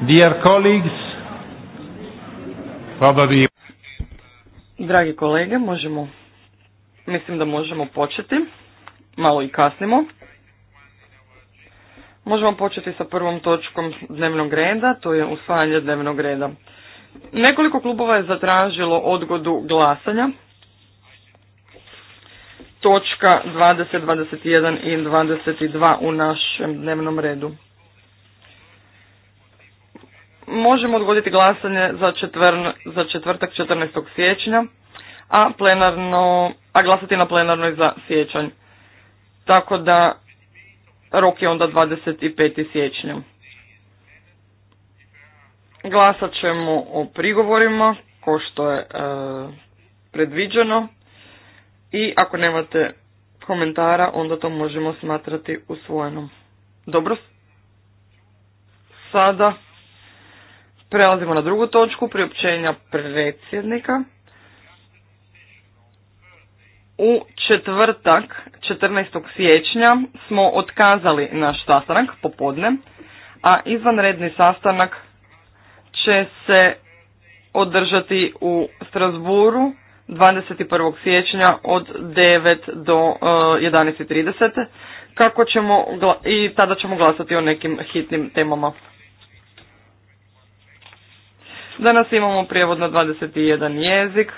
Dear colleagues, Dragi kolege, možemo, mislim da možemo početi, malo i kasnimo. Možemo početi sa prvom točkom dnevnog reda, to je usvajanje dnevnog reda. Nekoliko klubova je zatražilo odgodu glasanja. Točka 20, 21 i 22 u našem dnevnom redu možemo odgoditi glasanje za, za četvrtak 14. siječnja, a, plenarno, a glasati na plenarnoj za siječanj. Tako da rok je onda 25. siječnja. Glasat ćemo o prigovorima, ko što je e, predviđeno. I ako nemate komentara, onda to možemo smatrati usvojenom. Dobro? Sada Prelazimo na drugu točku, priopćenja predsjednika. U četvrtak, 14. siječnja, smo otkazali naš sastanak popodne, a izvanredni sastanak će se održati u Strasburu 21. siječnja od 9 do 11.30 e, kako ćemo i tada ćemo glasati o nekim hitnim temama. Danas imamo prijevod na 21 jezik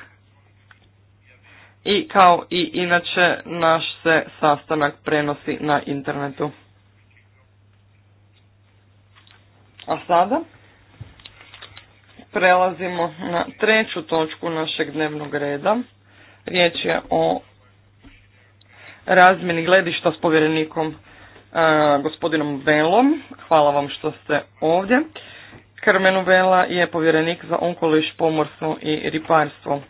i kao i inače naš se sastanak prenosi na internetu. A sada prelazimo na treću točku našeg dnevnog reda. Riječ je o razmjeni gledišta s povjerenikom e, gospodinom Belom. Hvala vam što ste ovdje. Carmenu Vela je povjerenik za onkoliš, pomorstvo i riparstvo.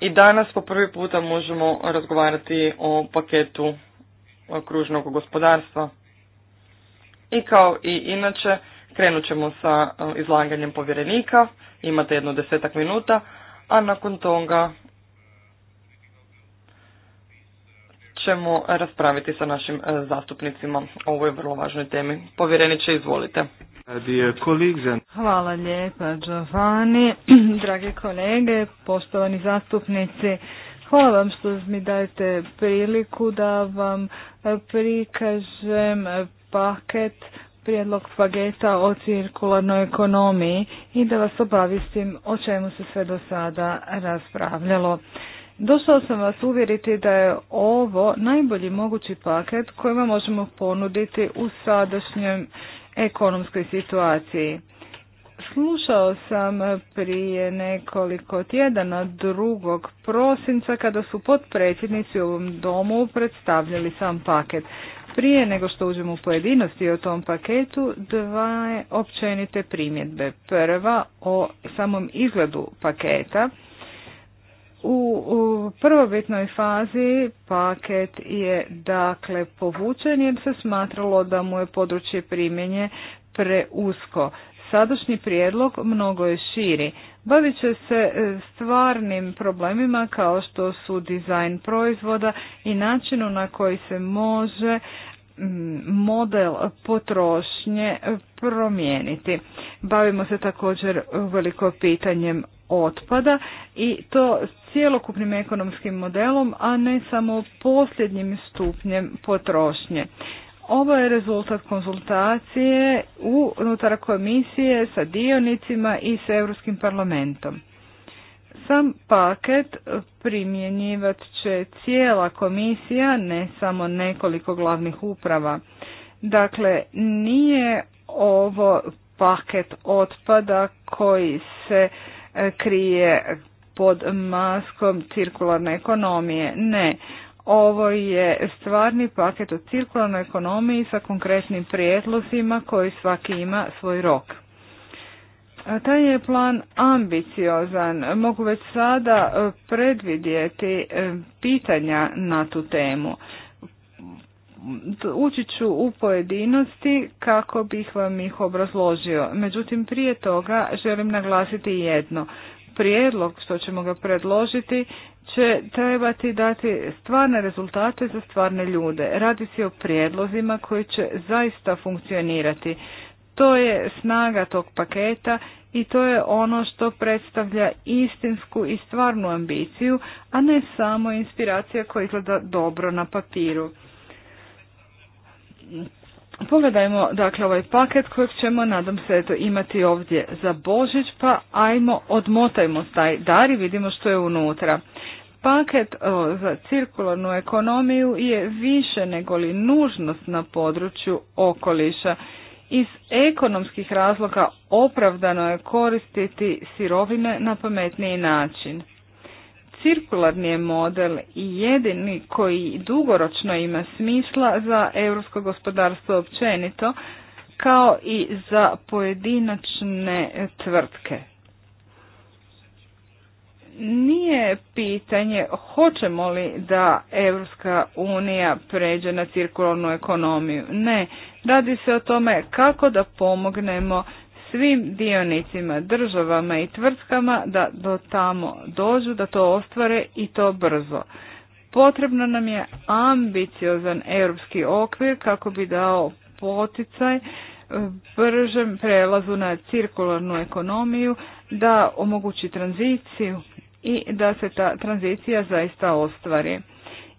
I danas po prvi puta možemo razgovarati o paketu kružnog gospodarstva. I kao i inače, krenut ćemo sa e, izlaganjem povjerenika, imate jedno desetak minuta, a nakon toga ćemo raspraviti sa našim e, zastupnicima o ovoj vrlo važnoj temi. Povjereniče, izvolite. Hvala lijepa, Giovanni. drage kolege, poštovani zastupnici, hvala vam što mi dajete priliku da vam e, prikažem e, paket prijedlog paketa o cirkularnoj ekonomiji i da vas obavistim o čemu se sve do sada raspravljalo. Došao sam vas uvjeriti da je ovo najbolji mogući paket kojima možemo ponuditi u sadašnjoj ekonomskoj situaciji. Slušao sam prije nekoliko tjedana drugog prosinca kada su potpredsjednici u ovom domu predstavljali sam paket. Prije nego što uđemo u pojedinosti o tom paketu, dva općenite primjedbe. Prva o samom izgledu paketa u, u prvobitnoj fazi paket je dakle povučen jer se smatralo da mu je područje primjenje preusko. Sadašnji prijedlog mnogo je širi. Bavit će se e, stvarnim problemima kao što su dizajn proizvoda i načinu na koji se može model potrošnje e, promijeniti. Bavimo se također veliko pitanjem otpada i to s cjelokupnim ekonomskim modelom, a ne samo posljednjim stupnjem potrošnje. Ovo je rezultat konzultacije unutar komisije sa dionicima i s Europskim parlamentom. Sam paket primjenjivat će cijela komisija, ne samo nekoliko glavnih uprava. Dakle, nije ovo paket otpada koji se krije pod maskom cirkularne ekonomije. Ne, ovo je stvarni paket o cirkularnoj ekonomiji sa konkretnim prijedlozima koji svaki ima svoj rok. taj je plan ambiciozan. Mogu već sada predvidjeti e, pitanja na tu temu ući ću u pojedinosti kako bih vam ih obrazložio. Međutim, prije toga želim naglasiti jedno. Prijedlog što ćemo ga predložiti će trebati dati stvarne rezultate za stvarne ljude. Radi se o prijedlozima koji će zaista funkcionirati. To je snaga tog paketa i to je ono što predstavlja istinsku i stvarnu ambiciju, a ne samo inspiracija koja izgleda dobro na papiru. Pogledajmo dakle ovaj paket kojeg ćemo nadam se eto, imati ovdje za Božić pa ajmo odmotajmo taj dar i vidimo što je unutra. Paket za cirkularnu ekonomiju je više nego li nužnost na području okoliša. Iz ekonomskih razloga opravdano je koristiti sirovine na pametniji način cirkularni je model i jedini koji dugoročno ima smisla za europsko gospodarstvo općenito, kao i za pojedinačne tvrtke. Nije pitanje hoćemo li da Europska unija pređe na cirkularnu ekonomiju. Ne, radi se o tome kako da pomognemo svim dionicima, državama i tvrtkama da do tamo dođu, da to ostvare i to brzo. Potrebno nam je ambiciozan europski okvir kako bi dao poticaj e, bržem prelazu na cirkularnu ekonomiju, da omogući tranziciju i da se ta tranzicija zaista ostvari.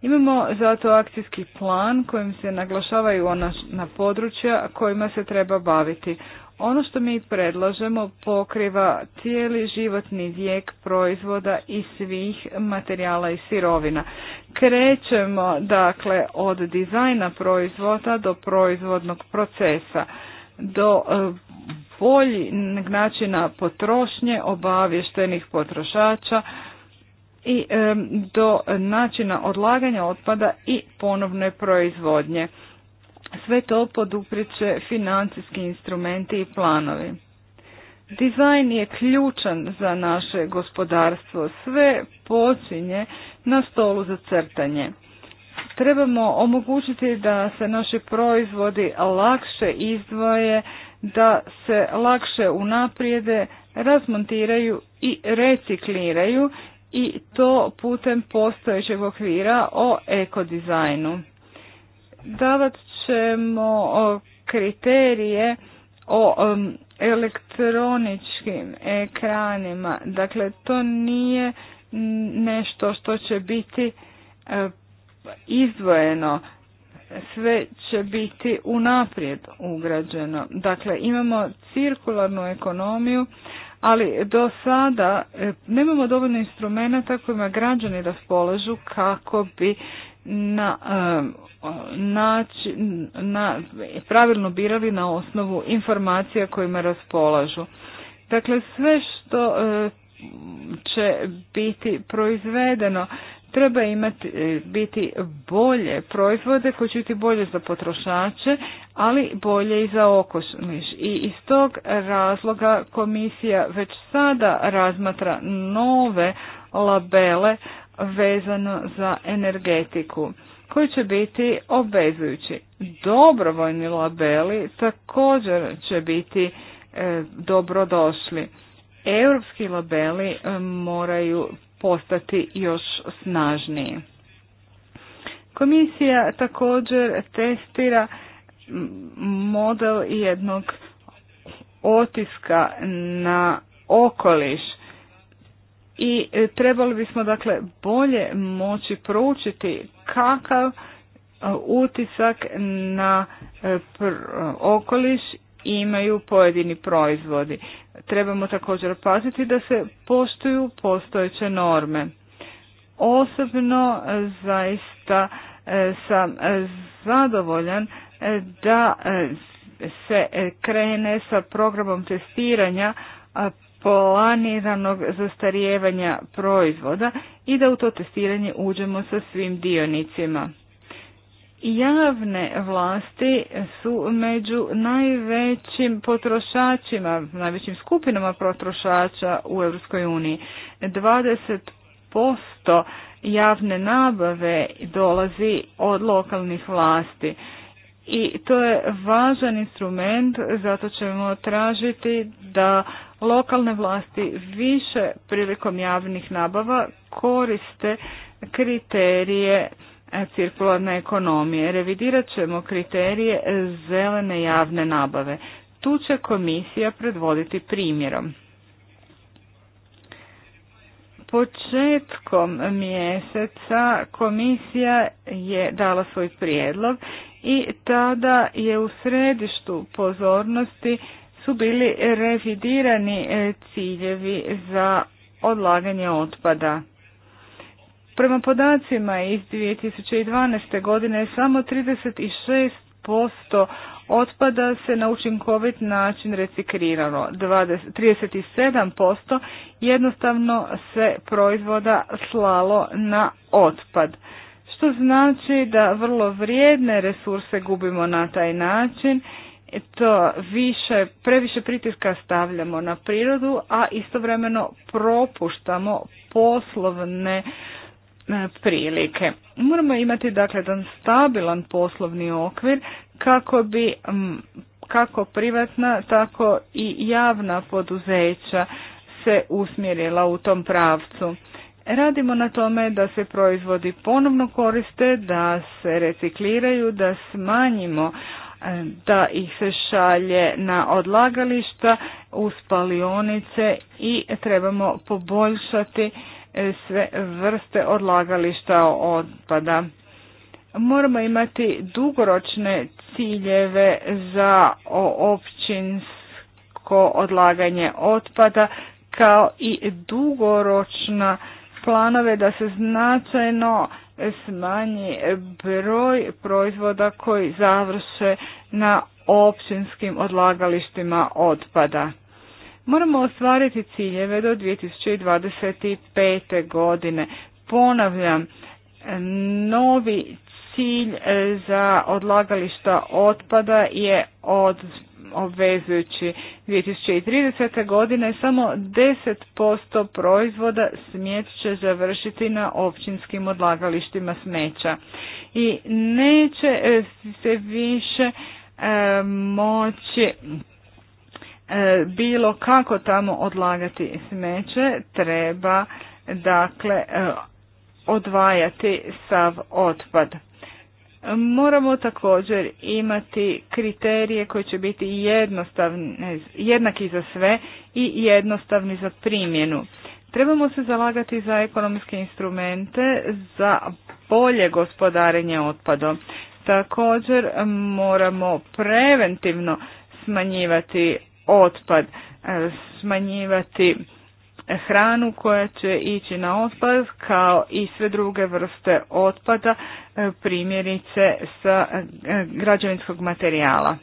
Imamo zato akcijski plan kojim se naglašavaju ona na područja kojima se treba baviti. Ono što mi predlažemo pokriva cijeli životni vijek proizvoda i svih materijala i sirovina. Krećemo dakle od dizajna proizvoda do proizvodnog procesa, do e, boljih načina potrošnje obavještenih potrošača i do načina odlaganja otpada i ponovne proizvodnje. Sve to podupriče financijski instrumenti i planovi. Dizajn je ključan za naše gospodarstvo. Sve počinje na stolu za crtanje. Trebamo omogućiti da se naši proizvodi lakše izdvoje, da se lakše unaprijede, razmontiraju i recikliraju i to putem postojećeg okvira o ekodizajnu. Davat ćemo kriterije o elektroničkim ekranima. Dakle, to nije nešto što će biti e, izdvojeno. Sve će biti unaprijed ugrađeno. Dakle, imamo cirkularnu ekonomiju, ali do sada e, nemamo dovoljno instrumenta kojima građani raspolažu kako bi na, eh, na, pravilno birali na osnovu informacija kojima raspolažu. Dakle, sve što eh, će biti proizvedeno treba imati eh, biti bolje proizvode koji će biti bolje za potrošače, ali bolje i za okoliš. I iz tog razloga komisija već sada razmatra nove labele vezano za energetiku koji će biti obvezujući. Dobrovoljni labeli također će biti e, dobrodošli. Europski labeli e, moraju postati još snažniji. Komisija također testira model jednog otiska na okoliš i e, trebali bismo dakle bolje moći proučiti kakav e, utisak na e, okoliš imaju pojedini proizvodi. Trebamo također paziti da se poštuju postojeće norme. Osobno zaista sam zadovoljan da se krene sa programom testiranja planiranog zastarijevanja proizvoda i da u to testiranje uđemo sa svim dionicima. Javne vlasti su među najvećim potrošačima, najvećim skupinama potrošača u EU. 20% javne nabave dolazi od lokalnih vlasti. I to je važan instrument, zato ćemo tražiti da lokalne vlasti više prilikom javnih nabava koriste kriterije e, cirkularne ekonomije. Revidirat ćemo kriterije zelene javne nabave. Tu će komisija predvoditi primjerom. Početkom mjeseca komisija je dala svoj prijedlog i tada je u središtu pozornosti su bili revidirani e, ciljevi za odlaganje otpada. Prema podacima iz 2012. godine samo 36% otpada se na učinkovit način recikliralo. 37% jednostavno se proizvoda slalo na otpad. Što znači da vrlo vrijedne resurse gubimo na taj način to više, previše pritiska stavljamo na prirodu, a istovremeno propuštamo poslovne e, prilike. Moramo imati dakle jedan stabilan poslovni okvir kako bi kako privatna tako i javna poduzeća se usmjerila u tom pravcu. Radimo na tome da se proizvodi ponovno koriste, da se recikliraju, da smanjimo E, da ih se šalje na odlagališta, u spalionice i trebamo poboljšati e, sve vrste odlagališta otpada. Moramo imati dugoročne ciljeve za općinsko odlaganje otpada kao i dugoročna planove da se značajno smanji broj proizvoda koji završe na općinskim odlagalištima otpada. Moramo ostvariti ciljeve do 2025. godine. Ponavljam, novi cilj za odlagališta otpada je od obvezujući 2030. godine samo 10% proizvoda smjet će završiti na općinskim odlagalištima smeća i neće e, se više e, moći e, bilo kako tamo odlagati smeće treba dakle odvajati sav otpad Moramo također imati kriterije koji će biti jednaki za sve i jednostavni za primjenu. Trebamo se zalagati za ekonomske instrumente za bolje gospodarenje otpadom. Također moramo preventivno smanjivati otpad, smanjivati hranu koja će ići na otpad kao i sve druge vrste otpada, e, primjerice sa e, građevinskog materijala.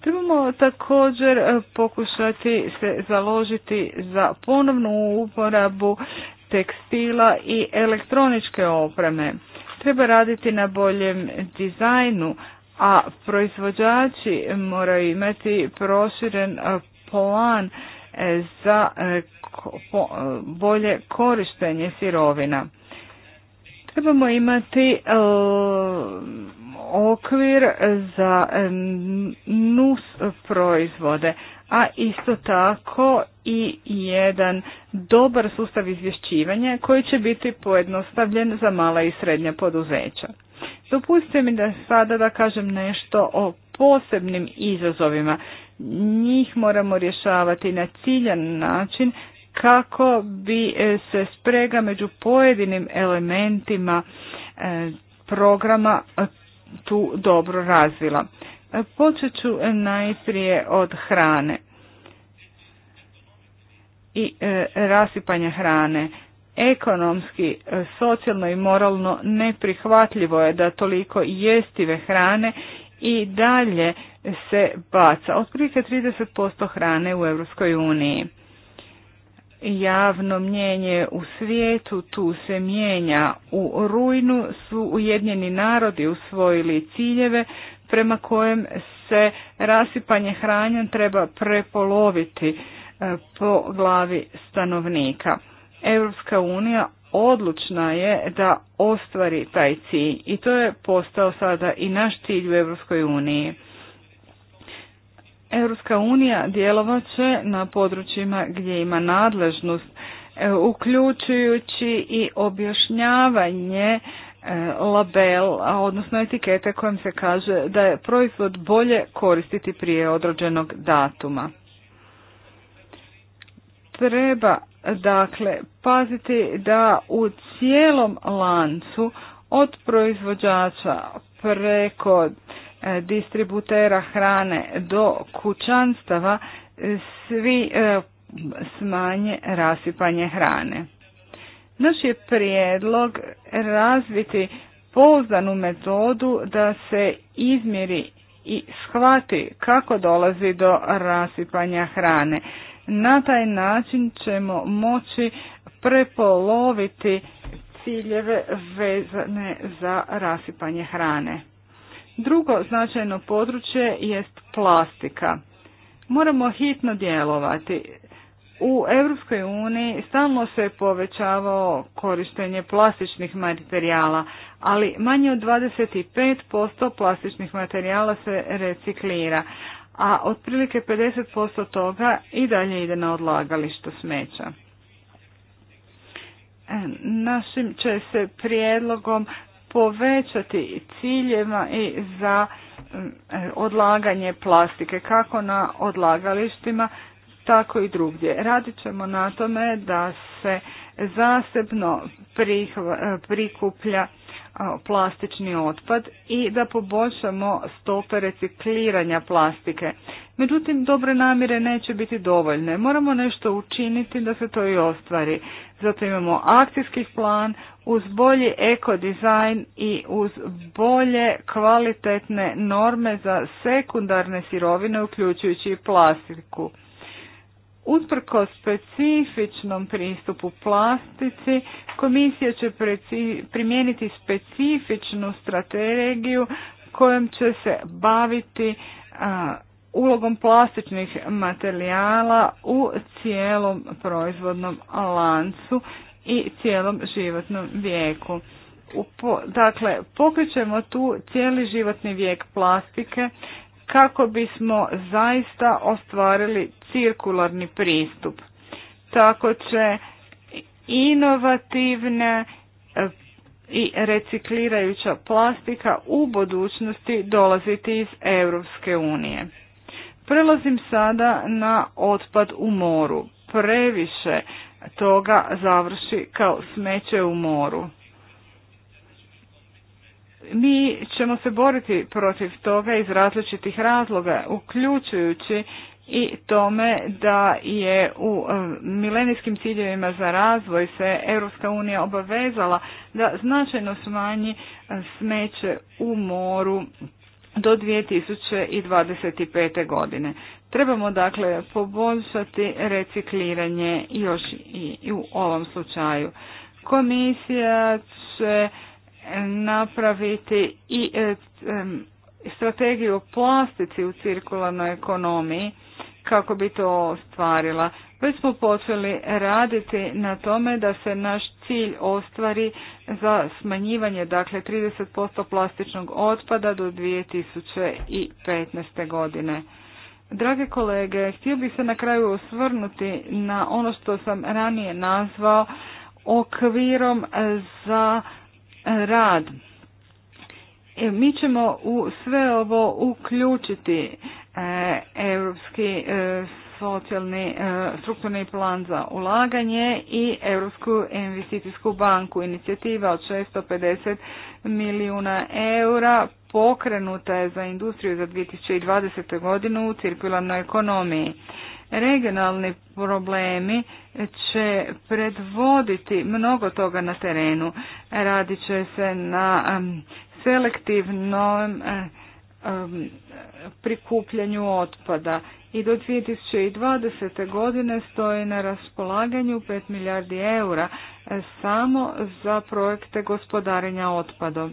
Trebamo također e, pokušati se založiti za ponovnu uporabu tekstila i elektroničke opreme. Treba raditi na boljem dizajnu, a proizvođači moraju imati proširen plan za e, e, bolje korištenje sirovina. Trebamo imati e, okvir za nus proizvode, a isto tako i jedan dobar sustav izvješćivanja koji će biti pojednostavljen za mala i srednja poduzeća. Dopustite mi da sada da kažem nešto o posebnim izazovima njih moramo rješavati na ciljan način kako bi e, se sprega među pojedinim elementima e, programa e, tu dobro razvila. Počet ću najprije od hrane i rasipanja hrane. Ekonomski, socijalno i moralno neprihvatljivo je da toliko jestive hrane i dalje se baca, otprilike 30% hrane u Europskoj uniji. Javno mnjenje u svijetu tu se mijenja. U rujnu su Ujedinjeni narodi usvojili ciljeve prema kojem se rasipanje hranjem treba prepoloviti e, po glavi stanovnika. Europska unija odlučna je da ostvari taj cilj i to je postao sada i naš cilj u Europskoj uniji. Europska unija djelovat na područjima gdje ima nadležnost, e, uključujući i objašnjavanje e, label, odnosno etikete kojom se kaže da je proizvod bolje koristiti prije određenog datuma. Treba dakle paziti da u cijelom lancu od proizvođača preko E, distributera hrane do kućanstava svi e, smanje rasipanje hrane. Naš je prijedlog razviti pouzdanu metodu da se izmjeri i shvati kako dolazi do rasipanja hrane. Na taj način ćemo moći prepoloviti ciljeve vezane za rasipanje hrane. Drugo značajno područje jest plastika. Moramo hitno djelovati. U Europskoj uniji stalno se povećavao korištenje plastičnih materijala, ali manje od 25% plastičnih materijala se reciklira, a otprilike 50% toga i dalje ide na odlagalište smeća. E, našim će se prijedlogom povećati ciljeva i za odlaganje plastike, kako na odlagalištima, tako i drugdje. Radit ćemo na tome da se zasebno e, prikuplja plastični otpad i da poboljšamo stope recikliranja plastike. Međutim, dobre namjere neće biti dovoljne. Moramo nešto učiniti da se to i ostvari. Zato imamo akcijski plan, uz bolji ekodizajn i uz bolje kvalitetne norme za sekundarne sirovine uključujući i plastiku. Usprko specifičnom pristupu plastici, komisija će primijeniti specifičnu strategiju kojom će se baviti ulogom plastičnih materijala u cijelom proizvodnom lancu i cijelom životnom vijeku. dakle, pokrećemo tu cijeli životni vijek plastike kako bismo zaista ostvarili cirkularni pristup. Tako će inovativne i reciklirajuća plastika u budućnosti dolaziti iz Europske unije. Prelazim sada na otpad u moru. Previše toga završi kao smeće u moru. Mi ćemo se boriti protiv toga iz različitih razloga, uključujući i tome da je u e, milenijskim ciljevima za razvoj se Europska unija obavezala da značajno smanji e, smeće u moru do 2025. godine. Trebamo dakle poboljšati recikliranje još i u ovom slučaju. Komisija će napraviti i e, strategiju plastici u cirkularnoj ekonomiji kako bi to ostvarila. Već smo počeli raditi na tome da se naš cilj ostvari za smanjivanje dakle 30% plastičnog otpada do 2015. godine. Drage kolege, htio bih se na kraju osvrnuti na ono što sam ranije nazvao okvirom za rad. E, mi ćemo u sve ovo uključiti e, Europski e, socijalni e, strukturni plan za ulaganje i Europsku investicijsku banku. Inicijativa od 650 milijuna eura pokrenuta je za industriju za 2020. godinu u cirkularnoj ekonomiji. Regionalni problemi će predvoditi mnogo toga na terenu. Radit će se na selektivnom prikupljanju otpada i do 2020. godine stoji na raspolaganju 5 milijardi eura e, samo za projekte gospodarenja otpadom.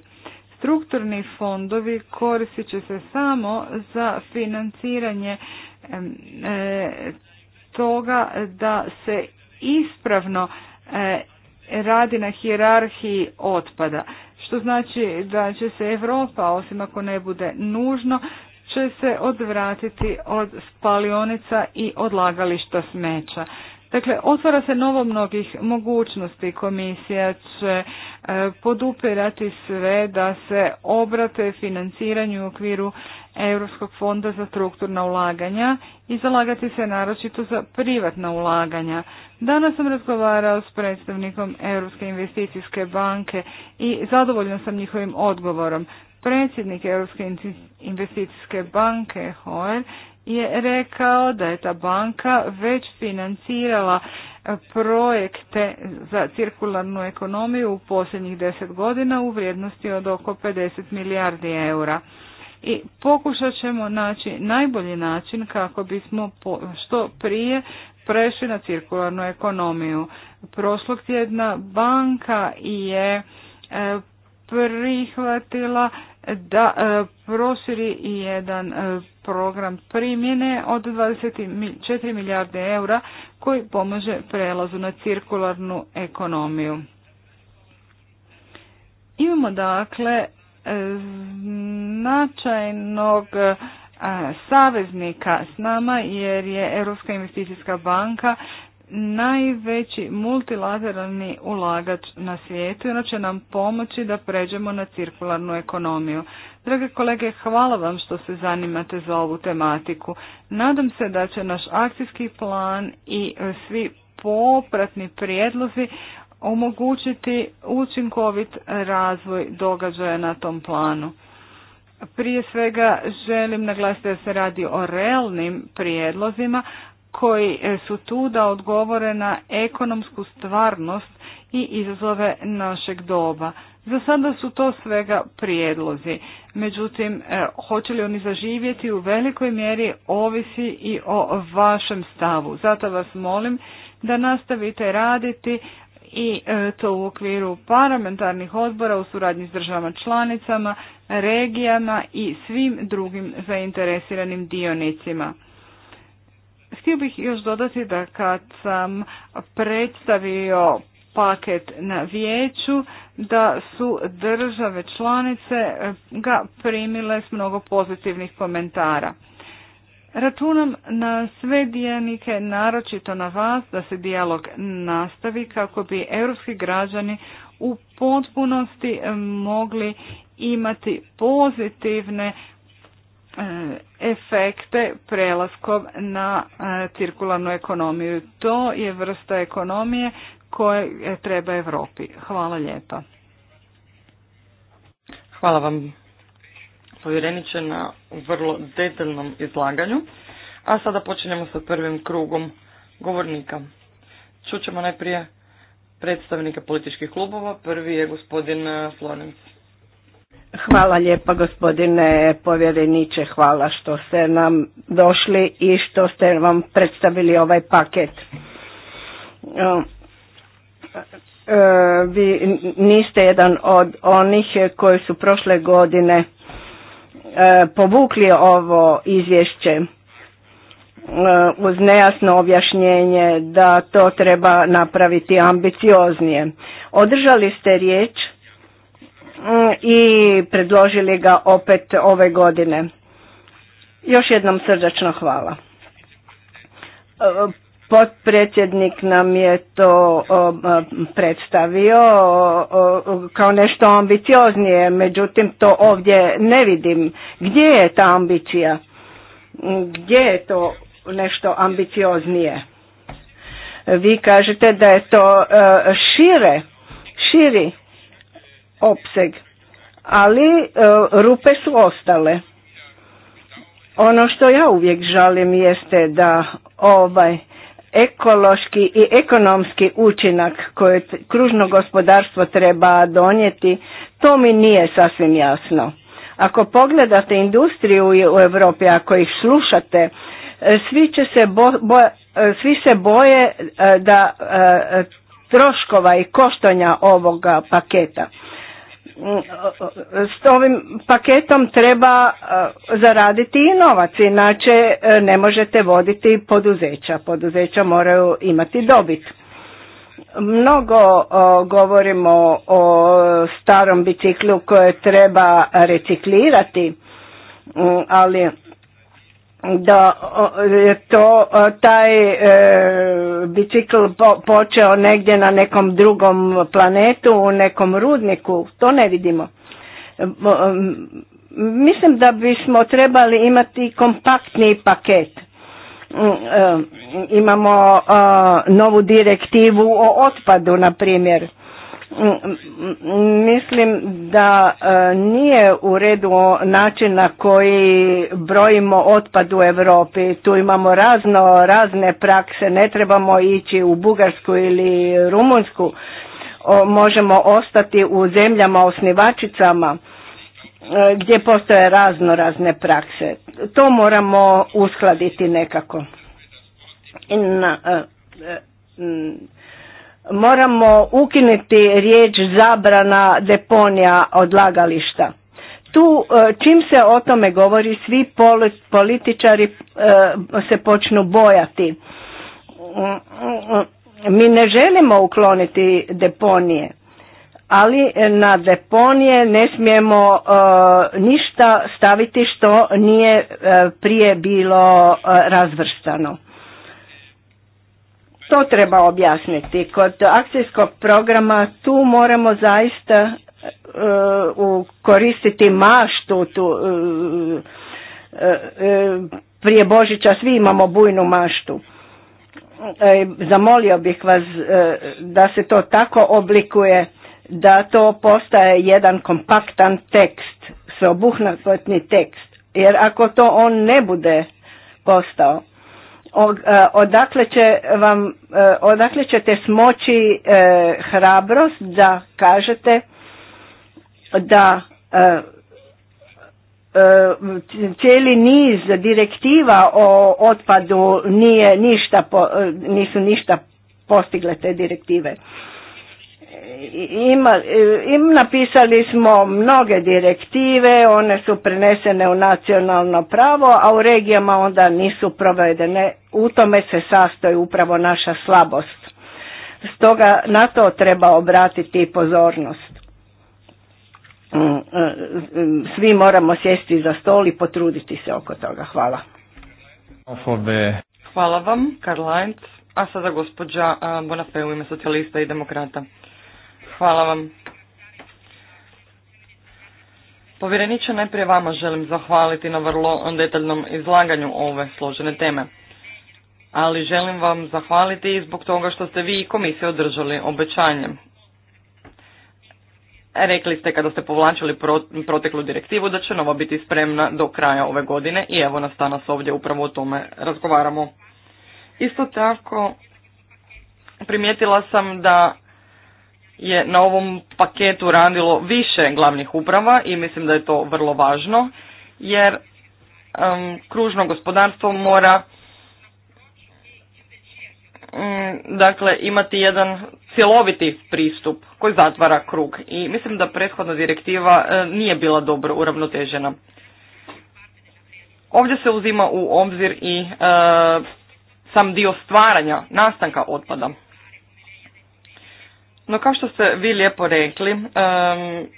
Strukturni fondovi koristit će se samo za financiranje e, toga da se ispravno e, radi na hijerarhiji otpada što znači da će se Europa, osim ako ne bude nužno, će se odvratiti od spalionica i odlagališta smeća. Dakle, otvara se novo mnogih mogućnosti. Komisija će e, podupirati sve da se obrate financiranju u okviru Europskog fonda za strukturna ulaganja i zalagati se naročito za privatna ulaganja. Danas sam razgovarao s predstavnikom Europske investicijske banke i zadovoljno sam njihovim odgovorom. Predsjednik Europske investicijske banke Hoer je rekao da je ta banka već financirala projekte za cirkularnu ekonomiju u posljednjih deset godina u vrijednosti od oko 50 milijardi eura. I pokušat ćemo naći najbolji način kako bismo što prije prešli na cirkularnu ekonomiju. Prošlog tjedna banka je e, prihvatila da e, prosiri jedan e, program primjene od 24 milijarde eura koji pomaže prelazu na cirkularnu ekonomiju. Imamo dakle e, značajnog saveznika s nama jer je Europska investicijska banka najveći multilateralni ulagač na svijetu i ono će nam pomoći da pređemo na cirkularnu ekonomiju. Drage kolege, hvala vam što se zanimate za ovu tematiku. Nadam se da će naš akcijski plan i e, svi popratni prijedlozi omogućiti učinkovit razvoj događaja na tom planu. Prije svega želim naglasiti da se radi o realnim prijedlozima, koji e, su tu da odgovore na ekonomsku stvarnost i izazove našeg doba. Za sada su to svega prijedlozi. Međutim, e, hoće li oni zaživjeti u velikoj mjeri ovisi i o vašem stavu. Zato vas molim da nastavite raditi i e, to u okviru parlamentarnih odbora u suradnji s državama članicama, regijama i svim drugim zainteresiranim dionicima. Htio bih još dodati da kad sam predstavio paket na vijeću, da su države članice ga primile s mnogo pozitivnih komentara. Računam na sve dijenike, naročito na vas, da se dijalog nastavi kako bi europski građani u potpunosti mogli imati pozitivne E, efekte prelaskom na e, cirkularnu ekonomiju. To je vrsta ekonomije koje e, treba Europi. Hvala lijepa. Hvala vam povjereniče na vrlo detaljnom izlaganju. A sada počinjemo sa prvim krugom govornika. Čućemo najprije predstavnika političkih klubova. Prvi je gospodin Florenc. Hvala lijepa gospodine povjereniče, hvala što ste nam došli i što ste vam predstavili ovaj paket. E, vi niste jedan od onih koji su prošle godine e, povukli ovo izvješće e, uz nejasno objašnjenje da to treba napraviti ambicioznije. Održali ste riječ Mm, i predložili ga opet ove godine. Još jednom srdačno hvala. Potpredsjednik nam je to predstavio kao nešto ambicioznije, međutim to ovdje ne vidim. Gdje je ta ambicija? Gdje je to nešto ambicioznije? Vi kažete da je to e, šire, širi opseg, ali e, rupe su ostale. Ono što ja uvijek žalim jeste da ovaj ekološki i ekonomski učinak koje kružno gospodarstvo treba donijeti, to mi nije sasvim jasno. Ako pogledate industriju u Europi, ako ih slušate, e, svi, se e, svi se boje da troškova i koštanja ovoga paketa. Mm, s ovim paketom treba e, zaraditi i novac, inače e, ne možete voditi poduzeća. Poduzeća moraju imati dobit. Mnogo govorimo o starom biciklu koje treba reciklirati, mm, ali da to, taj e, bicikl po, počeo negdje na nekom drugom planetu, u nekom rudniku, to ne vidimo. E, mislim da bismo trebali imati kompaktni paket. Mm, e, imamo novu direktivu o otpadu, na primjer Mislim da e, nije u redu način na koji brojimo otpad u Europi. Tu imamo razno razne prakse, ne trebamo ići u Bugarsku ili Rumunsku. Možemo ostati u zemljama osnivačicama e, gdje postoje razno razne prakse. To moramo uskladiti nekako. Na, e, moramo ukinuti riječ zabrana deponija odlagališta. Tu e, čim se o tome govori svi političari e, se počnu bojati. Mi ne želimo ukloniti deponije, ali na deponije ne smijemo e, ništa staviti što nije prije bilo razvrstano. To treba objasniti. Kod akcijskog programa tu moramo zaista uh, koristiti maštu tu e, e, prije Božića svi imamo bujnu maštu. Zamolio bih vas da se to tako oblikuje da to postaje jedan kompaktan tekst, sveobuhvatni tekst. Jer ako to on ne bude postao, E, odakle će vam, e, odakle ćete smoći e, hrabrost da kažete da cijeli niz direktiva o otpadu nije ništa, nisu ništa postigle te direktive ima, e, im napisali smo mnoge direktive, one su prenesene u nacionalno pravo, a u regijama onda nisu provedene. U tome se sastoji upravo naša slabost. Stoga na to treba obratiti pozornost. Mm, e, mm, svi moramo sjesti za stol i potruditi se oko toga. Hvala. Hvala vam, Karl A sada gospođa Bonafé u ime socijalista i demokrata. Hvala vam. Povjereniče, najprije vama želim zahvaliti na vrlo detaljnom izlaganju ove složene teme. Ali želim vam zahvaliti i zbog toga što ste vi i komisije održali obećanje. Rekli ste kada ste povlačili proteklu direktivu da će nova biti spremna do kraja ove godine i evo nas danas ovdje upravo o tome razgovaramo. Isto tako primijetila sam da je na ovom paketu radilo više glavnih uprava i mislim da je to vrlo važno jer kružno gospodarstvo mora um, dakle imati jedan cjeloviti pristup koji zatvara krug i mislim da prethodna direktiva e, nije bila dobro uravnotežena. Ovdje se uzima u obzir i e, sam dio stvaranja nastanka otpada. No kao što ste vi lijepo rekli,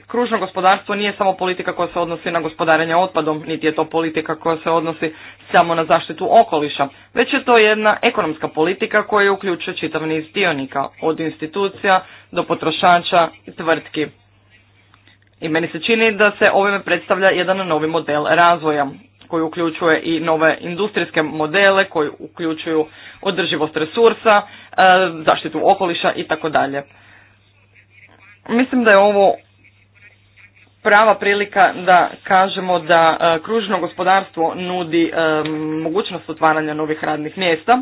kružno gospodarstvo nije samo politika koja se odnosi na gospodarenje otpadom, niti je to politika koja se odnosi samo na zaštitu okoliša, već je to jedna ekonomska politika koja uključuje čitav niz dionika, od institucija do potrošača i tvrtki. I meni se čini da se ovime predstavlja jedan novi model razvoja koji uključuje i nove industrijske modele koji uključuju održivost resursa, zaštitu okoliša i tako dalje. Mislim da je ovo prava prilika da kažemo da e, kružno gospodarstvo nudi e, mogućnost otvaranja novih radnih mjesta,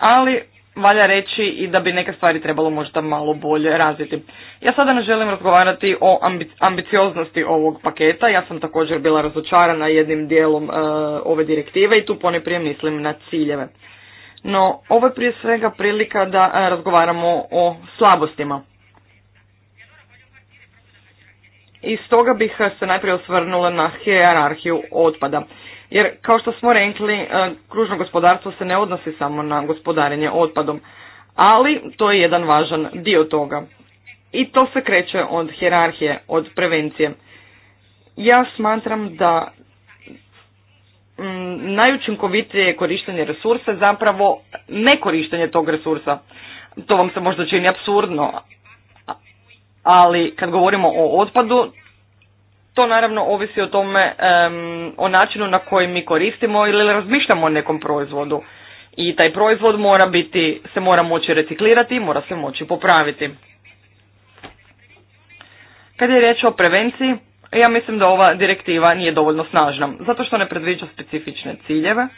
ali valja reći i da bi neke stvari trebalo možda malo bolje razviti. Ja sada ne želim razgovarati o ambicioznosti ovog paketa, ja sam također bila razočarana jednim dijelom e, ove direktive i tu pone mislim na ciljeve. No, ovo je prije svega prilika da e, razgovaramo o slabostima. I stoga bih e, se najprije osvrnula na hijerarhiju otpada. Jer, kao što smo rekli, e, kružno gospodarstvo se ne odnosi samo na gospodarenje otpadom, ali to je jedan važan dio toga. I to se kreće od hijerarhije, od prevencije. Ja smatram da Mm, najučinkovitije korištenje resursa je zapravo nekorištenje tog resursa. To vam se možda čini absurdno, ali kad govorimo o otpadu, to naravno ovisi o tome, o načinu na koji mi koristimo ili razmišljamo o nekom proizvodu. I taj proizvod mora biti, se mora moći reciklirati i mora se moći popraviti. Kad je riječ o prevenciji, ja mislim da ova direktiva nije dovoljno snažna, zato što ne predviđa specifične ciljeve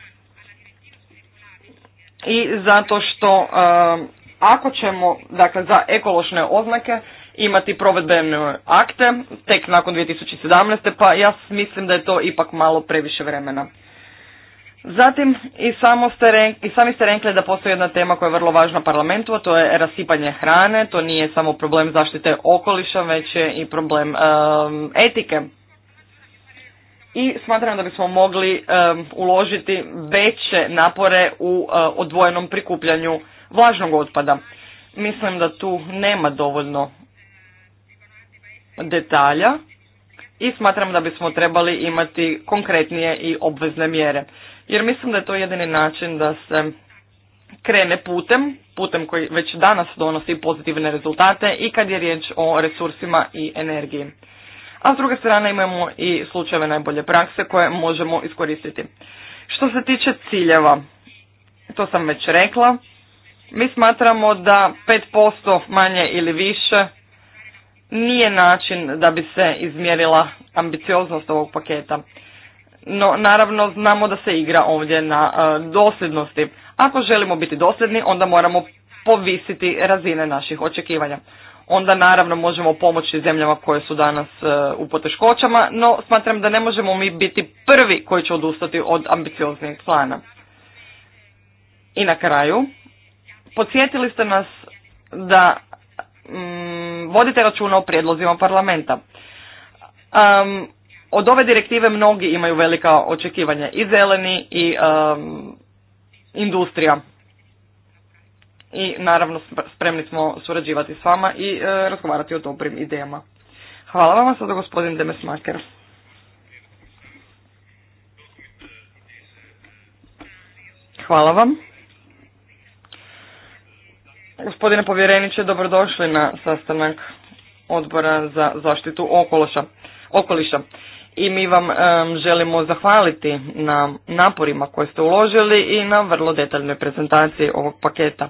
i zato što um, ako ćemo dakle, za ekološne oznake imati provedbene akte tek nakon 2017. pa ja mislim da je to ipak malo previše vremena. Zatim i, samo ste i sami ste rekli da postoji jedna tema koja je vrlo važna parlamentu, a to je rasipanje hrane. To nije samo problem zaštite okoliša, već je i problem um, etike. I smatram da bismo mogli um, uložiti veće napore u uh, odvojenom prikupljanju vlažnog otpada. Mislim da tu nema dovoljno detalja i smatram da bismo trebali imati konkretnije i obvezne mjere jer mislim da je to jedini način da se krene putem, putem koji već danas donosi pozitivne rezultate i kad je riječ o resursima i energiji. A s druge strane imamo i slučajeve najbolje prakse koje možemo iskoristiti. Što se tiče ciljeva, to sam već rekla, mi smatramo da 5% manje ili više nije način da bi se izmjerila ambicioznost ovog paketa no naravno znamo da se igra ovdje na e, dosljednosti. Ako želimo biti dosljedni, onda moramo povisiti razine naših očekivanja. Onda naravno možemo pomoći zemljama koje su danas e, u poteškoćama, no smatram da ne možemo mi biti prvi koji će odustati od ambicioznih plana. I na kraju, podsjetili ste nas da mm, vodite računa o prijedlozima parlamenta od ove direktive mnogi imaju velika očekivanja i zeleni i um, industrija. I naravno spremni smo surađivati s vama i e, razgovarati o dobrim idejama. Hvala vam sada gospodin Demesmaker. Hvala vam. Gospodine povjereniče, dobrodošli na sastanak odbora za zaštitu okoliša i mi vam želimo zahvaliti na naporima koje ste uložili i na vrlo detaljnoj prezentaciji ovog paketa.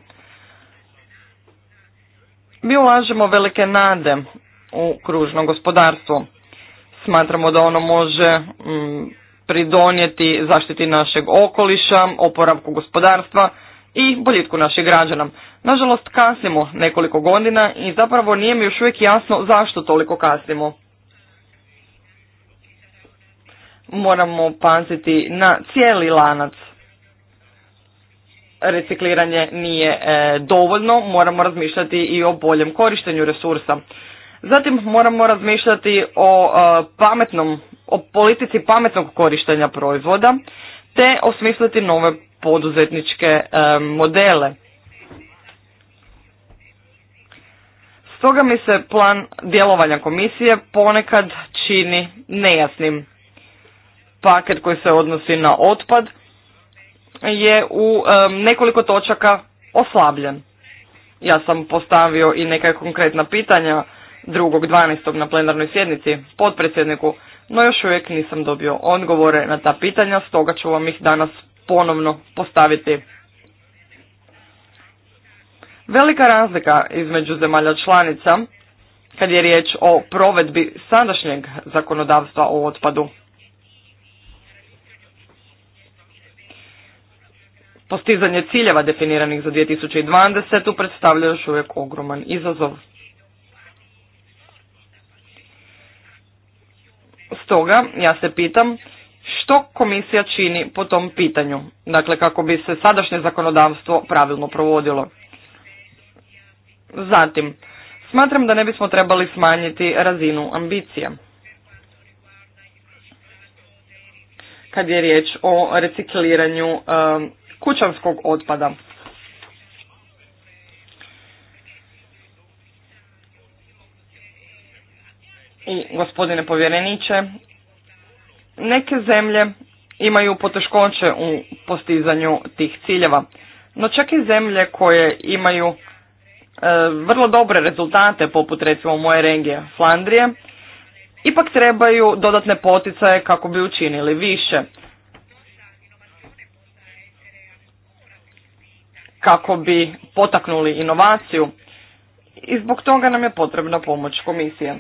Mi ulažemo velike nade u kružno gospodarstvo. Smatramo da ono može pridonijeti zaštiti našeg okoliša, oporavku gospodarstva i boljitku naših građana. Nažalost kasnimo nekoliko godina i zapravo nije mi još uvijek jasno zašto toliko kasnimo moramo paziti na cijeli lanac. Recikliranje nije e, dovoljno, moramo razmišljati i o boljem korištenju resursa. Zatim moramo razmišljati o e, pametnom, o politici pametnog korištenja proizvoda, te osmisliti nove poduzetničke e, modele. Stoga mi se plan djelovanja komisije ponekad čini nejasnim paket koji se odnosi na otpad je u nekoliko točaka oslabljen. Ja sam postavio i neka konkretna pitanja 2.12. na plenarnoj sjednici potpredsjedniku, no još uvijek nisam dobio odgovore na ta pitanja, stoga ću vam ih danas ponovno postaviti. Velika razlika između zemalja članica kad je riječ o provedbi sadašnjeg zakonodavstva o otpadu. Postizanje ciljeva definiranih za 2020. predstavlja još uvijek ogroman izazov. Stoga ja se pitam što komisija čini po tom pitanju, dakle kako bi se sadašnje zakonodavstvo pravilno provodilo. Zatim, smatram da ne bismo trebali smanjiti razinu ambicija. Kad je riječ o recikliranju kućanskog otpada. I gospodine povjereniče, neke zemlje imaju poteškoće u postizanju tih ciljeva. No čak i zemlje koje imaju e, vrlo dobre rezultate, poput recimo moje regije Flandrije, ipak trebaju dodatne poticaje kako bi učinili više. kako bi potaknuli inovaciju i zbog toga nam je potrebna pomoć komisije.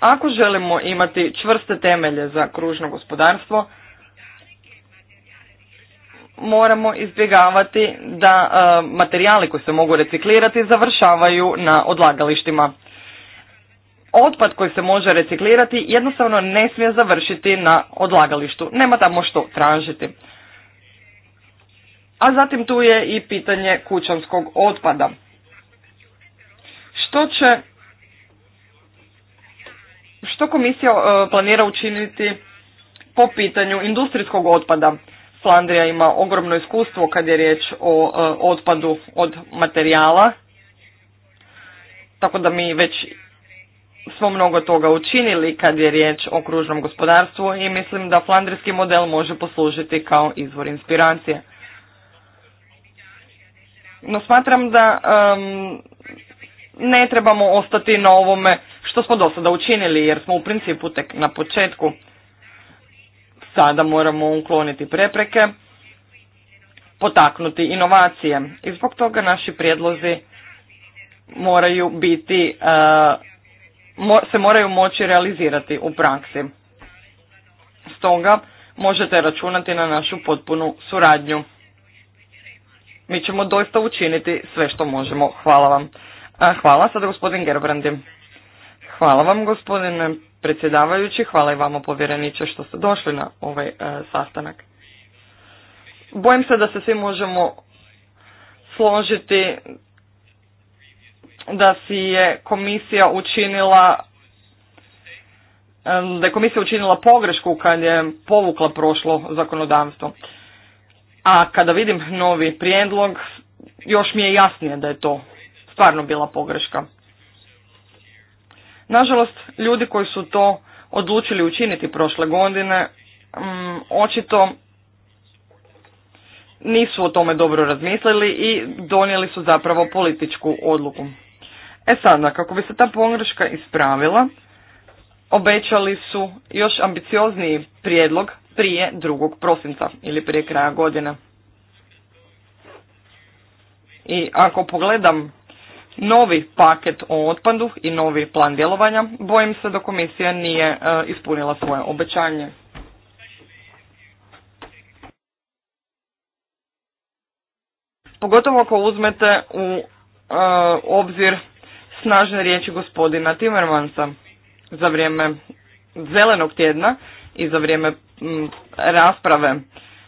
Ako želimo imati čvrste temelje za kružno gospodarstvo, moramo izbjegavati da e, materijali koji se mogu reciklirati završavaju na odlagalištima. Otpad koji se može reciklirati jednostavno ne smije završiti na odlagalištu, nema tamo što tražiti. A zatim tu je i pitanje kućanskog otpada. Što će što komisija e, planira učiniti po pitanju industrijskog otpada? Flandrija ima ogromno iskustvo kad je riječ o e, otpadu od materijala, tako da mi već smo mnogo toga učinili kad je riječ o kružnom gospodarstvu i mislim da flandrijski model može poslužiti kao izvor inspiracije. No smatram da ne trebamo ostati na ovome što smo do sada učinili jer smo u principu tek na početku. Sada moramo ukloniti prepreke, potaknuti inovacije i zbog toga naši prijedlozi moraju biti, eh, se moraju moći realizirati u praksi. Stoga možete računati na našu potpunu suradnju mi ćemo doista učiniti sve što možemo. Hvala vam. A, hvala sada gospodin Gerbrandi. Hvala vam gospodine predsjedavajući, hvala i vama povjereniče što ste došli na ovaj e, sastanak. Bojim se da se svi možemo složiti da si je komisija učinila e, da je komisija učinila pogrešku kad je povukla prošlo zakonodavstvo. A kada vidim novi prijedlog, još mi je jasnije da je to stvarno bila pogreška. Nažalost, ljudi koji su to odlučili učiniti prošle godine, um, očito nisu o tome dobro razmislili i donijeli su zapravo političku odluku. E sada, kako bi se ta pogreška ispravila, obećali su još ambiciozniji prijedlog prije 2. prosinca ili prije kraja godine. I ako pogledam novi paket o otpadu i novi plan djelovanja, bojim se da komisija nije e, ispunila svoje obećanje. Pogotovo ako uzmete u e, obzir snažne riječi gospodina Timmermansa za vrijeme zelenog tjedna i za vrijeme rasprave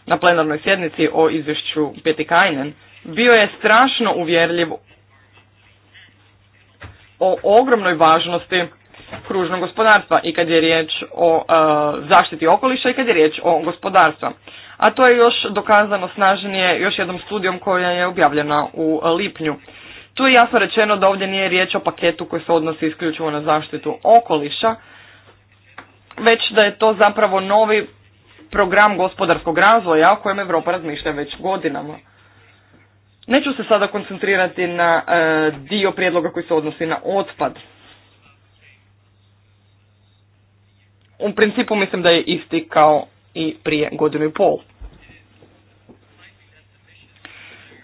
na plenarnoj sjednici o izvješću Petikajnen, bio je strašno uvjerljiv o ogromnoj važnosti kružnog gospodarstva i kad je riječ o e, zaštiti okoliša i kad je riječ o gospodarstva. A to je još dokazano snažnije još jednom studijom koja je objavljena u lipnju. Tu je jasno rečeno da ovdje nije riječ o paketu koji se odnosi isključivo na zaštitu okoliša, već da je to zapravo novi program gospodarskog razvoja o kojem Europa razmišlja već godinama. Neću se sada koncentrirati na e, dio prijedloga koji se odnosi na otpad. U principu mislim da je isti kao i prije godinu i pol.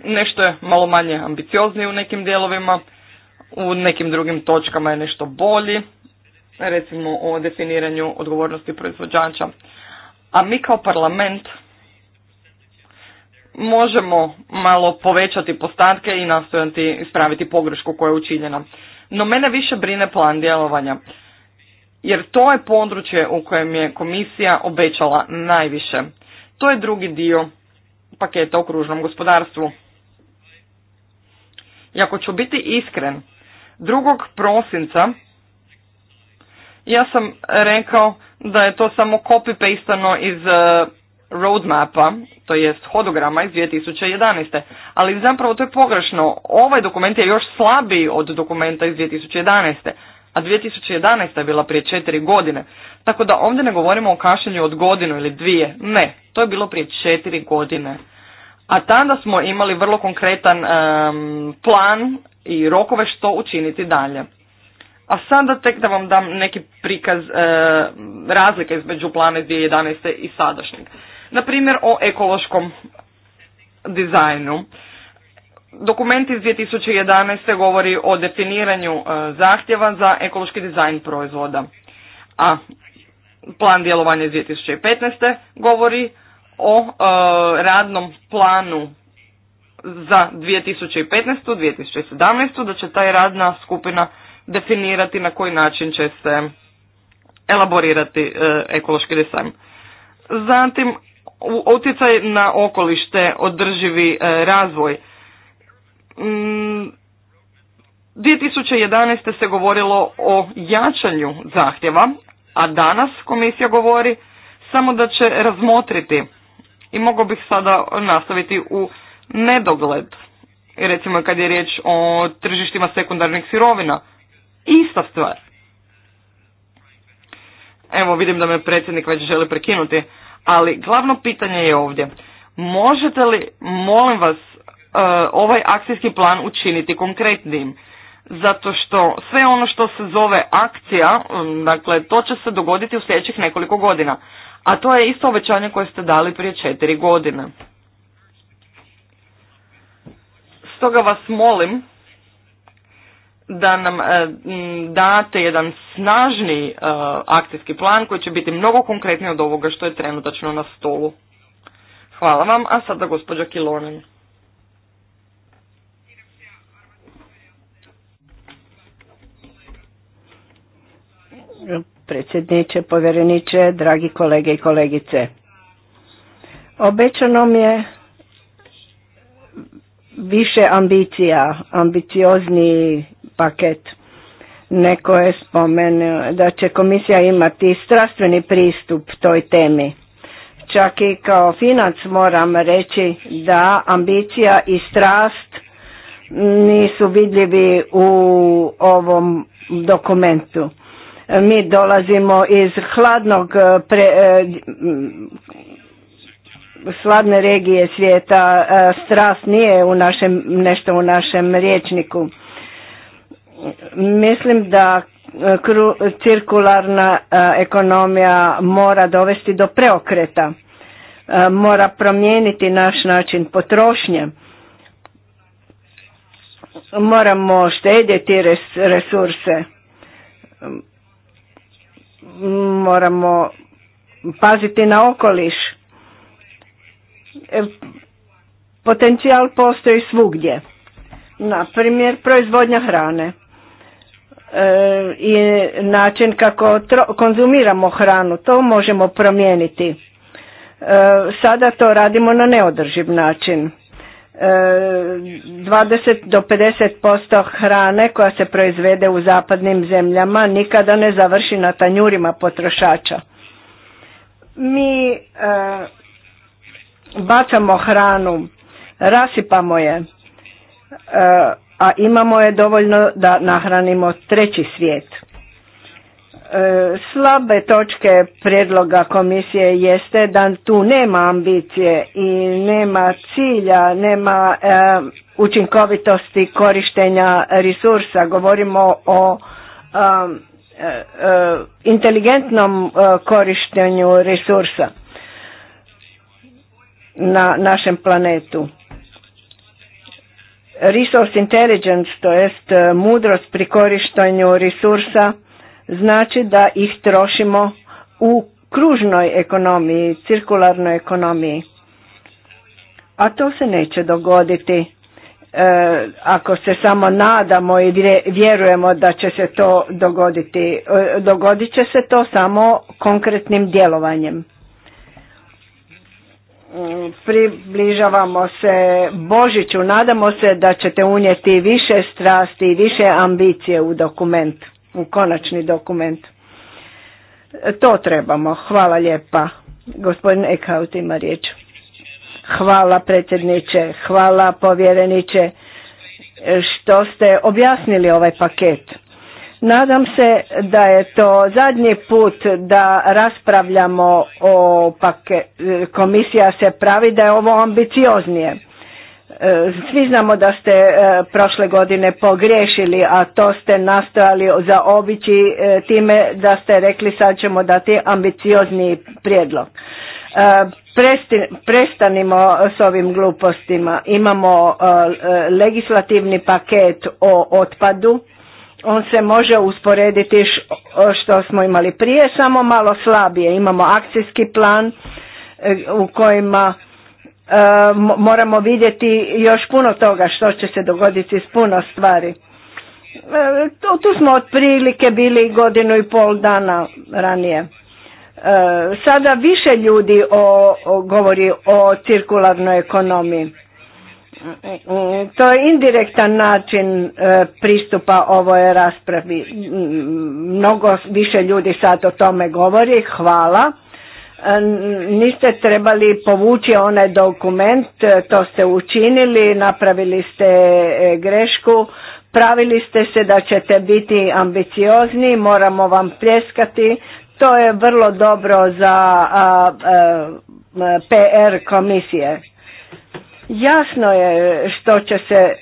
Nešto je malo manje ambicioznije u nekim dijelovima, u nekim drugim točkama je nešto bolji, recimo o definiranju odgovornosti proizvođača. A mi kao parlament možemo malo povećati postatke i nastojati ispraviti pogrešku koja je učinjena. No mene više brine plan djelovanja, jer to je područje u kojem je komisija obećala najviše. To je drugi dio paketa o kružnom gospodarstvu. I ako ću biti iskren, drugog prosinca ja sam rekao da je to samo copy-pastano iz e, roadmapa, to jest hodograma iz 2011. Ali zapravo to je pogrešno. Ovaj dokument je još slabiji od dokumenta iz 2011. A 2011. je bila prije četiri godine. Tako da ovdje ne govorimo o kašenju od godinu ili dvije. Ne, to je bilo prije četiri godine. A tada smo imali vrlo konkretan plan i rokove što učiniti dalje. A sada tek da vam dam neki prikaz e, razlike između plana 2011. i sadašnjeg. Naprimjer o ekološkom dizajnu. Dokument iz 2011. govori o definiranju e, zahtjeva za ekološki dizajn proizvoda. A plan djelovanja iz 2015. govori o e, radnom planu za 2015. 2017. da će taj radna skupina definirati na koji način će se elaborirati e, ekološki design. Zatim, utjecaj na okolište, održivi e, razvoj. 2011. Mm, se govorilo o jačanju zahtjeva, a danas komisija govori samo da će razmotriti. I mogu bih sada nastaviti u nedogled. Recimo kad je riječ o tržištima sekundarnih sirovina. Ista stvar. Evo vidim da me predsjednik već želi prekinuti, ali glavno pitanje je ovdje. Možete li, molim vas, e, ovaj akcijski plan učiniti konkretnim? Zato što sve ono što se zove akcija, dakle to će se dogoditi u sljedećih nekoliko godina. A to je isto obećanje koje ste dali prije četiri godine. Stoga vas molim da nam e, date jedan snažni e, akcijski plan koji će biti mnogo konkretniji od ovoga što je trenutačno na stolu. Hvala vam, a sada gospođa Kilonen. Predsjedniče, povjereniče, dragi kolege i kolegice. Obećano mi je više ambicija, ambiciozni paket. Neko je spomenuo da će komisija imati strastveni pristup toj temi. Čak i kao financ moram reći da ambicija i strast nisu vidljivi u ovom dokumentu. Mi dolazimo iz hladnog pre, e, regije svijeta, e, strast nije u našem, nešto u našem rječniku. Mislim da e, cirkularna e, ekonomija mora dovesti do preokreta, e, mora promijeniti naš način potrošnje. Moramo štedjeti resurse, moramo paziti na okoliš. Potencijal postoji svugdje. Na primjer, proizvodnja hrane. E, i način kako konzumiramo hranu. To možemo promijeniti. E, sada to radimo na neodrživ način. 20 e, do 50% hrane koja se proizvede u zapadnim zemljama nikada ne završi na tanjurima potrošača. Mi bacamo hranu, rasipamo je, a imamo je dovoljno da nahranimo treći svijet. E, slabe točke predloga komisije jeste da tu nema ambicije i nema cilja, nema e, učinkovitosti korištenja resursa. Govorimo o e, inteligentnom korištenju resursa na našem planetu Resource intelligence, to jest e, mudrost pri korištenju resursa, znači da ih trošimo u kružnoj ekonomiji, cirkularnoj ekonomiji. A to se neće dogoditi e, ako se samo nadamo i vjerujemo da će se to dogoditi. E, dogodit će se to samo konkretnim djelovanjem približavamo se Božiću, nadamo se da ćete unijeti više strasti i više ambicije u dokument, u konačni dokument. To trebamo. Hvala lijepa. Gospodin Ekaut ima riječ. Hvala predsjedniče, hvala povjereniče što ste objasnili ovaj paket. Nadam se da je to zadnji put da raspravljamo o pake, komisija se pravi da je ovo ambicioznije. E, svi znamo da ste e, prošle godine pogriješili, a to ste nastojali zaobići e, time da ste rekli sad ćemo dati ambiciozniji prijedlog. prestanimo s ovim glupostima. Imamo legislativni paket o otpadu on se može usporediti što smo imali prije, samo malo slabije. Imamo akcijski plan e, u kojima e, moramo vidjeti još puno toga što će se dogoditi s puno stvari. E, tu smo otprilike bili godinu i pol dana ranije. Sada više ljudi govori o cirkularnoj ekonomiji to je indirektan način e, pristupa ovoj raspravi. Mnogo više ljudi sad o tome govori. Hvala. E, niste trebali povući onaj dokument, e, to ste učinili, napravili ste grešku, pravili ste se da ćete biti ambiciozni, moramo vam pljeskati. To je vrlo dobro za PR komisije. Jasno je što će se e,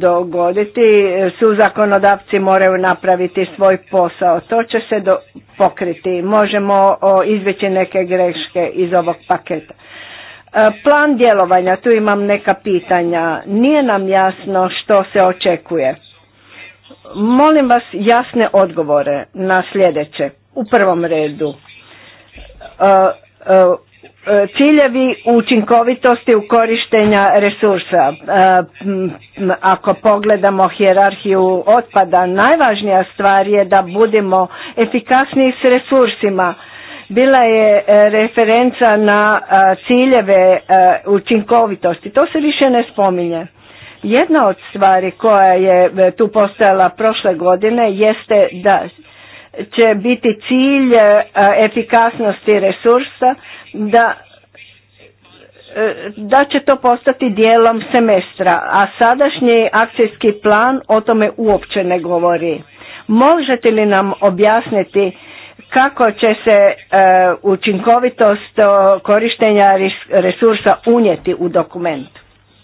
dogoditi, su zakonodavci moraju napraviti svoj posao, to će se pokriti, možemo o, neke greške iz ovog paketa. E, plan djelovanja, tu imam neka pitanja, nije nam jasno što se očekuje. Molim vas jasne odgovore na sljedeće. U prvom redu, e, E, ciljevi učinkovitosti u korištenja resursa. E, ako pogledamo hjerarhiju otpada, najvažnija stvar je da budemo efikasniji s resursima. Bila je e, referenca na ciljeve učinkovitosti. To se više ne spominje. Jedna od stvari koja je tu postojala prošle godine jeste da će biti cilj e, efikasnosti resursa da e, da će to postati dijelom semestra, a sadašnji akcijski plan o tome uopće ne govori. Možete li nam objasniti kako će se e, učinkovitost korištenja resursa unijeti u dokument?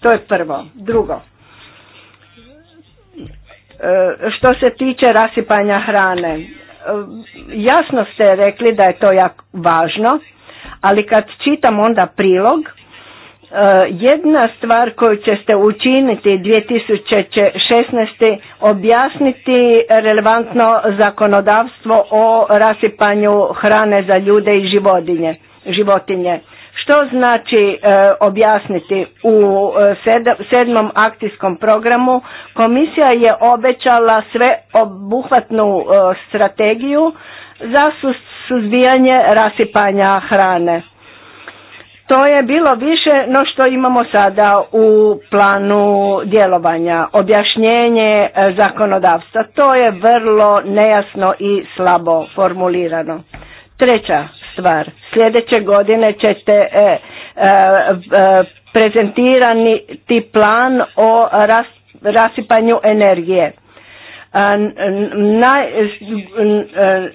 To je prvo. Drugo, što se tiče rasipanja hrane, E, jasno ste rekli da je to jako važno, ali kad čitam onda prilog, e, jedna stvar koju ćete učiniti 2016. objasniti relevantno zakonodavstvo o rasipanju hrane za ljude i životinje. To znači e, objasniti? U e, sedmom akcijskom programu komisija je obećala sve obuhvatnu e, strategiju za suzbijanje rasipanja hrane. To je bilo više no što imamo sada u planu djelovanja. Objašnjenje zakonodavstva, to je vrlo nejasno i slabo formulirano. Treća stvar. Sljedeće godine ćete e, e, e prezentirani ti plan o ras, rasipanju energije. naj, e,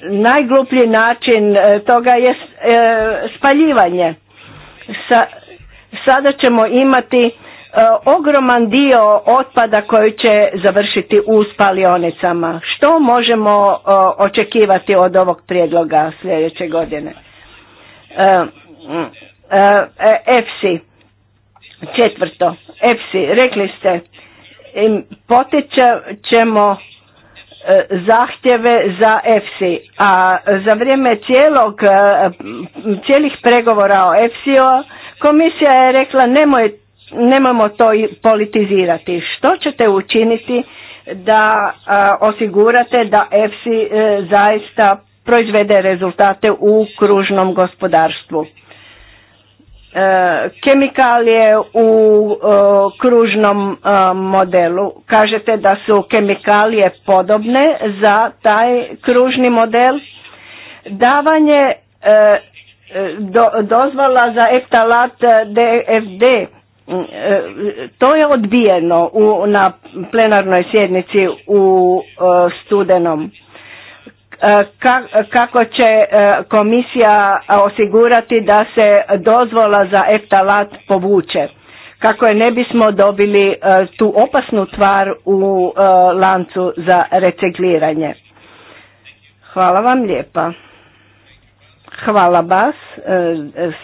najgluplji način toga je spaljivanje. Sa, sada ćemo imati ogroman dio otpada koji će završiti u spalionicama. Što možemo očekivati od ovog prijedloga sljedeće godine? EFSI. E, Četvrto, EFSI, rekli ste, potičemo ćemo e, zahtjeve za EFSI, a za vrijeme cijelog, e, cijelih pregovora o efsi komisija je rekla nemoj, nemojmo to politizirati. Što ćete učiniti da osigurate da EFSI zaista proizvede rezultate u kružnom gospodarstvu. E, kemikalije u e, kružnom e, modelu. Kažete da su kemikalije podobne za taj kružni model. Davanje dozvola dozvala za eftalat DFD. To je odbijeno u, na plenarnoj sjednici u studenom. E, kako će e, komisija osigurati da se dozvola za eftalat povuče kako je ne bismo dobili e, tu opasnu tvar u lancu za recikliranje. Hvala vam lijepa. Hvala vas.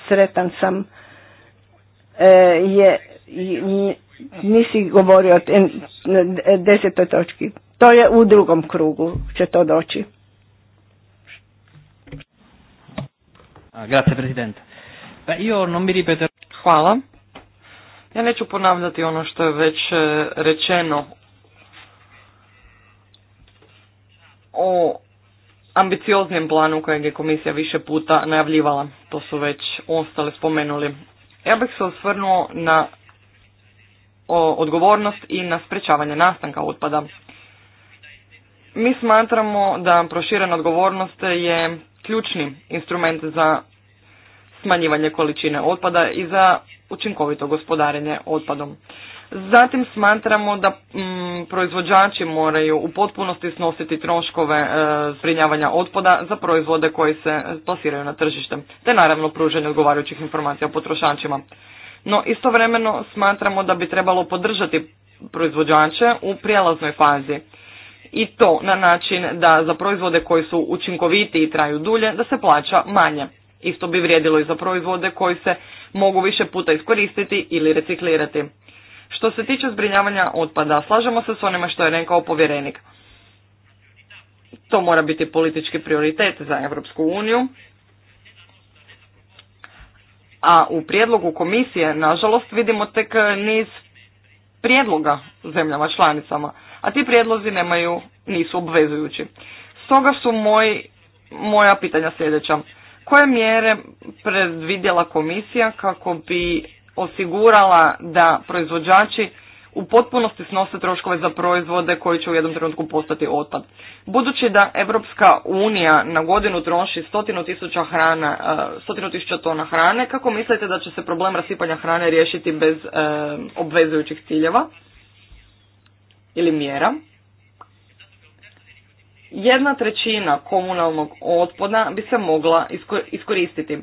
sretan sam je nisi govorio o desetoj točki. To je u drugom krugu će to doći. Grazie Presidente. Pa io non mi ripeterò. Hvala. Ja neću ponavljati ono što je već eh, rečeno o ambicioznijem planu kojeg je komisija više puta najavljivala. To su već ostali spomenuli. Ja bih se osvrnuo na odgovornost i na sprečavanje nastanka otpada. Mi smatramo da proširena odgovornost je ključni instrument za smanjivanje količine otpada i za učinkovito gospodarenje otpadom. Zatim smatramo da mm, proizvođači moraju u potpunosti snositi troškove e, zbrinjavanja otpada za proizvode koji se plasiraju na tržište, te naravno pružanje odgovarajućih informacija o potrošačima. No istovremeno smatramo da bi trebalo podržati proizvođače u prijelaznoj fazi i to na način da za proizvode koji su učinkoviti i traju dulje da se plaća manje. Isto bi vrijedilo i za proizvode koji se mogu više puta iskoristiti ili reciklirati. Što se tiče zbrinjavanja otpada, slažemo se s onima što je rekao povjerenik. To mora biti politički prioritet za Europsku uniju. A u prijedlogu komisije, nažalost, vidimo tek niz prijedloga zemljama članicama a ti prijedlozi nemaju, nisu obvezujući. Stoga su moj, moja pitanja sljedeća. Koje mjere predvidjela komisija kako bi osigurala da proizvođači u potpunosti snose troškove za proizvode koji će u jednom trenutku postati otpad. Budući da Europska unija na godinu troši stotinu tisuća, hrana, eh, stotinu tisuća tona hrane, kako mislite da će se problem rasipanja hrane riješiti bez eh, obvezujućih ciljeva? ili mjera, jedna trećina komunalnog otpada bi se mogla iskoristiti.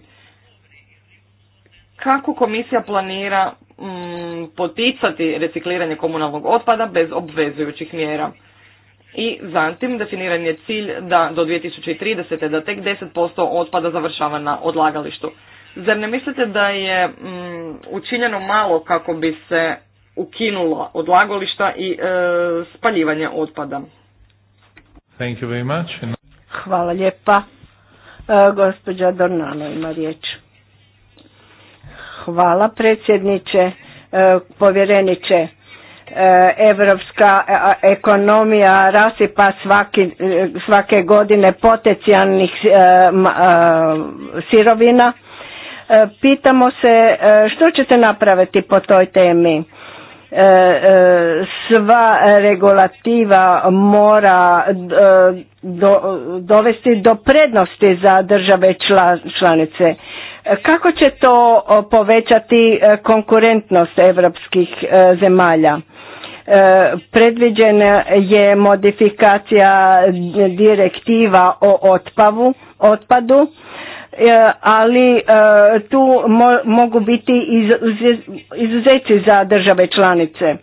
Kako komisija planira mm, poticati recikliranje komunalnog otpada bez obvezujućih mjera? I zatim definiran je cilj da do 2030. da tek 10% otpada završava na odlagalištu. Zar ne mislite da je mm, učinjeno malo kako bi se ukinula odlagališta i e, spaljivanje otpada. Thank you very much. Hvala lijepa. E, gospođa Dornano ima riječ. Hvala predsjedniče, e, povjereniče. E, evropska e, ekonomija rasipa svaki, e, svake godine potencijalnih sirovina. Pitamo se što ćete napraviti po toj temi E, e, sva regulativa mora e, do, dovesti do prednosti za države članice. Kako će to povećati konkurentnost evropskih zemalja? Predviđena je modifikacija direktiva o otpavu, otpadu E, ali e, tu mogu biti izuzeci za države članice. E,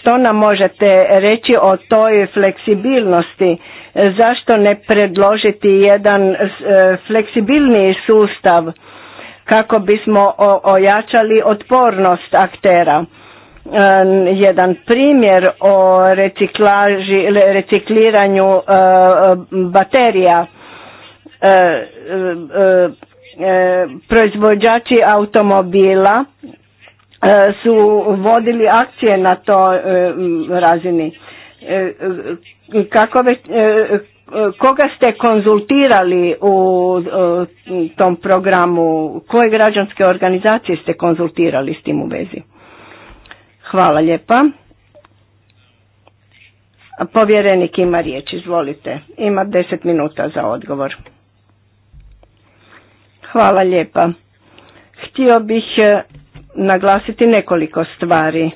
što nam možete reći o toj fleksibilnosti? Zašto ne predložiti jedan fleksibilniji sustav kako bismo ojačali otpornost aktera? jedan primjer o reciklaži, recikliranju baterija E, e, e, proizvođači automobila su vodili akcije na to razini. Kako već, koga ste konzultirali u tom programu? Koje građanske organizacije ste konzultirali s tim u vezi? Hvala lijepa. Povjerenik ima riječ, izvolite. Ima deset minuta za odgovor. Hvala lijepa. Htio bih e, naglasiti nekoliko stvari.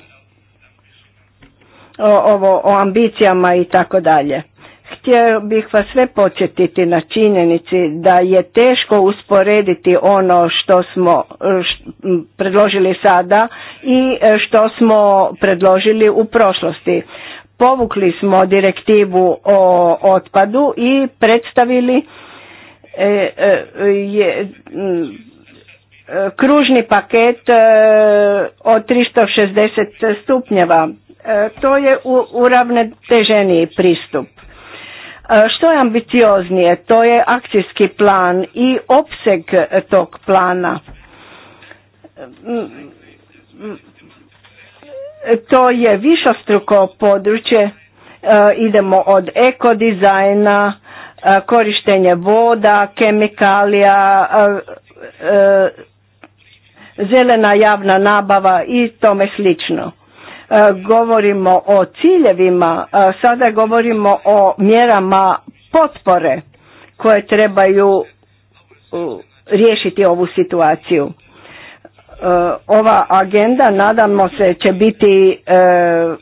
O, ovo, o ambicijama i tako dalje. Htio bih vas sve početiti na činjenici da je teško usporediti ono što smo e, predložili sada i e, što smo predložili u prošlosti. Povukli smo direktivu o otpadu i predstavili E, e, je e, kružni paket od 360 stupnjeva. To je uravnoteženiji pristup. Što je ambicioznije? To je akcijski plan i opseg tog plana. To je višostruko područje. Idemo od ekodizajna E, korištenje voda, kemikalija, e, e, zelena javna nabava i tome slično. Govorimo o ciljevima, sada govorimo o mjerama potpore koje trebaju riješiti ovu situaciju. Ova agenda, nadamo se, će biti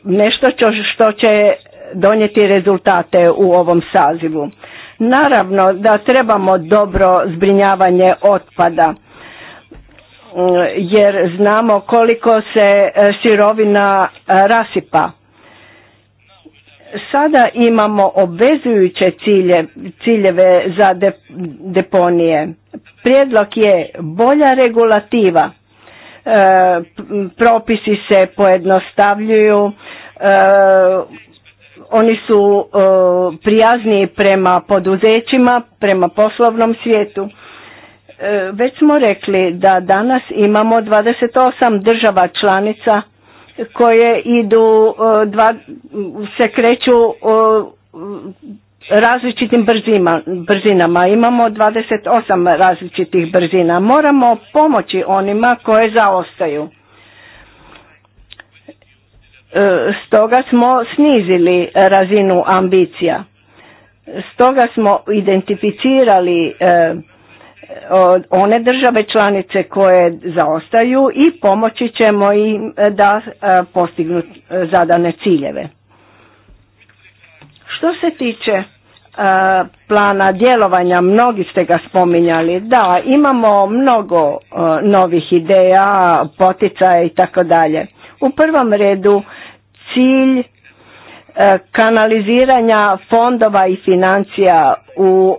nešto što će donijeti rezultate u ovom sazivu. Naravno da trebamo dobro zbrinjavanje otpada e, jer znamo koliko se e, sirovina e, rasipa. Sada imamo obvezujuće cilje, ciljeve za deponije. Prijedlog je bolja regulativa. propisi se pojednostavljuju, e, oni su e, prijazniji prema poduzećima, prema poslovnom svijetu. E, već smo rekli da danas imamo 28 država članica koje idu, e, se kreću različitim brzinama. Imamo 28 različitih brzina. Moramo pomoći onima koje zaostaju. E, stoga smo snizili razinu ambicija. Stoga smo identificirali e, one države članice koje zaostaju i pomoći ćemo im e, da postignu zadane ciljeve. Što se tiče plana djelovanja, mnogi ste ga spominjali, da imamo mnogo novih ideja, poticaja i tako dalje. U prvom redu cilj e, kanaliziranja fondova i financija u,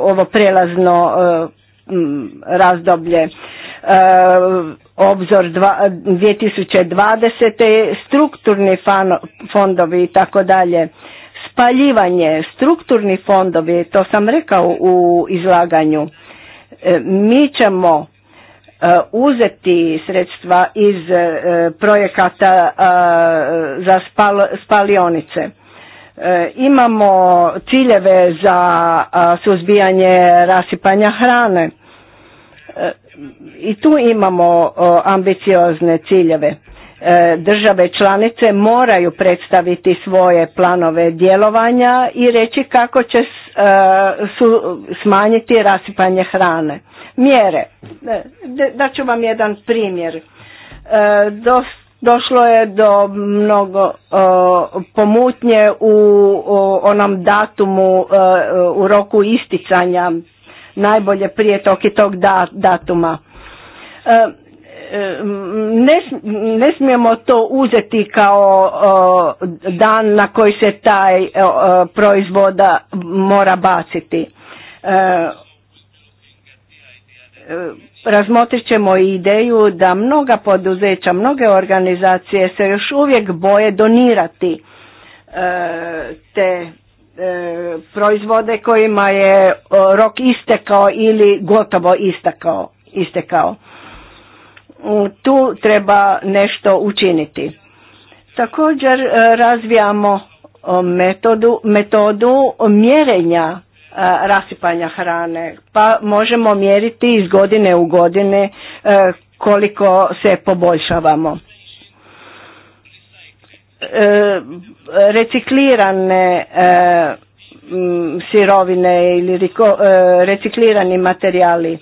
ovo prelazno e, razdoblje e, obzor 2020. strukturni fondovi i tako dalje spaljivanje strukturni fondovi to sam rekao u izlaganju mi ćemo E, uzeti sredstva iz e, projekata e, za spalionice. Imamo ciljeve za suzbijanje rasipanja hrane i tu imamo ambiciozne ciljeve. Države članice moraju predstaviti svoje planove djelovanja i reći kako će E, su smanjiti rasipanje hrane. Mjere. E, ću vam jedan primjer. E, došlo je do mnogo pomutnje u onom datumu, u roku isticanja, najbolje prije tog i tog datuma ne, ne smijemo to uzeti kao dan na koji se taj proizvoda mora baciti. E, e, razmotrit ćemo i ideju da mnoga poduzeća, mnoge organizacije se još uvijek boje donirati e, te proizvode kojima je rok istekao ili gotovo istekao. istekao. Tu treba nešto učiniti. Također e, razvijamo metodu, metodu mjerenja e, rasipanja hrane, pa možemo mjeriti iz godine u godine e, koliko se poboljšavamo. Reciklirane sirovine ili reciklirani materijali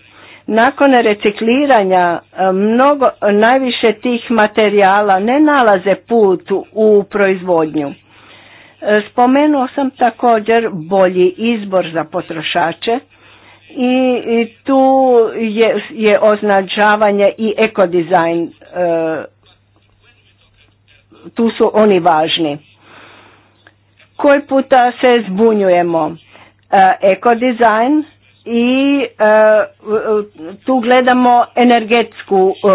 nakon recikliranja e, mnogo, najviše tih materijala ne nalaze put u proizvodnju. E, spomenuo sam također bolji izbor za potrošače i, tu je, je označavanje i ekodizajn, e, tu su oni važni. Koji puta se zbunjujemo? ekodizajn i e, tu gledamo energetsku e,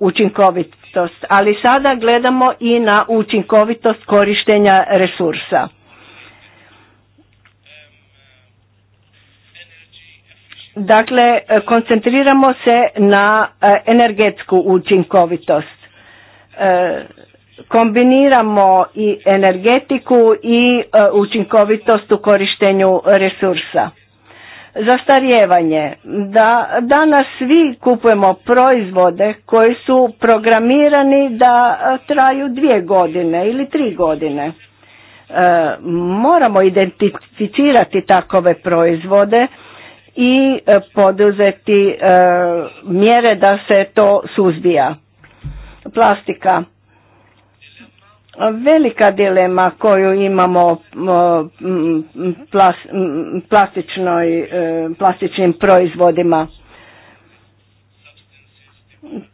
učinkovitost, ali sada gledamo i na učinkovitost korištenja resursa. Dakle, koncentriramo se na e, energetsku učinkovitost. Kombiniramo i energetiku i učinkovitost u korištenju resursa zastarijevanje. Da danas svi kupujemo proizvode koji su programirani da e, traju dvije godine ili tri godine. E, moramo identificirati takove proizvode i e, poduzeti mjere da se to suzbija. Plastika Velika dilema koju imamo e, plastičnim proizvodima.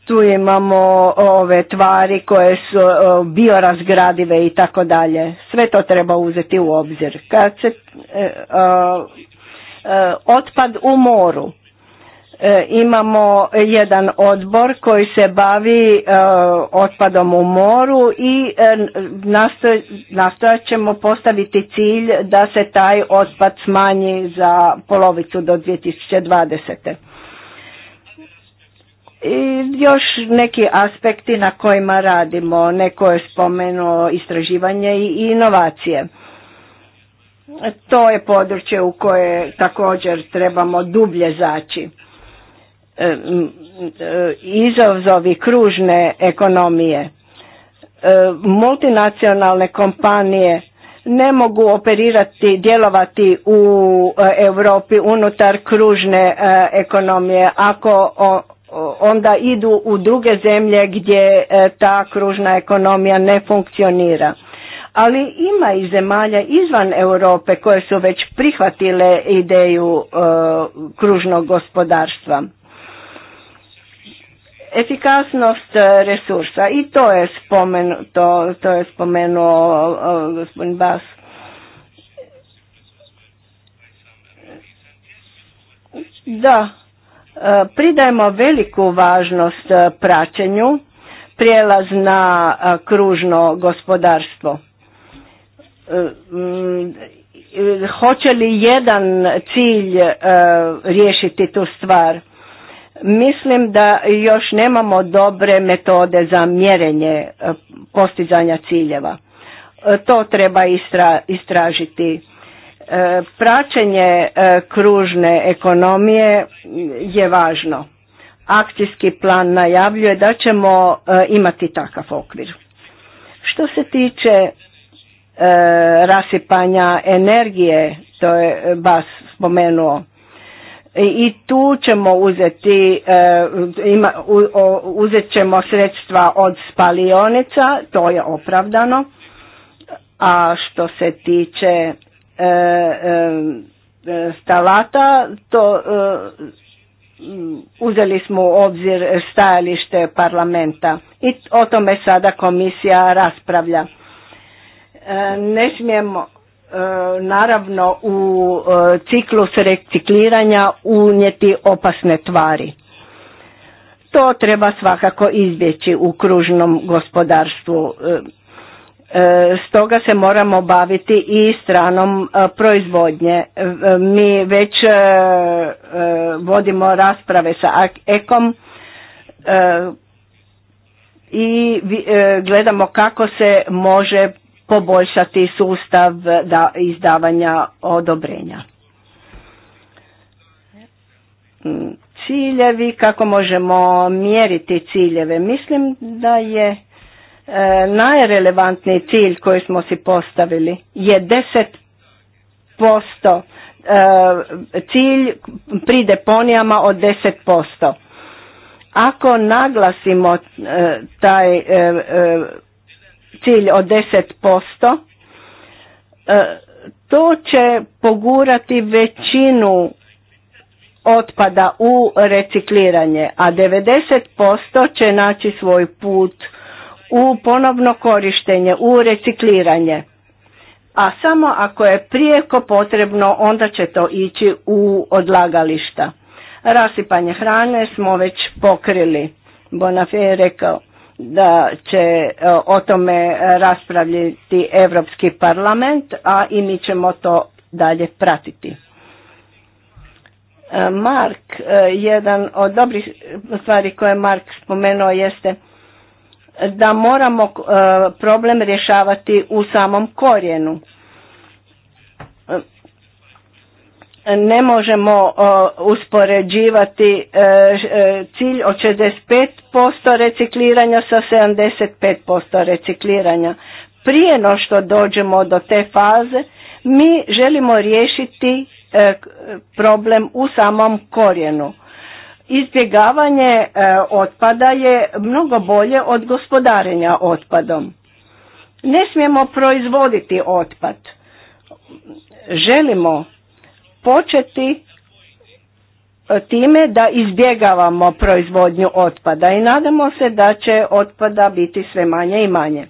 Tu imamo ove tvari koje su biorazgradive i tako dalje. Sve to treba uzeti u obzir. Kad se e, e, otpad u moru E, imamo jedan odbor koji se bavi e, otpadom u moru i e, nastojat ćemo postaviti cilj da se taj otpad smanji za polovicu do 2020. I još neki aspekti na kojima radimo, neko je spomenuo istraživanje i inovacije. To je područje u koje također trebamo dublje zaći. E, e, izazovi kružne ekonomije. E, multinacionalne kompanije ne mogu operirati, djelovati u Europi unutar kružne ekonomije ako onda idu u druge zemlje gdje ta kružna ekonomija ne funkcionira. Ali ima i zemalja izvan Europe koje su već prihvatile ideju kružnog gospodarstva. Efikasnost e, resursa i to je spomenuo, to, to je spomenuo e, gospodin Bas. Da, e, pridajemo veliku važnost praćenju prijelaz na kružno gospodarstvo. Hoće li jedan cilj riješiti tu stvar? Mislim da još nemamo dobre metode za mjerenje e, postizanja ciljeva. E, to treba istražiti. E, praćenje kružne ekonomije je važno. Akcijski plan najavljuje da ćemo imati takav okvir. Što se tiče rasipanja energije, to je Bas spomenuo, E, i tu ćemo uzeti e, ima, uzet ćemo sredstva od spalionica to je opravdano a što se tiče e, stalata to uzeli smo u obzir stajalište parlamenta i o tome sada komisija raspravlja. Ne smijemo E, naravno u e, ciklus recikliranja unijeti opasne tvari. To treba svakako izbjeći u kružnom gospodarstvu. E, stoga se moramo baviti i stranom proizvodnje. Mi već vodimo rasprave sa Ekom i gledamo kako se može poboljšati sustav eh, da izdavanja odobrenja. Mm, ciljevi, kako možemo mjeriti ciljeve? Mislim da je eh, najrelevantniji cilj koji smo si postavili je 10% eh, cilj pri deponijama od 10%. Ako naglasimo taj cilj od 10%, e, to će pogurati većinu otpada u recikliranje, a 90% će naći svoj put u ponovno korištenje, u recikliranje. A samo ako je prijeko potrebno, onda će to ići u odlagališta. Rasipanje hrane smo već pokrili, Bonafé je rekao da će e, o tome raspravljati Europski parlament, a i mi ćemo to dalje pratiti. E, Mark, e, jedan od dobrih stvari koje je Mark spomenuo jeste da moramo problem rješavati u samom korijenu. ne možemo uspoređivati e, e, cilj od 65% recikliranja sa 75% recikliranja. Prije no što dođemo do te faze, mi želimo riješiti e, problem u samom korijenu. Izbjegavanje otpada je mnogo bolje od gospodarenja otpadom. Ne smijemo proizvoditi otpad. Želimo početi e, time da izbjegavamo proizvodnju otpada i nadamo se da će otpada biti sve manje i manje.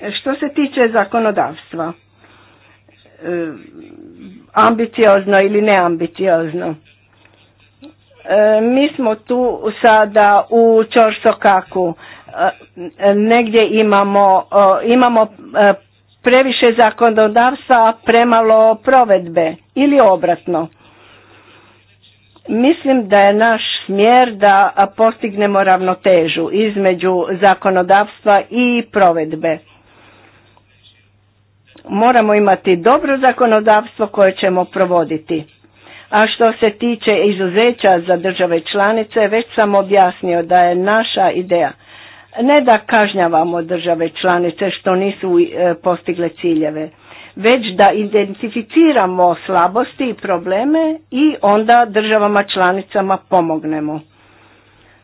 E, što se tiče zakonodavstva, e, ambiciozno ili neambiciozno, mi smo tu sada u Čorsokaku, negdje imamo, imamo previše zakonodavstva, premalo provedbe ili obratno. Mislim da je naš smjer da postignemo ravnotežu između zakonodavstva i provedbe. Moramo imati dobro zakonodavstvo koje ćemo provoditi. A što se tiče izuzeća za države članice, već sam objasnio da je naša ideja ne da kažnjavamo države članice što nisu e, postigle ciljeve, već da identificiramo slabosti i probleme i onda državama članicama pomognemo.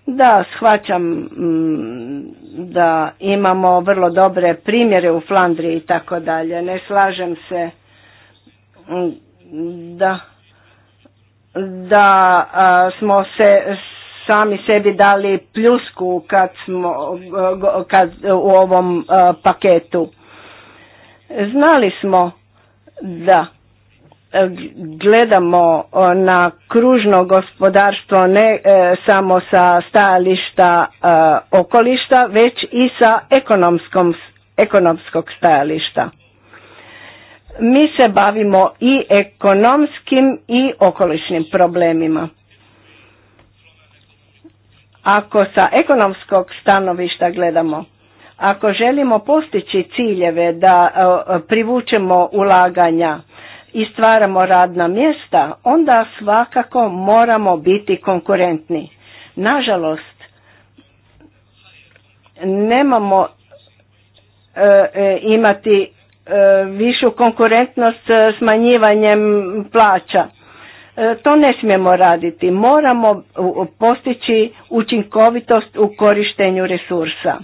Da, shvaćam mm, da imamo vrlo dobre primjere u Flandriji i tako dalje. Ne slažem se mm, da da smo se sami sebi dali pljusku kad smo kad, u ovom e, paketu. Znali smo da gledamo e, na kružno gospodarstvo ne e, samo sa stajališta e, okolišta, već i sa ekonomskog stajališta. Mi se bavimo i ekonomskim i okolišnim problemima. Ako sa ekonomskog stanovišta gledamo, ako želimo postići ciljeve da e, privučemo ulaganja i stvaramo radna mjesta, onda svakako moramo biti konkurentni. Nažalost, nemamo e, e, imati višu konkurentnost smanjivanjem plaća E, to ne smijemo raditi. Moramo postići učinkovitost u korištenju resursa.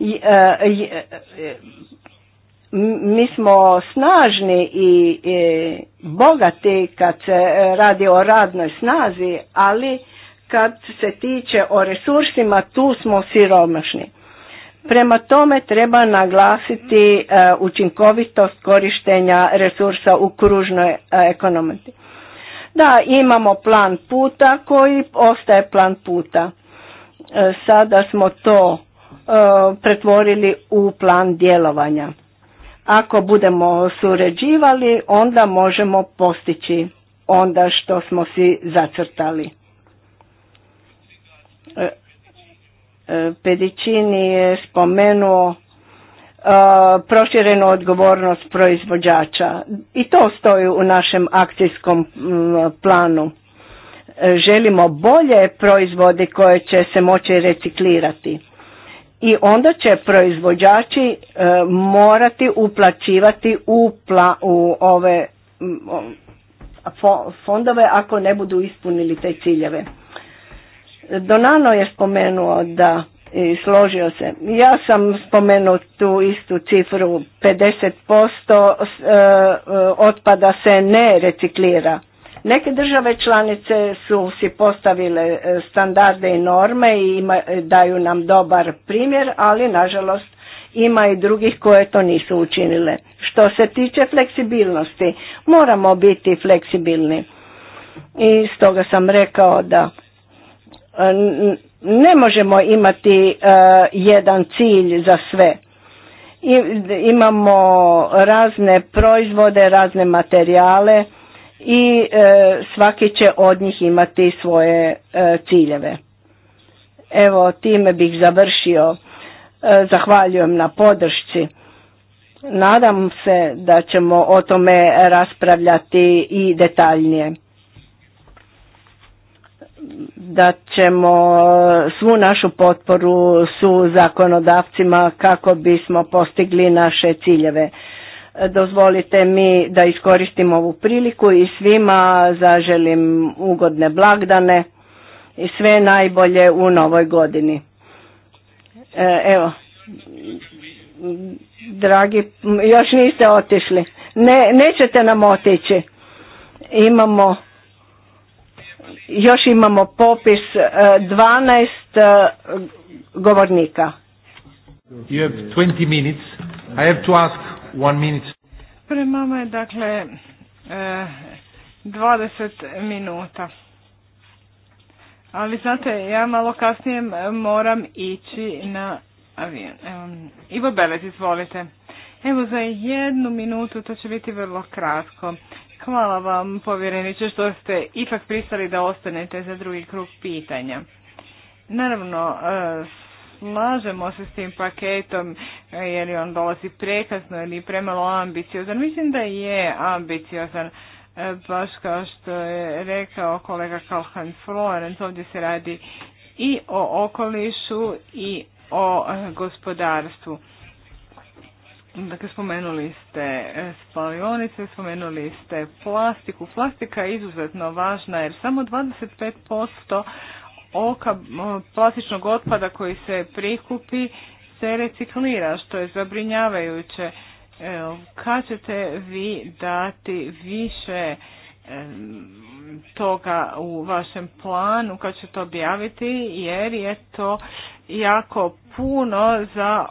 E, e, mi smo snažni i bogati kad se radi o radnoj snazi, ali kad se tiče o resursima tu smo siromašni. Prema tome treba naglasiti učinkovitost korištenja resursa u kružnoj ekonomiji. Da, imamo plan puta koji ostaje plan puta. E, sada smo to e, pretvorili u plan djelovanja. Ako budemo suređivali, onda možemo postići onda što smo si zacrtali. E, Pedicini je spomenuo E, proširenu odgovornost proizvođača. I to stoji u našem akcijskom planu. E, želimo bolje proizvode koje će se moći reciklirati. I onda će proizvođači e, morati uplaćivati u, u ove fondove ako ne budu ispunili te ciljeve. Donano je spomenuo da i složio se. Ja sam spomenuo tu istu cifru, 50% e, e, otpada se ne reciklira. Neke države članice su si postavile e, standarde i norme i daju nam dobar primjer, ali nažalost ima i drugih koje to nisu učinile. Što se tiče fleksibilnosti, moramo biti fleksibilni. I stoga sam rekao da ne možemo imati e, jedan cilj za sve. Imamo razne proizvode, razne materijale i e, svaki će od njih imati svoje e, ciljeve. Evo, time bih završio. Zahvaljujem na podršci. Nadam se da ćemo o tome raspravljati i detaljnije da ćemo svu našu potporu su zakonodavcima kako bismo postigli naše ciljeve. Dozvolite mi da iskoristim ovu priliku i svima zaželim ugodne blagdane i sve najbolje u novoj godini. E, evo, dragi, još niste otišli. Ne, nećete nam otići. Imamo još imamo popis 12 e, e, govornika. You have 20 minutes. I have to ask one minute. Prema je dakle 20 e, minuta. Ali znate, ja malo kasnije moram ići na avion. Ivo Belec, izvolite. Evo za jednu minutu, to će biti vrlo kratko. Hvala vam, povjereniče, što ste ipak pristali da ostanete za drugi krug pitanja. Naravno, e, slažemo se s tim paketom, je li on dolazi prekasno ili premalo ambiciozan. Mislim da je ambiciozan, e, baš kao što je rekao kolega Kalhan Florent, ovdje se radi i o okolišu i o e, gospodarstvu. Dakle, spomenuli ste e, spalionice, spomenuli ste plastiku. Plastika je izuzetno važna jer samo 25% oka plastičnog otpada koji se prikupi se reciklira, što je zabrinjavajuće. E, kad ćete vi dati više e, toga u vašem planu, kad ćete to objaviti, jer je to jako puno za,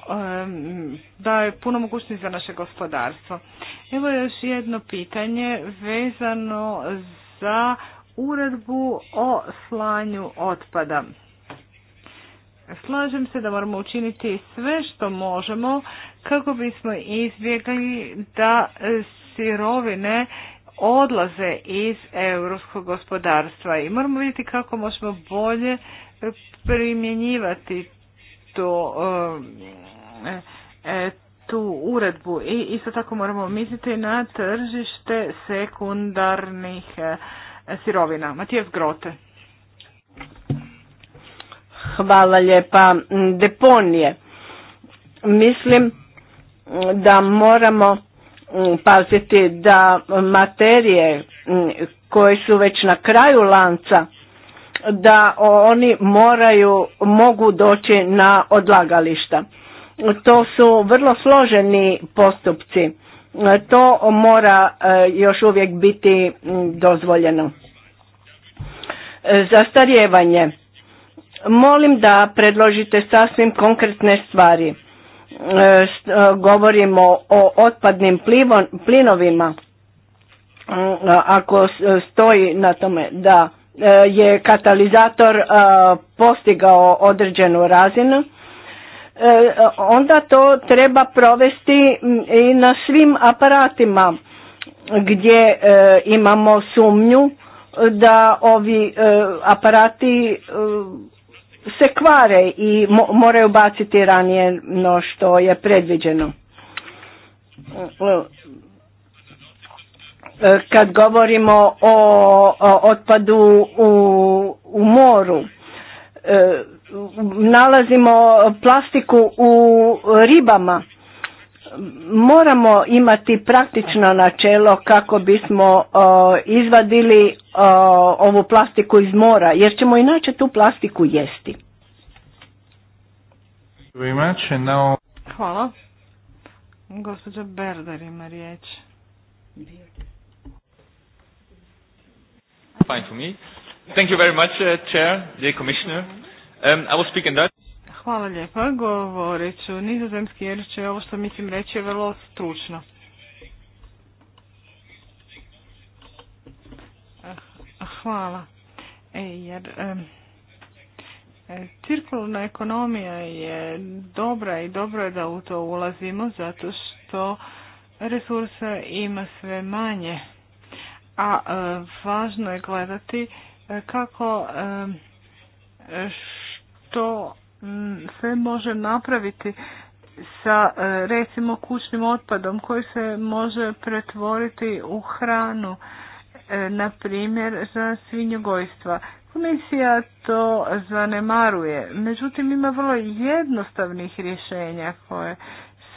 je puno mogućnosti za naše gospodarstvo. Evo još jedno pitanje vezano za uredbu o slanju otpada. Slažem se da moramo učiniti sve što možemo kako bismo izbjegli da sirovine odlaze iz europskog gospodarstva i moramo vidjeti kako možemo bolje primjenjivati to e, e, tu uredbu i isto tako moramo misliti na tržište sekundarnih e, sirovina. Matijas Grote. Hvala lijepa. Deponije. Mislim da moramo paziti da materije koje su već na kraju lanca da oni moraju, mogu doći na odlagališta. To su vrlo složeni postupci. To mora e, još uvijek biti dozvoljeno. E, Zastarjevanje. Molim da predložite sasvim konkretne stvari. E, govorimo o otpadnim plinovima. Ako stoji na tome da Eh, je katalizator eh, postigao određenu razinu, eh, onda to treba provesti mm, i na svim aparatima gdje imamo sumnju da ovi aparati se kvare i moraju baciti ranije no što je predviđeno kad govorimo o, otpadu u, u moru e, nalazimo plastiku u ribama moramo imati praktično načelo kako bismo izvadili ovu plastiku iz mora jer ćemo inače tu plastiku jesti Hvala. Gospođa Berder ima riječ. fine for me. Thank you very much, uh, Chair, dear Commissioner. Um, I will speak in Dutch. Hvala lijepa, govorit ću nizozemski jer će ovo što mislim reći je vrlo stručno. Eh, hvala. E, jer, e, cirkularna ekonomija je dobra i dobro je da u to ulazimo zato što resursa ima sve manje a e, važno je gledati e, kako e, što sve može napraviti sa recimo kućnim otpadom koji se može pretvoriti u hranu, na primjer za svinjogojstva. Komisija to zanemaruje, međutim ima vrlo jednostavnih rješenja koje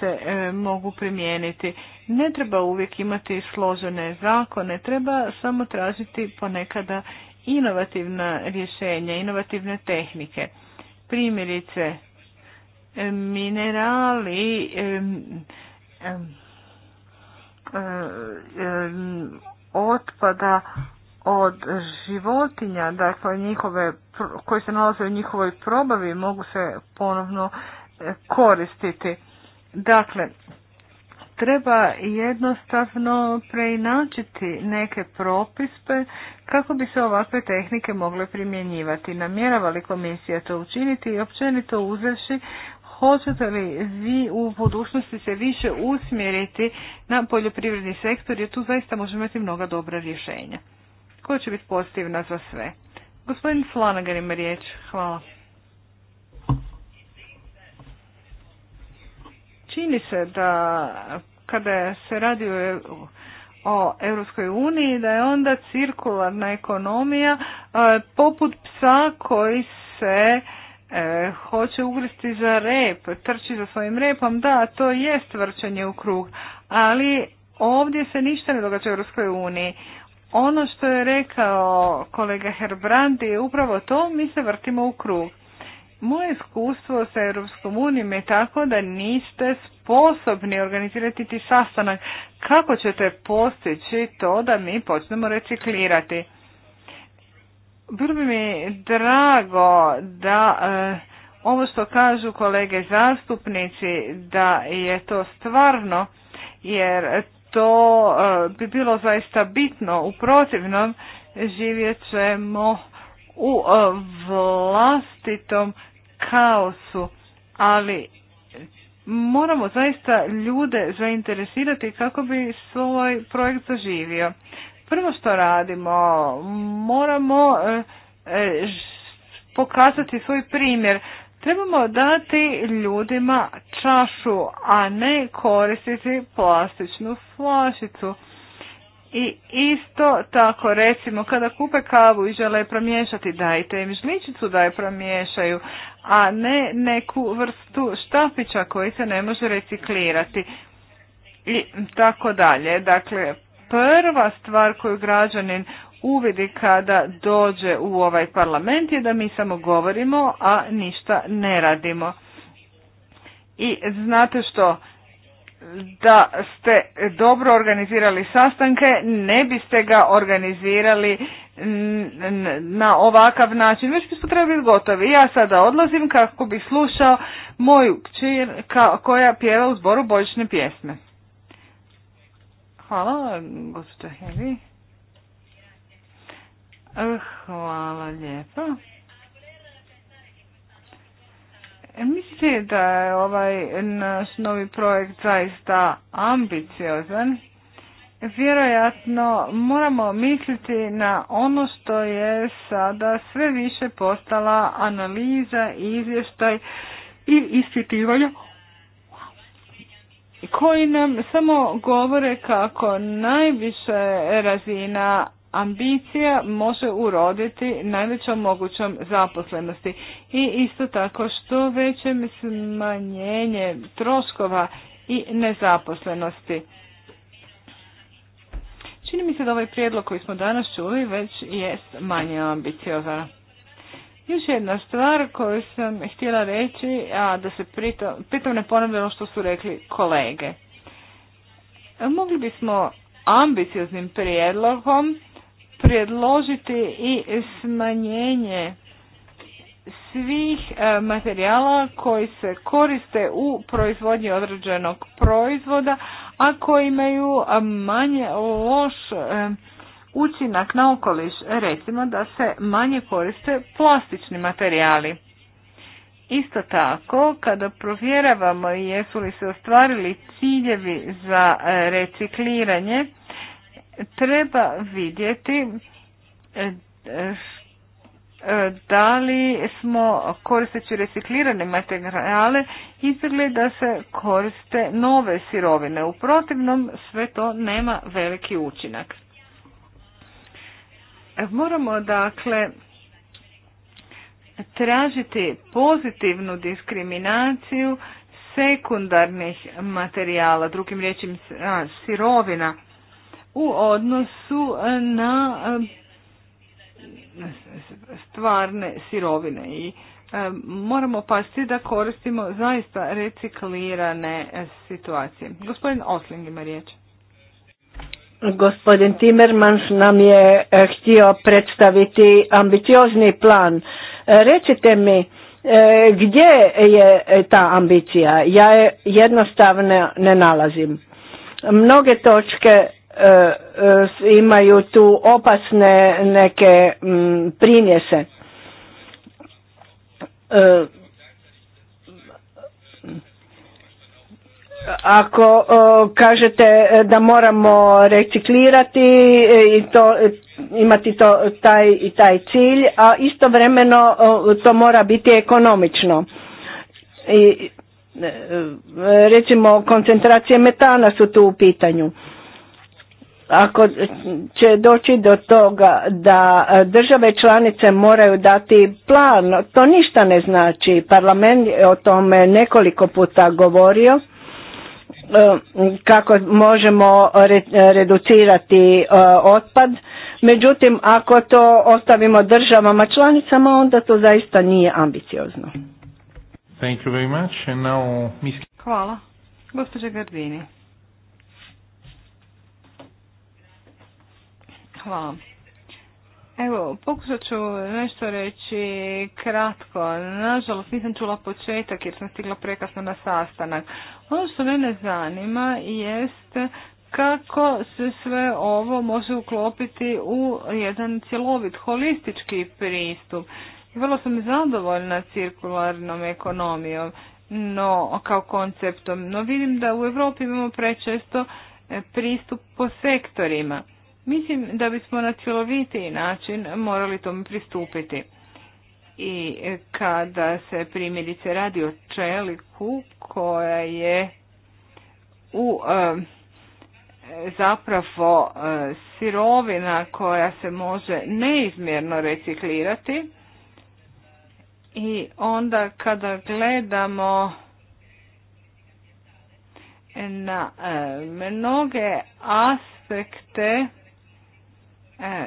se e, mogu primijeniti. Ne treba uvijek imati složene zakone, treba samo tražiti ponekada inovativna rješenja, inovativne tehnike. Primjerice, e, minerali, e, otpada od životinja, dakle njihove, koji se nalaze u njihovoj probavi mogu se ponovno koristiti. Dakle, treba jednostavno preinačiti neke propispe kako bi se ovakve tehnike mogle primjenjivati. Namjerava li komisija to učiniti i općenito uzeši? hoćete li vi u budućnosti se više usmjeriti na poljoprivredni sektor jer tu zaista možemo imati mnoga dobra rješenja koja će biti pozitivna za sve. Gospodin Slanagar ima riječ. Hvala. Čini se da kada se radi o o Europskoj uniji da je onda cirkularna ekonomija e, poput psa koji se e, hoće ugristi za rep, trči za svojim repom, da, to jest vrčanje u krug, ali ovdje se ništa ne događa u Europskoj uniji. Ono što je rekao kolega Herbrandi je upravo to, mi se vrtimo u krug. Moje iskustvo sa Europskom unijom je tako da niste sposobni organizirati ti sastanak. Kako ćete postići to da mi počnemo reciklirati? Bilo bi mi drago da eh, ovo što kažu kolege zastupnici da je to stvarno jer to eh, bi bilo zaista bitno. U protivnom živjet ćemo u eh, vlastitom kaosu, ali moramo zaista ljude zainteresirati kako bi svoj projekt zaživio. Prvo što radimo, moramo e, pokazati svoj primjer. Trebamo dati ljudima čašu, a ne koristiti plastičnu flašicu. I isto tako, recimo, kada kupe kavu i žele promiješati, dajte im žličicu da je promiješaju, a ne neku vrstu štapića koji se ne može reciklirati i tako dalje. Dakle, prva stvar koju građanin uvidi kada dođe u ovaj parlament je da mi samo govorimo, a ništa ne radimo. I znate što, da ste dobro organizirali sastanke, ne biste ga organizirali na ovakav način, već bismo trebali biti gotovi. Ja sada odlazim kako bi slušao moju ka koja pjeva u zboru bojične pjesme. Hvala, gospođa Hvala lijepa. Mislite da je ovaj naš novi projekt zaista ambiciozan? Vjerojatno moramo misliti na ono što je sada sve više postala analiza, izvještaj i ispitivanja koji nam samo govore kako najviše razina ambicija može uroditi najvećom mogućom zaposlenosti i isto tako što većem smanjenje troškova i nezaposlenosti. Čini mi se da ovaj prijedlog koji smo danas čuli već jest manje ambiciozan. Još jedna stvar koju sam htjela reći, a da se pritom, pritom ne ono što su rekli kolege. Mogli bismo ambicioznim prijedlogom predložiti i smanjenje svih e, materijala koji se koriste u proizvodnji određenog proizvoda, a koji imaju e, manje loš e, učinak na okoliš, recimo da se manje koriste plastični materijali. Isto tako, kada provjeravamo jesu li se ostvarili ciljevi za recikliranje, treba vidjeti e, e, da li smo koristeći reciklirane materijale izbjegli da se koriste nove sirovine. U protivnom sve to nema veliki učinak. E, moramo dakle tražiti pozitivnu diskriminaciju sekundarnih materijala, drugim riječima sirovina u odnosu na stvarne sirovine i e, moramo pasti da koristimo zaista reciklirane situacije. Gospodin Osling ima riječ. Gospodin Timmermans nam je e, htio predstaviti ambiciozni plan. E, recite mi gdje je ta ambicija? Ja je jednostavno ne nalazim. Mnoge točke E, e, imaju tu opasne neke primjese. E, ako kažete da moramo reciklirati i to imati to taj i taj cilj, a istovremeno to mora biti ekonomično. I recimo koncentracije metana su tu u pitanju ako će doći do toga da e, države članice moraju dati plan, to ništa ne znači. Parlament je o tome nekoliko puta govorio e, kako možemo reducirati e, otpad. Međutim, ako to ostavimo državama članicama, onda to zaista nije ambiciozno. Hvala. Gospođa Gardini. Hvala. Evo, pokušat ću nešto reći kratko. Nažalost, nisam čula početak jer sam stigla prekasno na sastanak. Ono što mene zanima jest kako se sve ovo može uklopiti u jedan cjelovit, holistički pristup. Vrlo sam zadovoljna cirkularnom ekonomijom, no kao konceptom, no vidim da u Europi imamo prečesto pristup po sektorima. Mislim da bismo na cjelovitiji način morali tome pristupiti. I kada se primjerice radi o čeliku koja je u zapravo sirovina koja se može neizmjerno reciklirati i onda kada gledamo na mnoge aspekte E,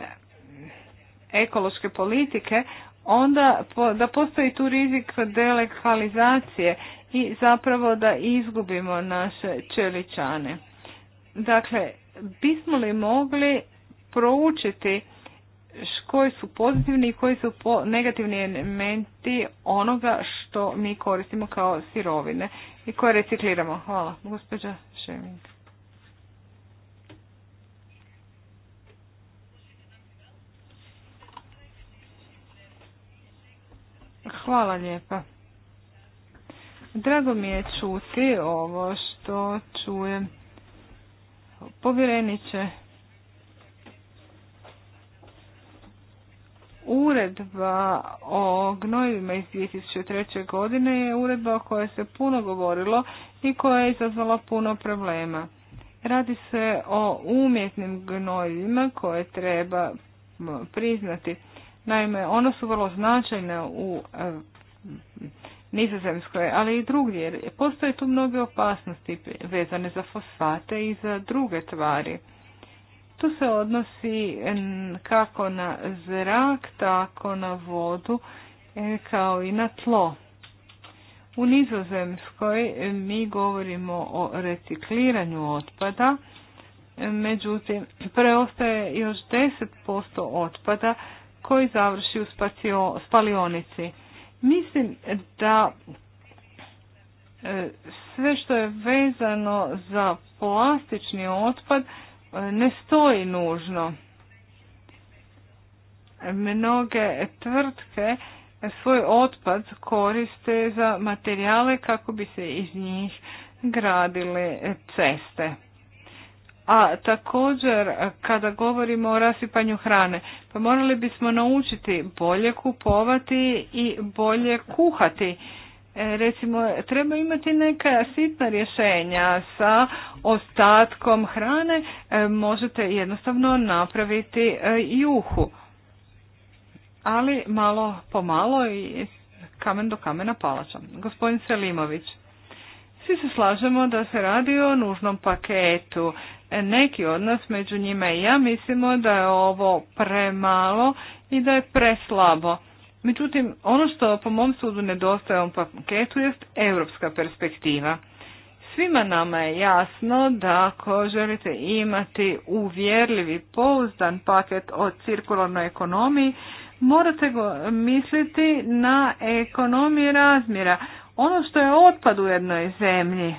ekološke politike, onda da postoji tu rizik delekalizacije i zapravo da izgubimo naše čeličane. Dakle, bismo li mogli proučiti koji su pozitivni i koji su negativni elementi onoga što mi koristimo kao sirovine i koje recikliramo. Hvala, gospođa Šeminka. Hvala lijepa. Drago mi je čuti ovo što čujem. Povjereniće. uredba o gnojivima iz 2003. godine je uredba o kojoj se puno govorilo i koja je izazvala puno problema. Radi se o umjetnim gnojivima koje treba priznati. Naime, one su vrlo značajne u e, Nizozemskoj, ali i drugdje. Jer postoje tu mnoge opasnosti vezane za fosfate i za druge tvari. To se odnosi e, kako na zrak, tako na vodu, e, kao i na tlo. U Nizozemskoj mi govorimo o recikliranju otpada, međutim preostaje još 10% otpada koji završi u spalionici. Mislim da e, sve što je vezano za plastični otpad e, ne stoji nužno. Mnoge tvrtke svoj otpad koriste za materijale kako bi se iz njih gradile ceste a također kada govorimo o rasipanju hrane, pa morali bismo naučiti bolje kupovati i bolje kuhati. E, recimo, treba imati neka sitna rješenja sa ostatkom hrane, e, možete jednostavno napraviti e, juhu. Ali malo po malo i kamen do kamena palača. Gospodin Selimović. Svi se slažemo da se radi o nužnom paketu. Neki odnos među njima i ja, mislimo da je ovo premalo i da je preslabo. Međutim, ono što po mom sudu nedostaje ovom paketu jest europska perspektiva. Svima nama je jasno da ako želite imati uvjerljivi, pouzdan paket o cirkularnoj ekonomiji, morate misliti na ekonomije razmjera. Ono što je otpad u jednoj zemlji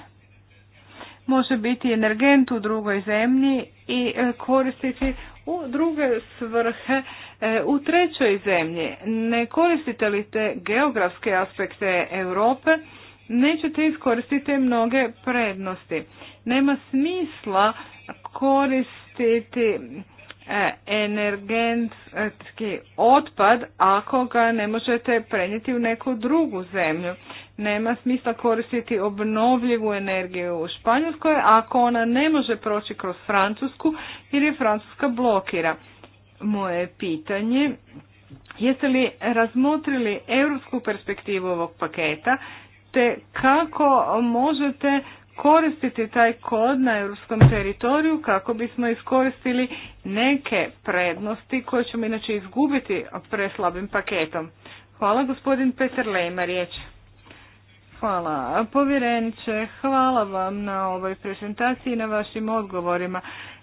može biti energent u drugoj zemlji i e, koristiti u druge svrhe e, u trećoj zemlji. Ne koristite li te geografske aspekte Europe, nećete iskoristiti mnoge prednosti. Nema smisla koristiti E, energetski otpad ako ga ne možete prenijeti u neku drugu zemlju. Nema smisla koristiti obnovljivu energiju u Španjolskoj ako ona ne može proći kroz Francusku jer je Francuska blokira. Moje pitanje jeste li razmotrili europsku perspektivu ovog paketa te kako možete koristiti taj kod na europskom teritoriju kako bismo iskoristili neke prednosti koje ćemo inače izgubiti preslabim paketom. Hvala gospodin Peter Lejma riječ. Hvala povjereniče, hvala vam na ovoj prezentaciji i na vašim odgovorima.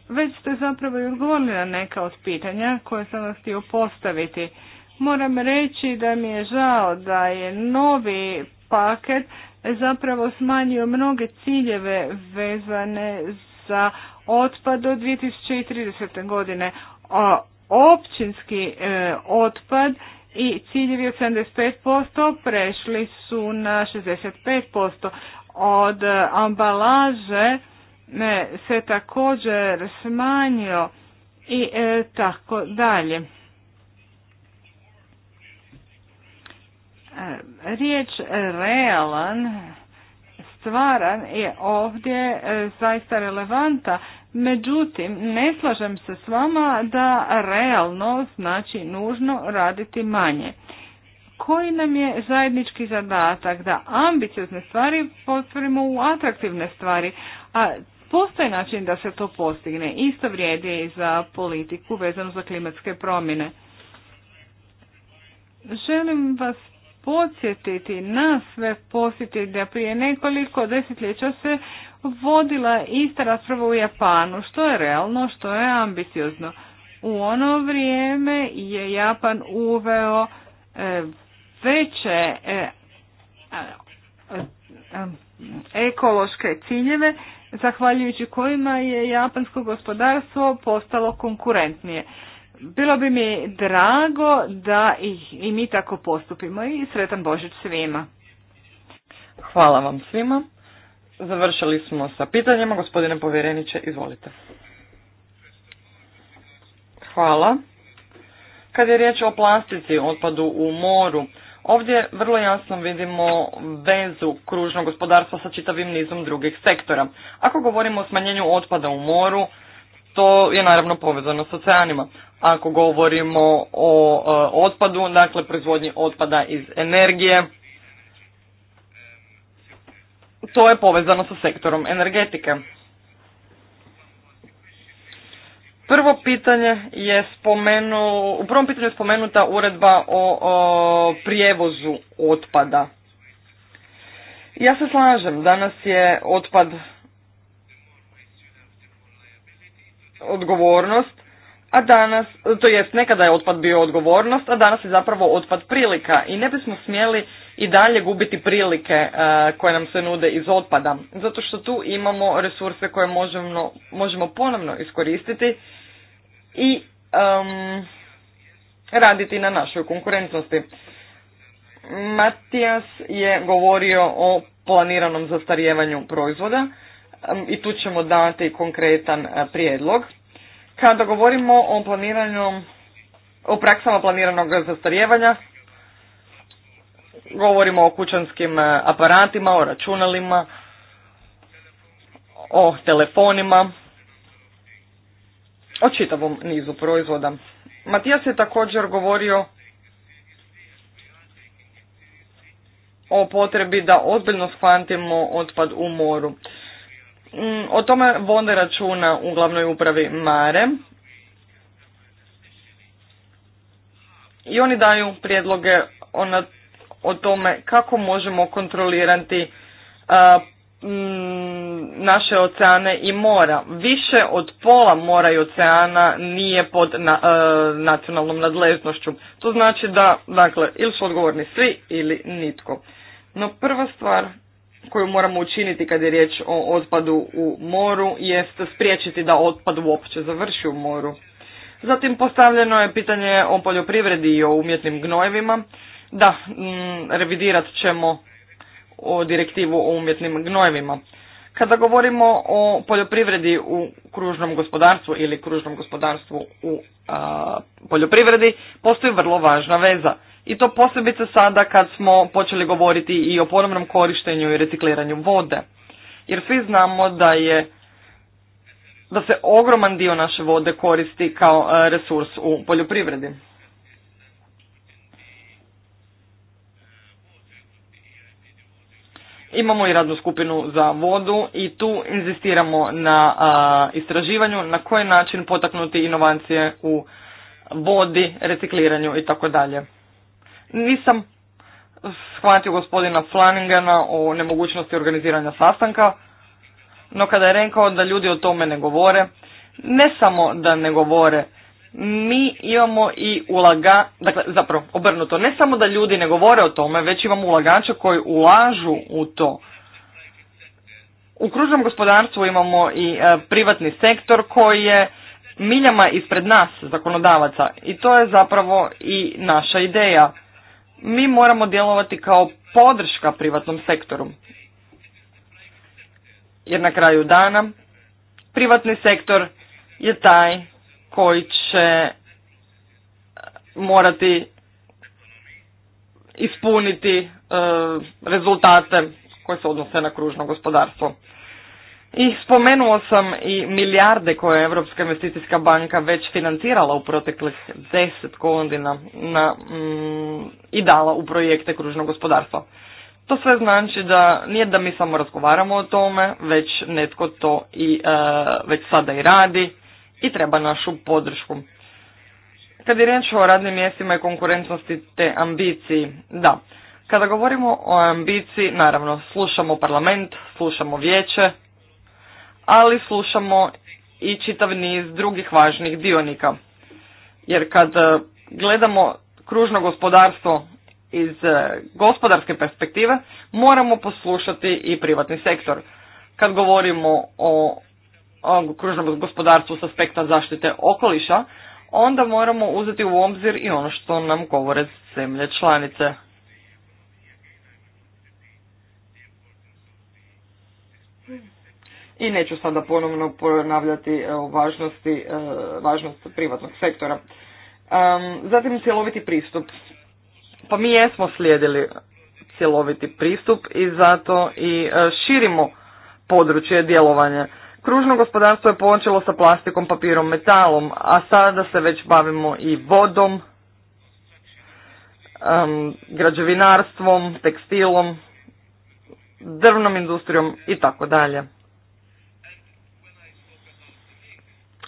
Već ste zapravo i odgovorili na neka od pitanja koje sam vas htio postaviti. Moram reći da mi je žao da je novi paket zapravo smanjio mnoge ciljeve vezane za otpad do 2030. godine. A općinski e, otpad i ciljevi od 75% prešli su na 65%. Od e, ambalaže e, se također smanjio i tako dalje. E, riječ realan, stvaran je ovdje e, zaista relevanta, međutim ne slažem se s vama da realno znači nužno raditi manje. Koji nam je zajednički zadatak da ambiciozne stvari potvorimo u atraktivne stvari, a postoji način da se to postigne. Isto vrijedi i za politiku vezano za klimatske promjene. Želim vas podsjetiti na sve posjeti da prije nekoliko desetljeća se vodila ista rasprava u Japanu, što je realno, što je ambiciozno. U ono vrijeme je Japan uveo e, veće e, ekološke ciljeve, zahvaljujući kojima je japansko gospodarstvo postalo konkurentnije. Bilo bi mi drago da i, i mi tako postupimo i sretan Božić svima. Hvala vam svima. Završili smo sa pitanjima. Gospodine povjereniče, izvolite. Hvala. Kad je riječ o plastici, otpadu u moru, ovdje vrlo jasno vidimo vezu kružnog gospodarstva sa čitavim nizom drugih sektora. Ako govorimo o smanjenju otpada u moru, to je naravno povezano s oceanima ako govorimo o e, otpadu, dakle proizvodnji otpada iz energije. To je povezano sa sektorom energetike. Prvo pitanje je spomenu, u prvom pitanju je spomenuta uredba o, o prijevozu otpada. Ja se slažem, danas je otpad odgovornost a danas, to jest nekada je otpad bio odgovornost, a danas je zapravo otpad prilika i ne bismo smjeli i dalje gubiti prilike e, koje nam se nude iz otpada, zato što tu imamo resurse koje možemo, možemo ponovno iskoristiti i raditi na našoj konkurentnosti. Matijas je govorio o planiranom zastarijevanju proizvoda i tu ćemo dati konkretan e, prijedlog. Kada govorimo o planiranju, o praksama planiranog zastarijevanja, govorimo o kućanskim e, aparatima, o računalima, o telefonima, o čitavom nizu proizvoda. Matijas je također govorio o potrebi da ozbiljno shvatimo otpad u moru. Mm, o tome vode računa u glavnoj upravi Mare. I oni daju prijedloge ona, o tome kako možemo kontrolirati a, mm, naše oceane i mora. Više od pola mora i oceana nije pod na, e, nacionalnom nadležnošću. To znači da, dakle, ili su odgovorni svi ili nitko. No prva stvar koju moramo učiniti kad je riječ o otpadu u moru jest spriječiti da otpad uopće završi u moru. Zatim postavljeno je pitanje o poljoprivredi i o umjetnim gnojevima. Da, mm, revidirat ćemo o direktivu o umjetnim gnojevima. Kada govorimo o poljoprivredi u kružnom gospodarstvu ili kružnom gospodarstvu u poljoprivredi, postoji vrlo važna veza i to posebice sada kad smo počeli govoriti i o ponovnom korištenju i recikliranju vode. Jer svi znamo da je da se ogroman dio naše vode koristi kao e, resurs u poljoprivredi. Imamo i radnu skupinu za vodu i tu inzistiramo na istraživanju na koji način potaknuti inovacije u vodi, recikliranju i dalje. Nisam shvatio gospodina Flaningena o nemogućnosti organiziranja sastanka, no kada je rekao da ljudi o tome ne govore, ne samo da ne govore, mi imamo i ulaga, dakle zapravo obrnuto, ne samo da ljudi ne govore o tome, već imamo ulagače koji ulažu u to. U kružnom gospodarstvu imamo i e, privatni sektor koji je miljama ispred nas, zakonodavaca, i to je zapravo i naša ideja mi moramo djelovati kao podrška privatnom sektoru. Jer na kraju dana privatni sektor je taj koji će eh, morati ispuniti eh, rezultate koje se odnose na kružno gospodarstvo. I spomenuo sam i milijarde koje je Europska investicijska banka već financirala u proteklih deset godina na, mm, i dala u projekte kružnog gospodarstva. To sve znači da nije da mi samo razgovaramo o tome, već netko to i e, već sada i radi i treba našu podršku. Kad je riječ o radnim mjestima i konkurentnosti te ambiciji, da. Kada govorimo o ambiciji, naravno, slušamo parlament, slušamo vijeće, ali slušamo i čitav niz drugih važnih dionika. Jer kad e, gledamo kružno gospodarstvo iz e, gospodarske perspektive, moramo poslušati i privatni sektor. Kad govorimo o, kružnom gospodarstvu s aspekta zaštite okoliša, onda moramo uzeti u obzir i ono što nam govore zemlje članice. i neću sada ponovno ponavljati e, o važnosti, e, važnost privatnog sektora. Zatim cjeloviti pristup. Pa mi jesmo slijedili cjeloviti pristup i zato i e, širimo područje djelovanja. Kružno gospodarstvo je počelo sa plastikom, papirom, metalom, a sada se već bavimo i vodom, građevinarstvom, tekstilom, drvnom industrijom i tako dalje.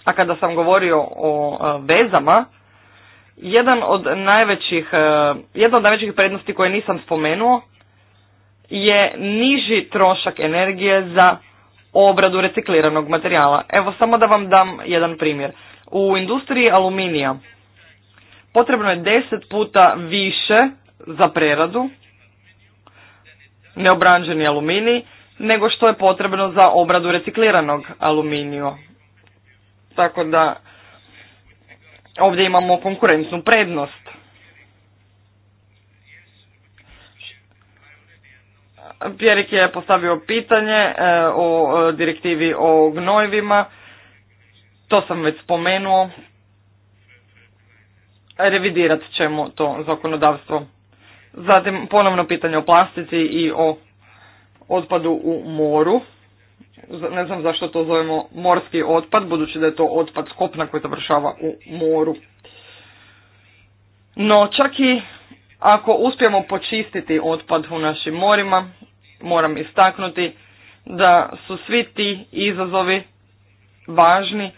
A kada sam govorio o e, vezama, jedan od najvećih, e, jedna od najvećih prednosti koje nisam spomenuo je niži trošak energije za obradu recikliranog materijala. Evo samo da vam dam jedan primjer. U industriji aluminija potrebno je 10 puta više za preradu neobranđeni aluminij nego što je potrebno za obradu recikliranog aluminija. Tako da ovdje imamo konkurentnu prednost. Pjerik je postavio pitanje e, o e, direktivi o gnojivima. To sam već spomenuo. Revidirat ćemo to zakonodavstvo. Zatim ponovno pitanje o plastici i o otpadu u moru ne znam zašto to zovemo morski otpad, budući da je to otpad skopna koji završava u moru. No čak i ako uspijemo počistiti otpad u našim morima, moram istaknuti da su svi ti izazovi važni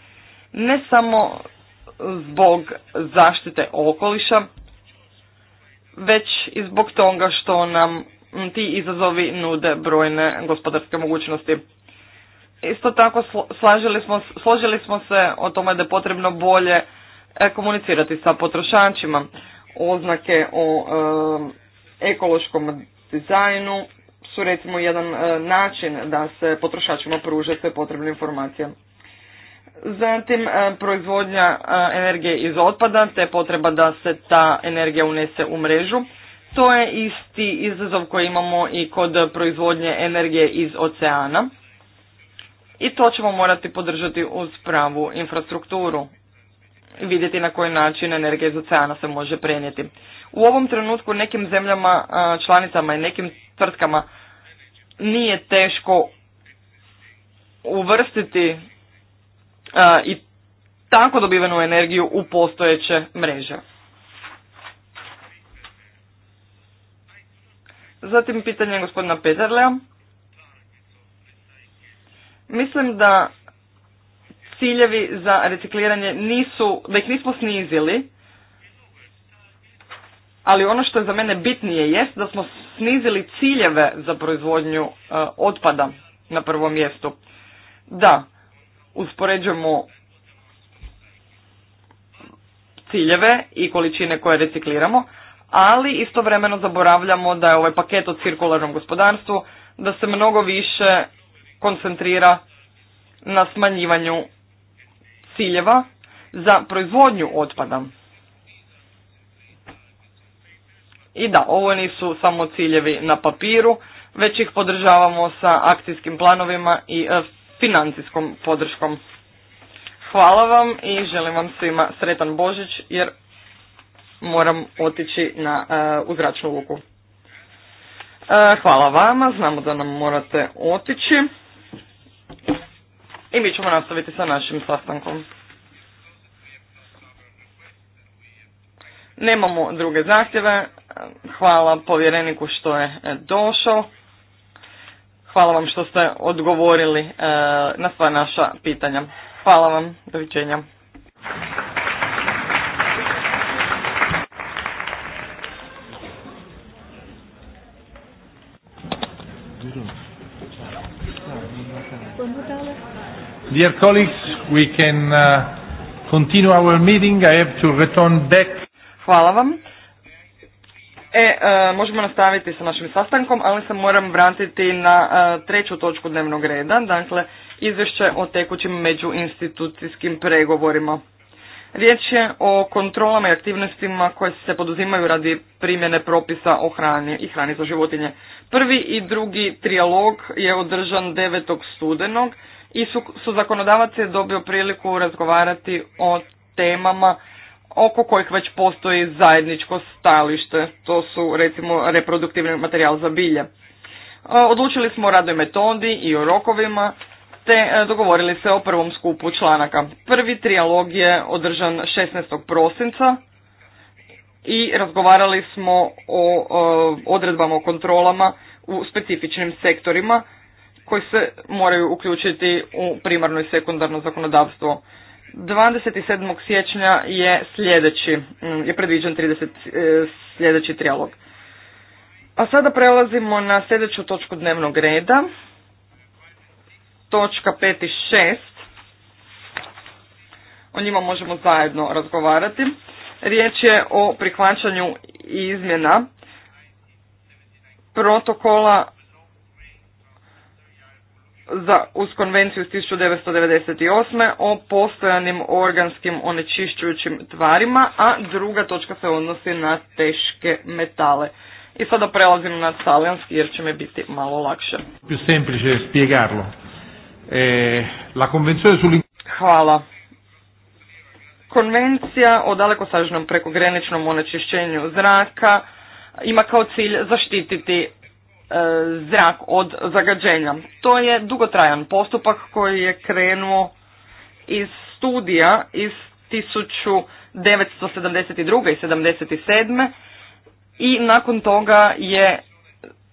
ne samo zbog zaštite okoliša, već i zbog toga što nam ti izazovi nude brojne gospodarske mogućnosti. Isto tako smo, složili smo se o tome da je potrebno bolje e, komunicirati sa potrošačima. Oznake o e, ekološkom dizajnu su recimo jedan e, način da se potrošačima pruže sve potrebne informacije. Zatim proizvodnja energije iz otpada te potreba da se ta energija unese u mrežu. To je isti izazov koji imamo i kod proizvodnje energije iz oceana i to ćemo morati podržati uz pravu infrastrukturu i vidjeti na koji način energija iz oceana se može prenijeti. U ovom trenutku nekim zemljama, članicama i nekim tvrtkama nije teško uvrstiti i tako dobivenu energiju u postojeće mreže. Zatim pitanje gospodina Peterlea. Mislim da ciljevi za recikliranje nisu, da ih nismo snizili, ali ono što je za mene bitnije jest da smo snizili ciljeve za proizvodnju eh, otpada na prvom mjestu. Da, uspoređujemo ciljeve i količine koje recikliramo, ali istovremeno zaboravljamo da je ovaj paket o cirkularnom gospodarstvu, da se mnogo više koncentrira na smanjivanju ciljeva za proizvodnju otpada. I da, ovo nisu samo ciljevi na papiru, već ih podržavamo sa akcijskim planovima i e, financijskom podrškom. Hvala vam i želim vam svima sretan Božić jer moram otići na e, u zračnu luku. E, hvala vama, znamo da nam morate otići. I mi ćemo nastaviti sa našim sastankom. Nemamo druge zahtjeve. Hvala povjereniku što je e, došao. Hvala vam što ste odgovorili e, na sva naša pitanja. Hvala vam. Doviđenja. colleagues, we can uh, continue our meeting. I have to return back. Hvala vam. E, uh, možemo nastaviti sa našim sastankom, ali se moram vratiti na uh, treću točku dnevnog reda, dakle izvješće o tekućim međuinstitucijskim pregovorima. Riječ je o kontrolama i aktivnostima koje se poduzimaju radi primjene propisa o hrani i hrani za životinje. Prvi i drugi trijalog je održan 9. studenog i su, su zakonodavac je dobio priliku razgovarati o temama oko kojih već postoji zajedničko stajalište, to su recimo reproduktivni materijal za bilje. E, odlučili smo o radnoj metodi i o rokovima, te e, dogovorili se o prvom skupu članaka. Prvi trijalog je održan 16. prosinca i razgovarali smo o e, odredbama o kontrolama u specifičnim sektorima, koji se moraju uključiti u primarno i sekundarno zakonodavstvo. 27. siječnja je sljedeći, mm, je predviđen 30, e, sljedeći trijalog. A sada prelazimo na sljedeću točku dnevnog reda. Točka 5 i 6. O njima možemo zajedno razgovarati. Riječ je o prihvaćanju izmjena protokola za, uz konvenciju iz 1998. o postojanim organskim onečišćujućim tvarima, a druga točka se odnosi na teške metale. I sada prelazim na talijanski jer će mi biti malo lakše. Eh, la Hvala. Konvencija o dalekosažnom prekograničnom onečišćenju zraka ima kao cilj zaštititi E, zrak od zagađenja. To je dugotrajan postupak koji je krenuo iz studija iz 1972. i 77. i nakon toga je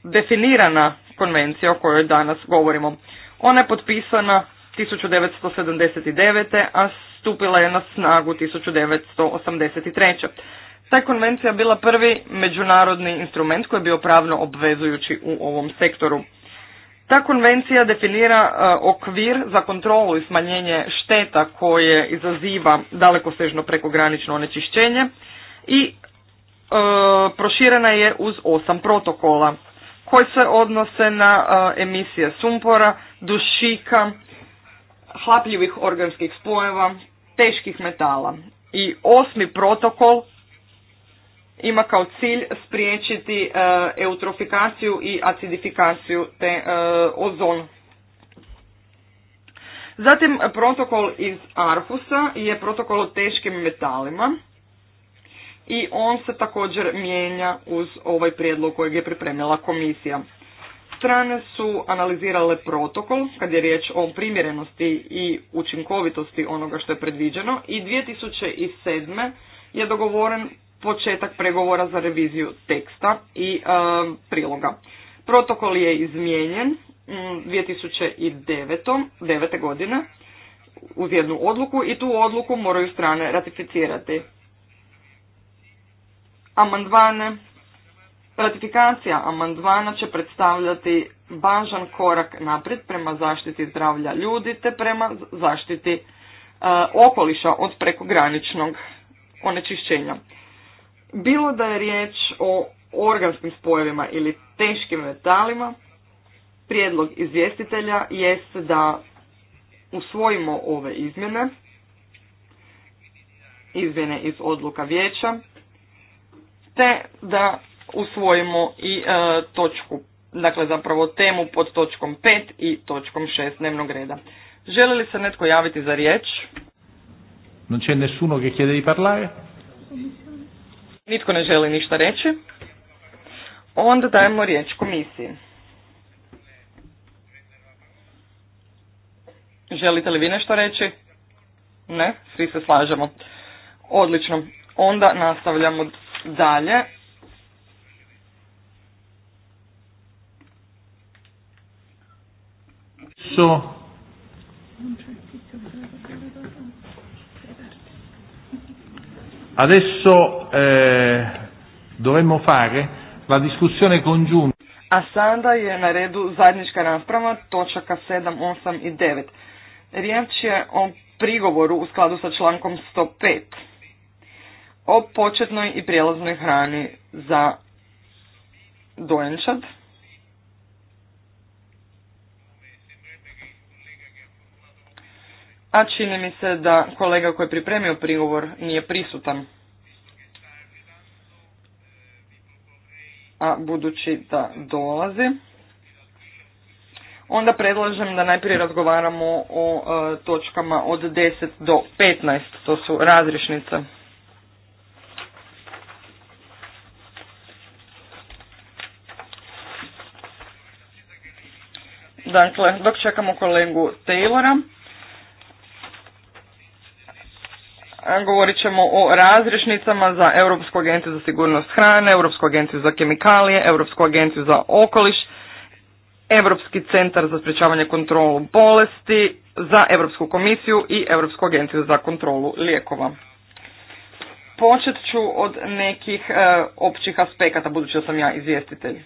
definirana konvencija o kojoj danas govorimo. Ona je potpisana 1979. a stupila je na snagu 1983. Ta konvencija bila prvi međunarodni instrument koji je bio pravno obvezujući u ovom sektoru. Ta konvencija definira e, okvir za kontrolu i smanjenje šteta koje izaziva dalekosežno prekogranično onečišćenje i e, proširena je uz osam protokola koji se odnose na e, emisije sumpora, dušika, hlapljivih organskih spojeva, teških metala. I osmi protokol ima kao cilj spriječiti e, eutrofikaciju i acidifikaciju te e, ozon. Zatim protokol iz Arhusa je protokol o teškim metalima i on se također mijenja uz ovaj prijedlog kojeg je pripremila komisija. Strane su analizirale protokol kad je riječ o primjerenosti i učinkovitosti onoga što je predviđeno i 2007. je dogovoren početak pregovora za reviziju teksta i e, priloga. Protokol je izmijenjen 2009. godine uz jednu odluku i tu odluku moraju strane ratificirati. Amandmane Ratifikacija amandmana će predstavljati važan korak naprijed prema zaštiti zdravlja ljudi te prema zaštiti e, okoliša od prekograničnog onečišćenja. Bilo da je riječ o organskim spojevima ili teškim metalima, prijedlog izvjestitelja jest da usvojimo ove izmjene, izmjene iz odluka vijeća, te da usvojimo i e, točku, dakle zapravo temu pod točkom 5 i točkom 6 dnevnog reda. Želi li se netko javiti za riječ? Non c'è nessuno che chiede parlare? Nitko ne želi ništa reći. Onda dajemo riječ komisiji. Želite li vi nešto reći? Ne, svi se slažemo. Odlično. Onda nastavljamo dalje. So, Adesso eh, dovremmo fare la discussione congiunta. A sada je na redu zajednička rasprava točaka 7, 8 i 9. Riječ je o prigovoru u skladu sa člankom 105 o početnoj i prijelaznoj hrani za dojenčad. a čini mi se da kolega koji je pripremio prigovor nije prisutan. A budući da dolazi, onda predlažem da najprije razgovaramo o e, točkama od 10 do 15, to su razrišnice. Dakle, dok čekamo kolegu Taylora, govorit ćemo o razrešnicama za Europsku agenciju za sigurnost hrane, Europsku agenciju za kemikalije, Europsku agenciju za okoliš, Europski centar za sprječavanje kontrolu bolesti, za Europsku komisiju i Europsku agenciju za kontrolu lijekova. Počet ću od nekih e, općih aspekata, budući da sam ja izvjestitelj.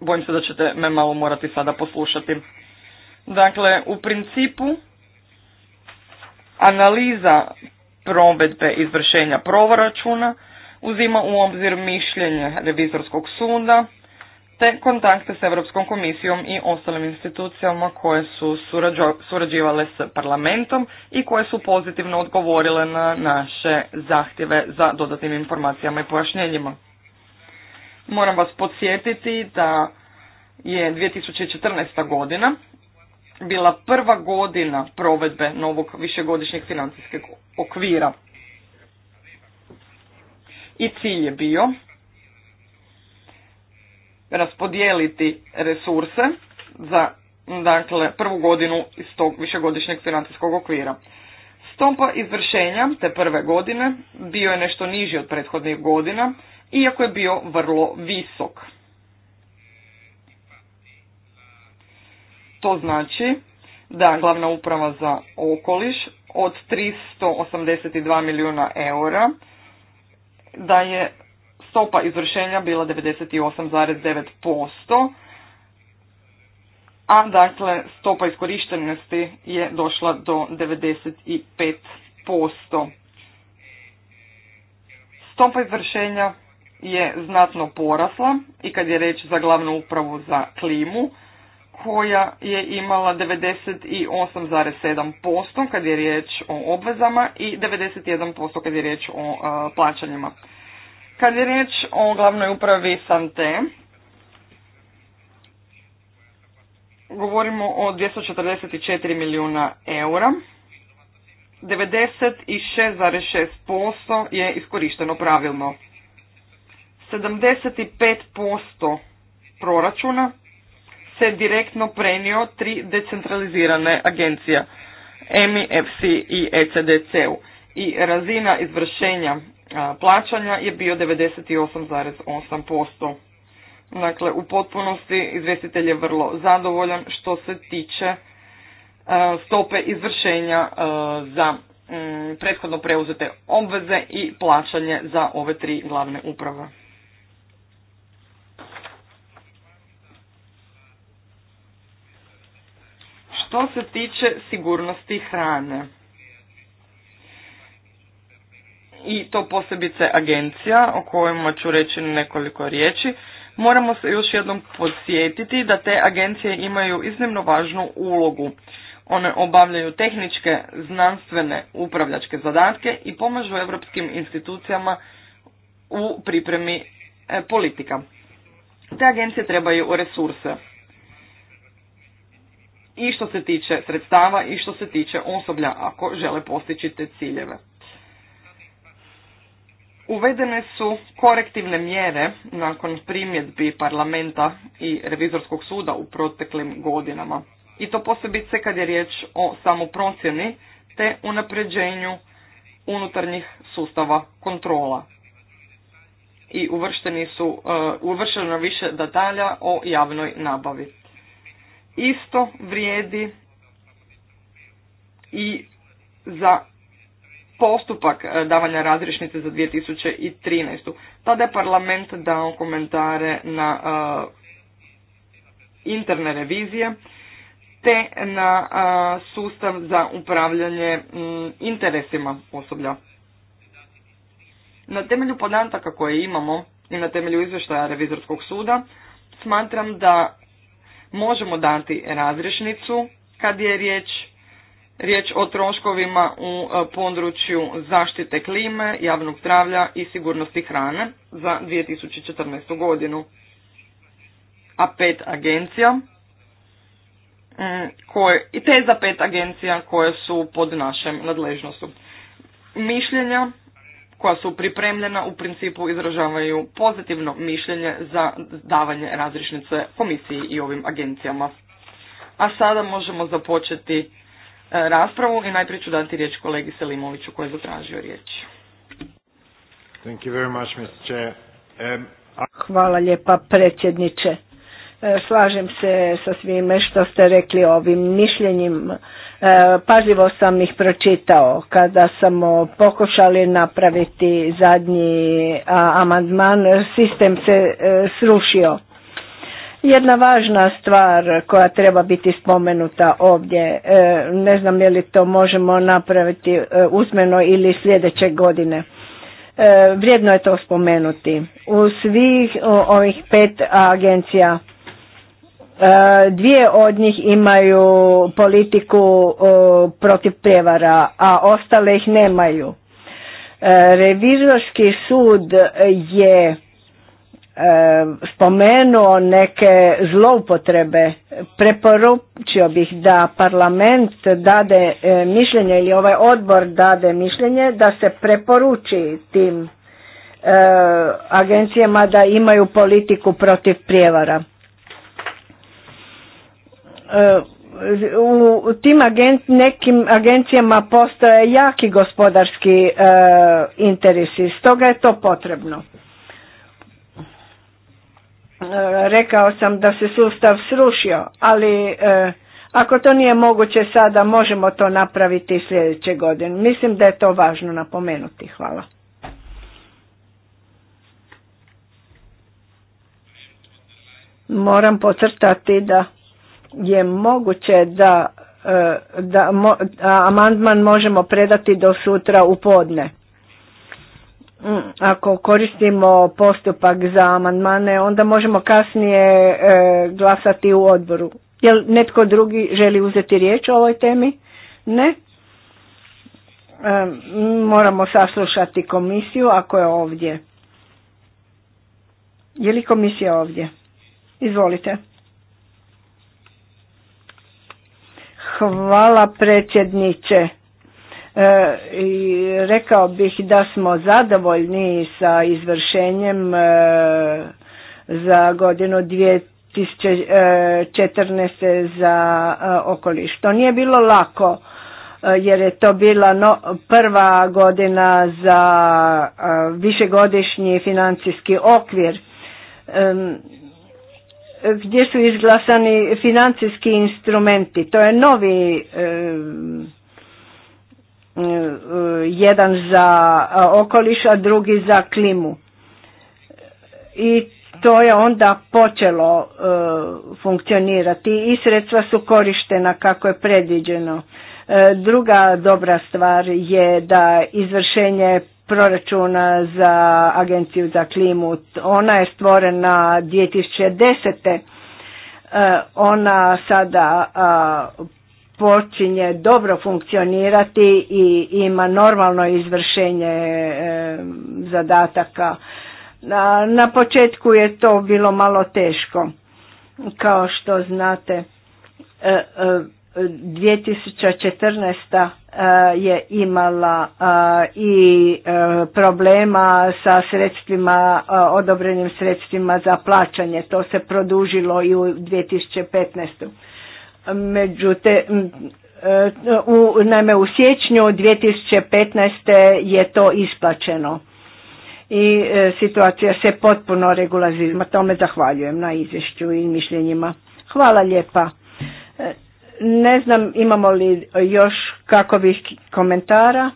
Bojim se da ćete me malo morati sada poslušati. Dakle, u principu Analiza provedbe izvršenja proračuna uzima u obzir mišljenje revizorskog suda te kontakte s Europskom komisijom i ostalim institucijama koje su surađivale s parlamentom i koje su pozitivno odgovorile na naše zahtjeve za dodatnim informacijama i pojašnjenjima. Moram vas podsjetiti da je 2014. godina bila prva godina provedbe novog višegodišnjeg financijskog okvira. I cilj je bio raspodijeliti resurse za dakle, prvu godinu iz tog višegodišnjeg financijskog okvira. Stopa izvršenja te prve godine bio je nešto niži od prethodnih godina, iako je bio vrlo visok. To znači da glavna uprava za okoliš od 382 milijuna eura, da je stopa izvršenja bila 98,9%, a dakle stopa iskorištenosti je došla do 95%. Stopa izvršenja je znatno porasla i kad je reč za glavnu upravu za klimu, koja je imala 98,7% kad je riječ o obvezama i 91% kad je riječ o e, plaćanjima. Kad je riječ o glavnoj upravi Sante, govorimo o 244 milijuna eura. 96,6% je iskorišteno pravilno. 75% proračuna se direktno prenio tri decentralizirane agencije, EMI, FC i ECDC-u. I razina izvršenja plaćanja je bio 98,8%. Dakle, u potpunosti izvjestitelj je vrlo zadovoljan što se tiče stope izvršenja za prethodno preuzete obveze i plaćanje za ove tri glavne uprave. što se tiče sigurnosti hrane. I to posebice agencija o kojima ću reći nekoliko riječi. Moramo se još jednom podsjetiti da te agencije imaju iznimno važnu ulogu. One obavljaju tehničke, znanstvene, upravljačke zadatke i pomažu europskim institucijama u pripremi e, politika. Te agencije trebaju resurse i što se tiče sredstava i što se tiče osoblja ako žele postići te ciljeve. Uvedene su korektivne mjere nakon primjedbi parlamenta i revizorskog suda u proteklim godinama. I to posebice kad je riječ o samoprocjeni te unapređenju unutarnjih sustava kontrola. I uvršteni su, e, uvršteno više detalja o javnoj nabavi isto vrijedi i za postupak e, davanja razrišnice za 2013. Tada je parlament dao komentare na e, interne revizije te na e, sustav za upravljanje interesima osoblja. Na temelju podataka koje imamo i na temelju izvještaja revizorskog suda smatram da možemo dati razrešnicu kad je riječ riječ o troškovima u e, području zaštite klime, javnog zdravlja i sigurnosti hrane za 2014. godinu. A pet agencija mm, koje, i te za pet agencija koje su pod našem nadležnostom. Mišljenja koja su pripremljena u principu izražavaju pozitivno mišljenje za davanje razrišnice komisiji i ovim agencijama. A sada možemo započeti e, raspravu i najprije ću dati riječ kolegi Selimoviću koji je zatražio riječ. Um, Hvala lijepa predsjedniče. E, slažem se sa svime što ste rekli o ovim mišljenjima E, pažljivo sam ih pročitao kada smo pokušali napraviti zadnji amandman, sistem se e, srušio. Jedna važna stvar koja treba biti spomenuta ovdje, e, ne znam je li to možemo napraviti uzmeno ili sljedeće godine. Vrijedno je to spomenuti. U svih ovih pet agencija E, dvije od njih imaju politiku e, protiv prijevara, a ostale ih nemaju. E, revizorski sud je spomenuo neke zloupotrebe, preporučio bih da parlament dade mišljenje ili ovaj odbor dade mišljenje da se preporuči tim agencijama da imaju politiku protiv prijevara. E, u tim agent, nekim agencijama postoje jaki gospodarski e, interesi, stoga je to potrebno. E, rekao sam da se sustav srušio, ali ako to nije moguće sada, možemo to napraviti sljedeće godine. Mislim da je to važno napomenuti. Hvala. Moram pocrtati da je moguće da, e, da amandman možemo predati do sutra u podne. Mm, ako koristimo postupak za amandmane, onda možemo kasnije e, glasati u odboru. Jel netko drugi želi uzeti riječ o ovoj temi? Ne? E, moramo saslušati komisiju ako je ovdje. Je li komisija ovdje? Izvolite. Hvala predsjedniče. E, i rekao bih da smo zadovoljni sa izvršenjem e, za godinu 2014. za e, okoliš. To nije bilo lako e, jer je to bila prva godina za e, višegodišnji financijski okvir gdje su izglasani financijski instrumenti. To je novi eh, eh, jedan za eh, okoliš, a drugi za klimu. I to je onda počelo funkcionirati i sredstva su korištena kako je predviđeno. Druga dobra stvar je da izvršenje proračuna za Agenciju za klimu. Ona je stvorena 2010. E, ona sada počinje dobro funkcionirati i ima normalno izvršenje e, zadataka. Na početku je to bilo malo teško. Kao što znate, 2014 e, Eh, je imala eh, i eh, problema sa sredstvima, odobrenim sredstvima za plaćanje. To se produžilo i u 2015. Međutim, u, naime u siječnju 2015. je to isplaćeno i situacija se potpuno regulazira. Tome zahvaljujem na izvješću i mišljenjima. Hvala lijepa. Ne znam imamo li još kakovih komentara.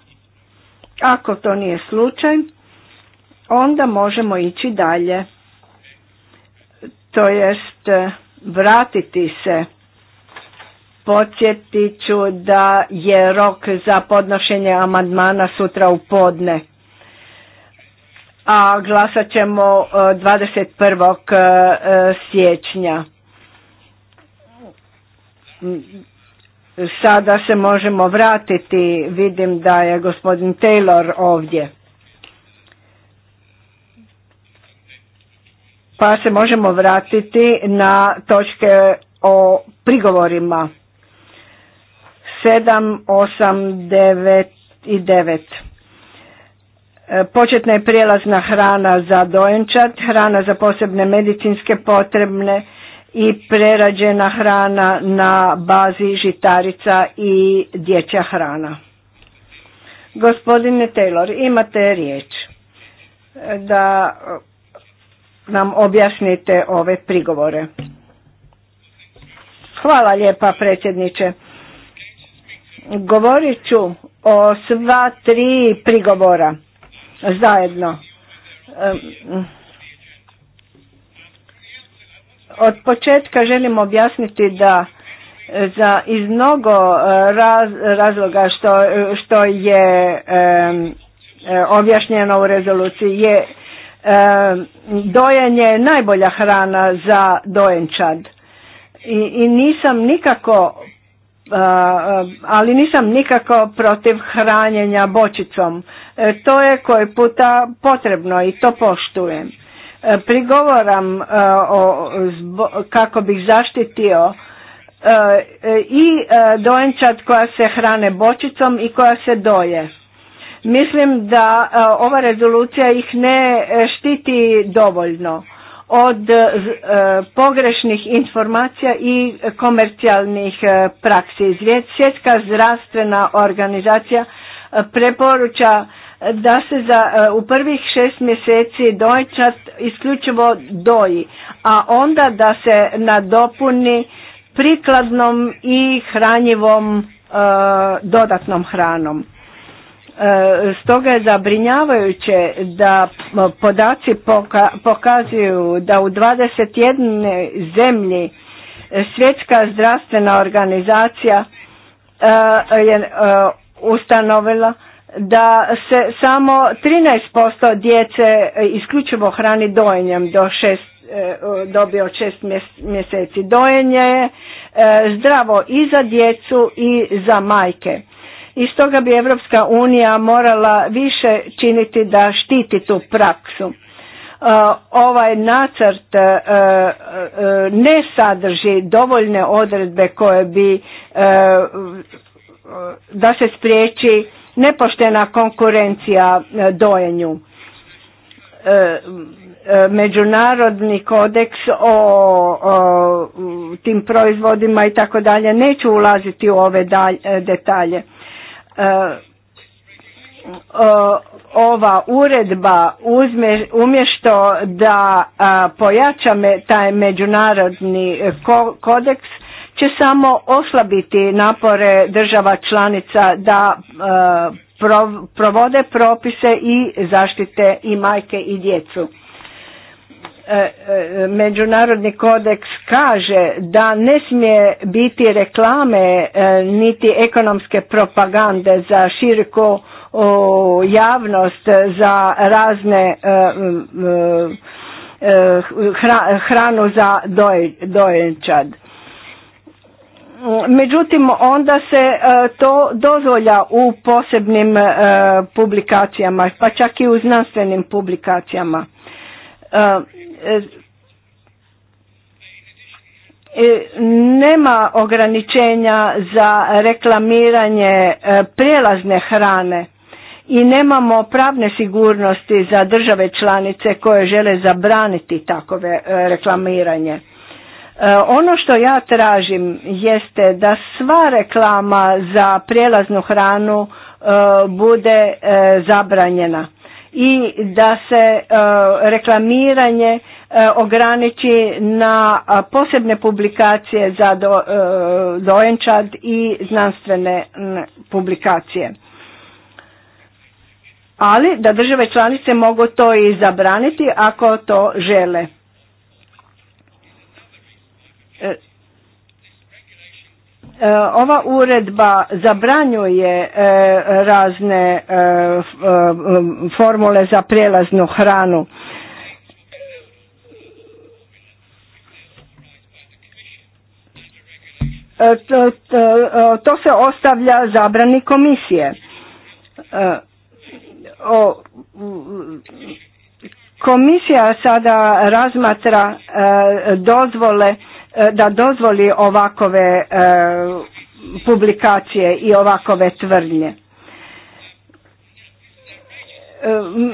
Ako to nije slučaj, onda možemo ići dalje. To jest e, vratiti se. Podsjetit ću da je rok za podnošenje amandmana sutra u podne. A glasat ćemo 21. E, e, siječnja. Sada se možemo vratiti, vidim da je gospodin Taylor ovdje. Pa se možemo vratiti na točke o prigovorima. 7, 8, 9 i 9. E, početna je prijelazna hrana za dojenčad, hrana za posebne medicinske potrebne, i prerađena hrana na bazi žitarica i dječja hrana. Gospodine Taylor, imate riječ da nam objasnite ove prigovore. Hvala lijepa predsjedniče. Govorit ću o sva tri prigovora zajedno. Od početka želim objasniti da e, za iz mnogo e, razloga što, što je e, objašnjeno u rezoluciji je dojenje najbolja hrana za dojenčad i, i nisam nikako ali nisam nikako protiv hranjenja bočicom. to je koji puta potrebno i to poštujem. E, prigovoram e, kako bih zaštitio e, i dojenčat koja se hrane bočicom i koja se doje. Mislim da ova rezolucija ih ne štiti dovoljno od pogrešnih informacija i komercijalnih praksi. Svjetska zdravstvena organizacija preporuča da se za, e, u prvih šest mjeseci dojčat isključivo doji, a onda da se nadopuni prikladnom i hranjivom e, dodatnom hranom. E, stoga je zabrinjavajuće da podaci poka pokazuju da u 21 zemlji Svjetska zdravstvena organizacija je ustanovila da se samo 13% djece e, isključivo hrani dojenjem do šest e, dobi od šest mjeseci. Dojenje je e, zdravo i za djecu i za majke. I stoga bi Evropska unija morala više činiti da štiti tu praksu. Ovaj nacrt ne sadrži dovoljne odredbe koje bi da se spriječi nepoštena konkurencija e, dojenju. E, e, međunarodni kodeks o, tim proizvodima i tako dalje, neću ulaziti u ove detalje. ova uredba umješto da pojačame taj međunarodni kodeks, će samo oslabiti napore država članica da e, provode propise i zaštite i majke i djecu. E, e, Međunarodni kodeks kaže da ne smije biti reklame niti ekonomske propagande za širko javnost za razne hranu za dojenčad Međutim, onda se e, to dozvolja u posebnim e, publikacijama, pa čak i u znanstvenim publikacijama. E, nema ograničenja za reklamiranje prijelazne hrane i nemamo pravne sigurnosti za države članice koje žele zabraniti takove reklamiranje E, ono što ja tražim jeste da sva reklama za prijelaznu hranu e, bude e, zabranjena i da se reklamiranje ograniči na posebne publikacije za dojenčad i znanstvene publikacije. Ali da države članice mogu to i zabraniti ako to žele. E, e, ova uredba zabranjuje e, razne formule za prijelaznu hranu. To, se ostavlja zabrani komisije. komisija sada razmatra dozvole E, da dozvoli ovakove e, publikacije i ovakove tvrdnje. E,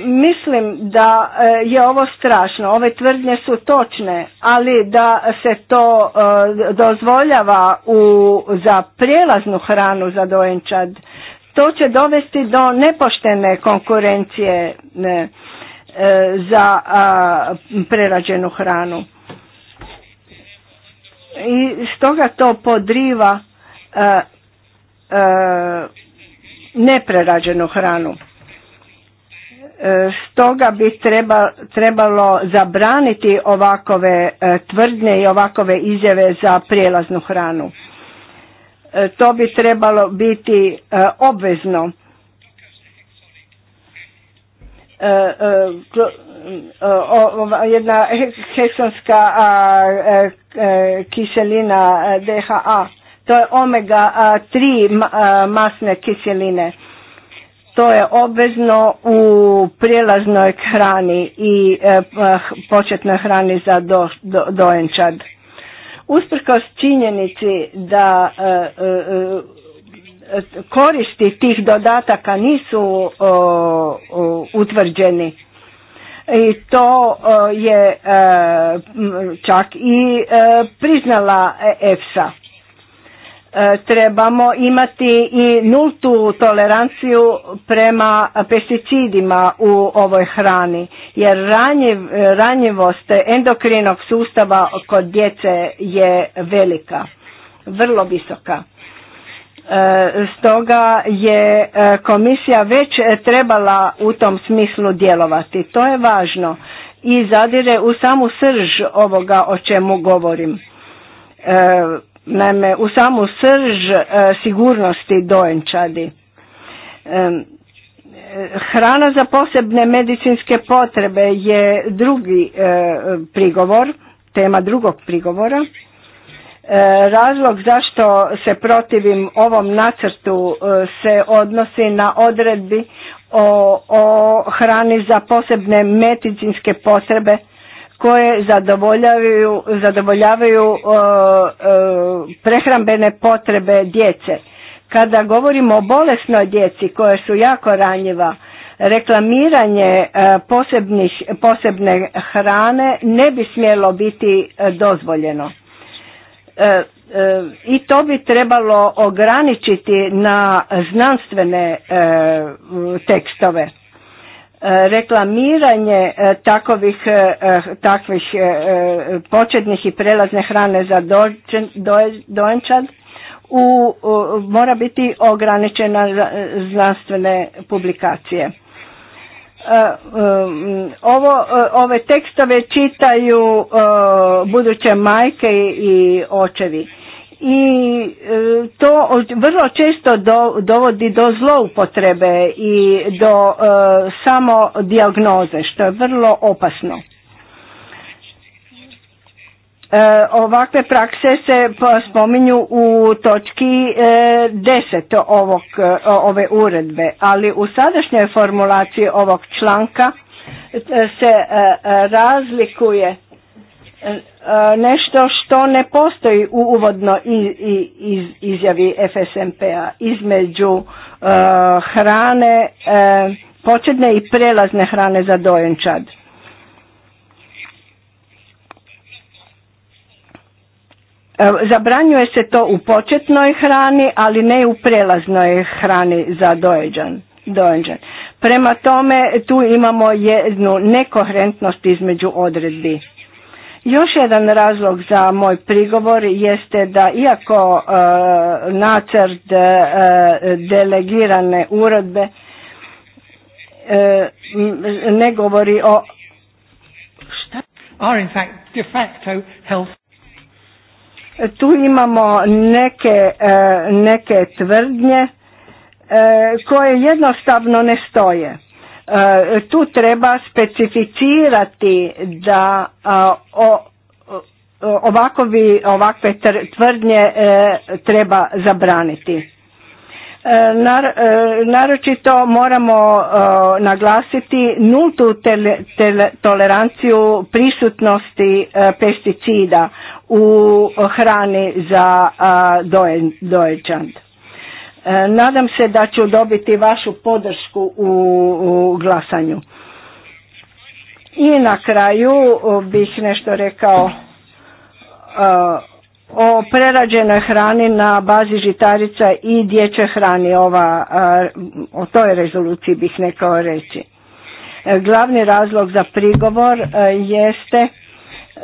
mislim da je ovo strašno, ove tvrdnje su točne, ali da se to dozvoljava u, za prijelaznu hranu za dojenčad, to će dovesti do nepoštene konkurencije za prerađenu hranu. I stoga to podriva e, e, neprerađenu hranu. E, stoga bi treba, trebalo zabraniti ovakove e, tvrdnje i ovakove izjave za prijelaznu hranu. E, to bi trebalo biti obvezno jedna heksonska e, e, kiselina e, DHA. To je omega 3 masne kiseline. To je obvezno u prijelaznoj hrani i početnoj hrani za dojenčad. Usprkos činjenici da koristi tih dodataka nisu utvrđeni i to e, je e, čak i e, priznala EFSA. Trebamo imati i nultu toleranciju prema pesticidima u ovoj hrani, jer ranjiv, ranjivost endokrinog sustava kod djece je velika, vrlo visoka. E, stoga je e, komisija već trebala u tom smislu djelovati. To je važno i zadire u samu srž ovoga o čemu govorim. E, naime, u samu srž sigurnosti dojenčadi. Hrana za posebne medicinske potrebe je drugi prigovor, tema drugog prigovora E, razlog zašto se protivim ovom nacrtu e, se odnosi na odredbi o, hrani za posebne medicinske potrebe koje zadovoljavaju, zadovoljavaju e, prehrambene potrebe djece. Kada govorimo o bolesnoj djeci koje su jako ranjiva, reklamiranje posebne hrane ne bi smjelo biti dozvoljeno. E, e, i to bi trebalo ograničiti na znanstvene e, tekstove. Reklamiranje takvih početnih i prelazne hrane za dojenčad mora biti ograničena znanstvene publikacije. E, e, ovo, e, ove tekstove čitaju buduće majke i očevi i to vrlo često dovodi do zloupotrebe i do samo dijagnoze što je vrlo opasno. E, ovakve prakse se spominju u točki e, deset ovog, e, ove uredbe, ali u sadašnjoj formulaciji ovog članka se razlikuje nešto što ne postoji u uvodno izjavi FSMP-a između hrane, početne i prelazne hrane za dojenčad E, zabranjuje se to u početnoj hrani, ali ne u prelaznoj hrani za dojeđan. dojeđan. Prema tome tu imamo jednu nekoherentnost između odredbi. Još jedan razlog za moj prigovor jeste da iako e, nacrt e, delegirane uredbe ne govori o in fact de facto health tu imamo neke, e, neke tvrdnje e, koje jednostavno ne stoje. E, tu treba specificirati da ovakovi, ovakve tvrdnje treba zabraniti. naročito moramo naglasiti nultu toleranciju prisutnosti pesticida u hrani za dojećan. E, nadam se da ću dobiti vašu podršku u glasanju. I na kraju bih nešto rekao e, o prerađenoj hrani na bazi žitarica i dječje hrani. o toj rezoluciji bih nekao reći. E, glavni razlog za prigovor jeste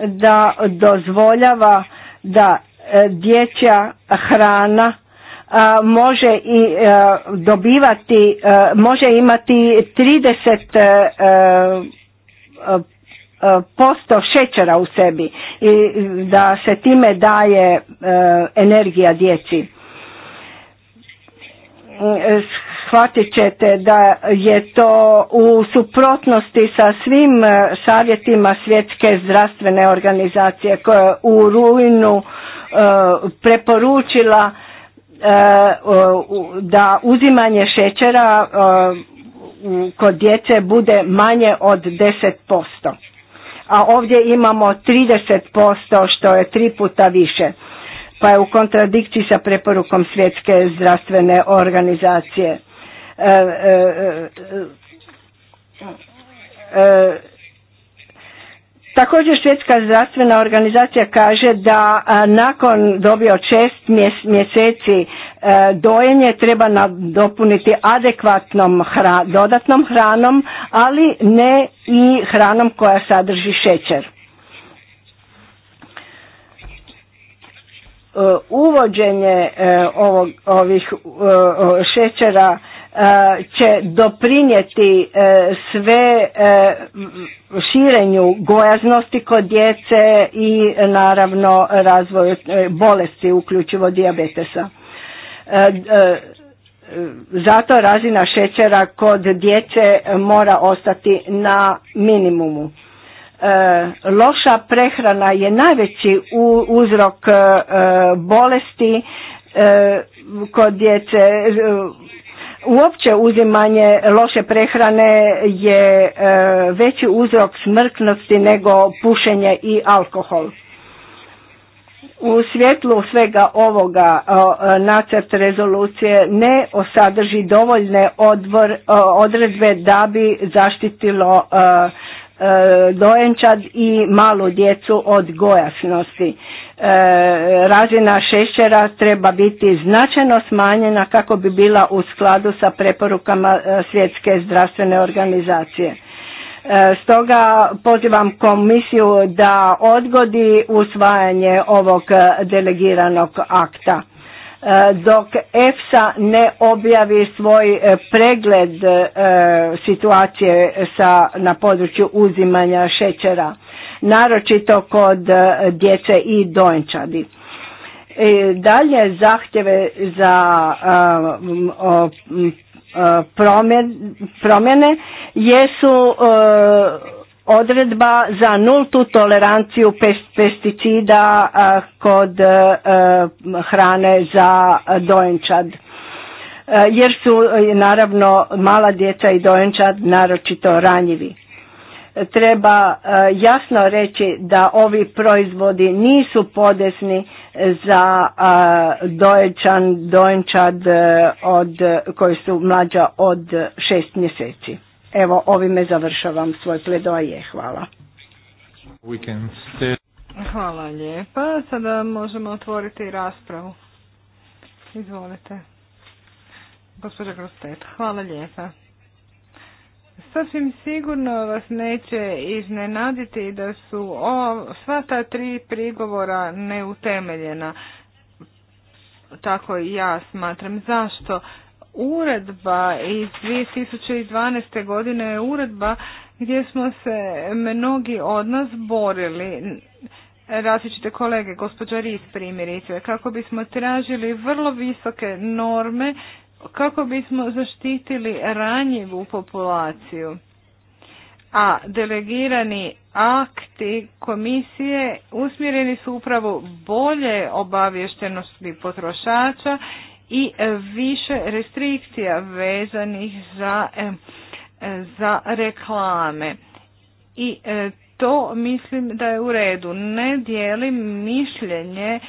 da dozvoljava da e, dječja hrana e, može i e, dobivati, može imati 30 posto šećera u sebi i da se time daje energija djeci shvatit ćete da je to u suprotnosti sa svim e, savjetima svjetske zdravstvene organizacije koja je u rujnu e, preporučila e, da uzimanje šećera kod djece bude manje od 10%. A ovdje imamo 30% što je tri puta više. Pa je u kontradikciji sa preporukom svjetske zdravstvene organizacije. E, e, e, također Svjetska zdravstvena organizacija kaže da nakon dobio šest mjeseci dojenje treba dopuniti adekvatnom dodatnom hranom, ali ne i hranom koja sadrži šećer. Uvođenje ovih šećera E, će doprinijeti e, sve e, širenju gojaznosti kod djece i naravno razvoju bolesti uključivo dijabetesa. Zato razina šećera kod djece mora ostati na minimumu. Loša prehrana je najveći uzrok bolesti kod djece Uopće uzimanje loše prehrane je e, veći uzrok smrtnosti nego pušenje i alkohol. U svjetlu svega ovoga e, nacrt rezolucije ne sadrži dovoljne e, odredbe da bi zaštitilo E, dojenčad i malu djecu od gojasnosti. E, razina šećera treba biti značajno smanjena kako bi bila u skladu sa preporukama e, svjetske zdravstvene organizacije. Stoga pozivam komisiju da odgodi usvajanje ovog delegiranog akta dok EFSA ne objavi svoj e, pregled e, situacije na području uzimanja šećera, naročito kod e, djece i dojenčadi. Dalje zahtjeve za promjene jesu odredba za nultu toleranciju pesticida kod e, e, hrane za dojenčad. E, jer su naravno mala djeca i dojenčad naročito ranjivi. Treba jasno reći da ovi proizvodi nisu podesni za dojenčad od, koji su mlađa od šest mjeseci. Evo, ovime završavam svoj pledoje. Hvala. Hvala lijepa. Sada možemo otvoriti raspravu. Izvolite. Gospođa Grostet, hvala lijepa. Sasvim sigurno vas neće iznenaditi da su sva ta tri prigovora neutemeljena. Tako i ja smatram. Zašto? uredba iz 2012. godine je uredba gdje smo se mnogi od nas borili, različite kolege, gospođa Ris primjerice, kako bismo tražili vrlo visoke norme, kako bismo zaštitili ranjivu populaciju. A delegirani akti komisije usmjereni su upravo bolje obavještenosti potrošača i više restrikcija vezanih za, e, e, za reklame. I e, to mislim da je u redu. Ne dijelim mišljenje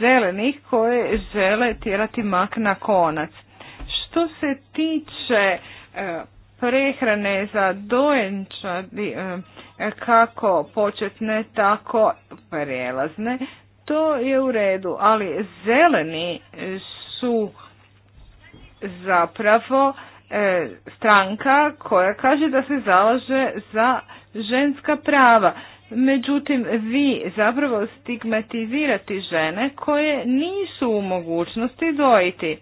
zelenih koje žele tjerati mak na konac. Što se tiče prehrane za dojenčadi kako početne tako prelazne, to je u redu, ali zeleni su zapravo e, stranka koja kaže da se zalaže za ženska prava. Međutim, vi zapravo stigmatizirati žene koje nisu u mogućnosti dojiti.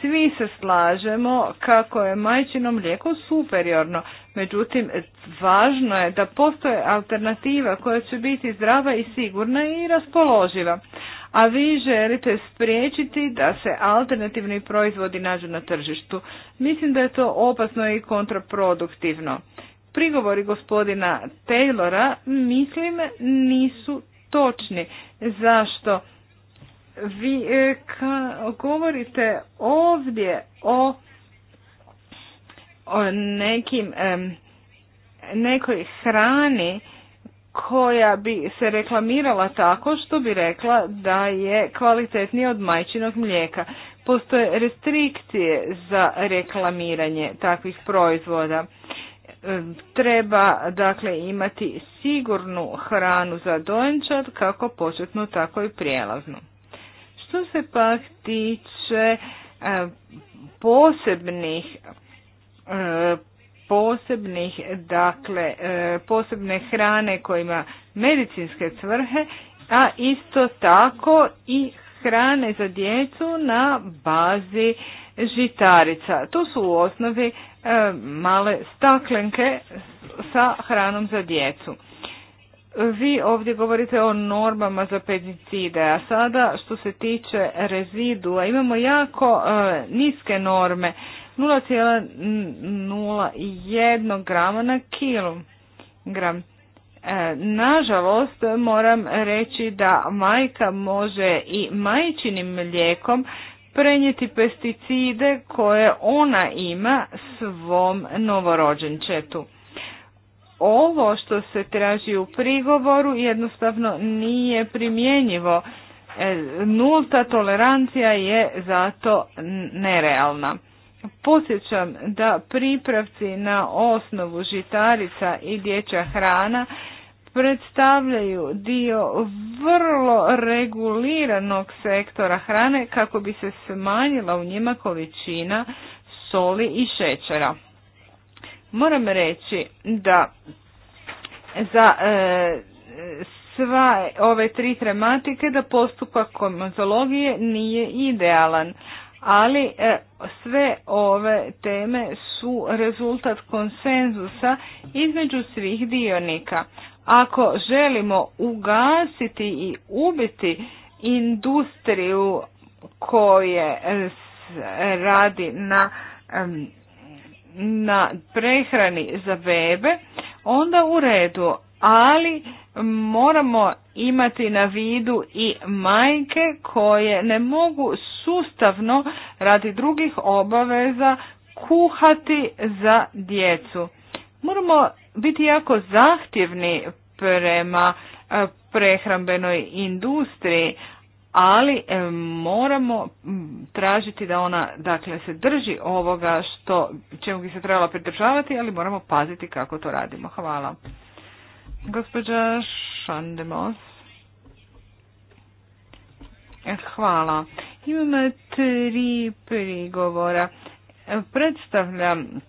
Svi se slažemo kako je majčino mlijeko superiorno. Međutim, važno je da postoje alternativa koja će biti zdrava i sigurna i raspoloživa. A vi želite spriječiti da se alternativni proizvodi nađu na tržištu. Mislim da je to opasno i kontraproduktivno. Prigovori gospodina Taylora mislim nisu točni. Zašto? Vi e, ka, govorite ovdje o o nekim nekoj hrani koja bi se reklamirala tako što bi rekla da je kvalitetnija od majčinog mlijeka. Postoje restrikcije za reklamiranje takvih proizvoda. Treba dakle imati sigurnu hranu za dojenčad kako početnu tako i prijelaznu. Što se pak tiče posebnih E, posebnih, dakle, e, posebne hrane kojima medicinske svrhe, a isto tako i hrane za djecu na bazi žitarica. To su u osnovi e, male staklenke sa hranom za djecu. Vi ovdje govorite o normama za pesticide, a sada što se tiče rezidua imamo jako niske norme 0,01 grama na kilogram. E, nažalost, moram reći da majka može i majčinim mlijekom prenijeti pesticide koje ona ima svom novorođenčetu. Ovo što se traži u prigovoru jednostavno nije primjenjivo. E, nulta tolerancija je zato nerealna. Posjećam da pripravci na osnovu žitarica i dječja hrana predstavljaju dio vrlo reguliranog sektora hrane kako bi se smanjila u njima količina soli i šećera. Moram reći da za e, sva ove tri tematike da postupak komozologije nije idealan, ali e, sve ove teme su rezultat konsenzusa između svih dionika. Ako želimo ugasiti i ubiti industriju koje radi na, na prehrani za bebe, onda u redu, ali moramo imati na vidu i majke koje ne mogu sustavno radi drugih obaveza kuhati za djecu. Moramo biti jako zahtjevni prema e, prehrambenoj industriji, ali e, moramo tražiti da ona dakle se drži ovoga što čemu bi se trebala pridržavati, ali moramo paziti kako to radimo. Hvala. Gospođa Šandemos. Hvala. Imamo tri prigovora. Predstavljam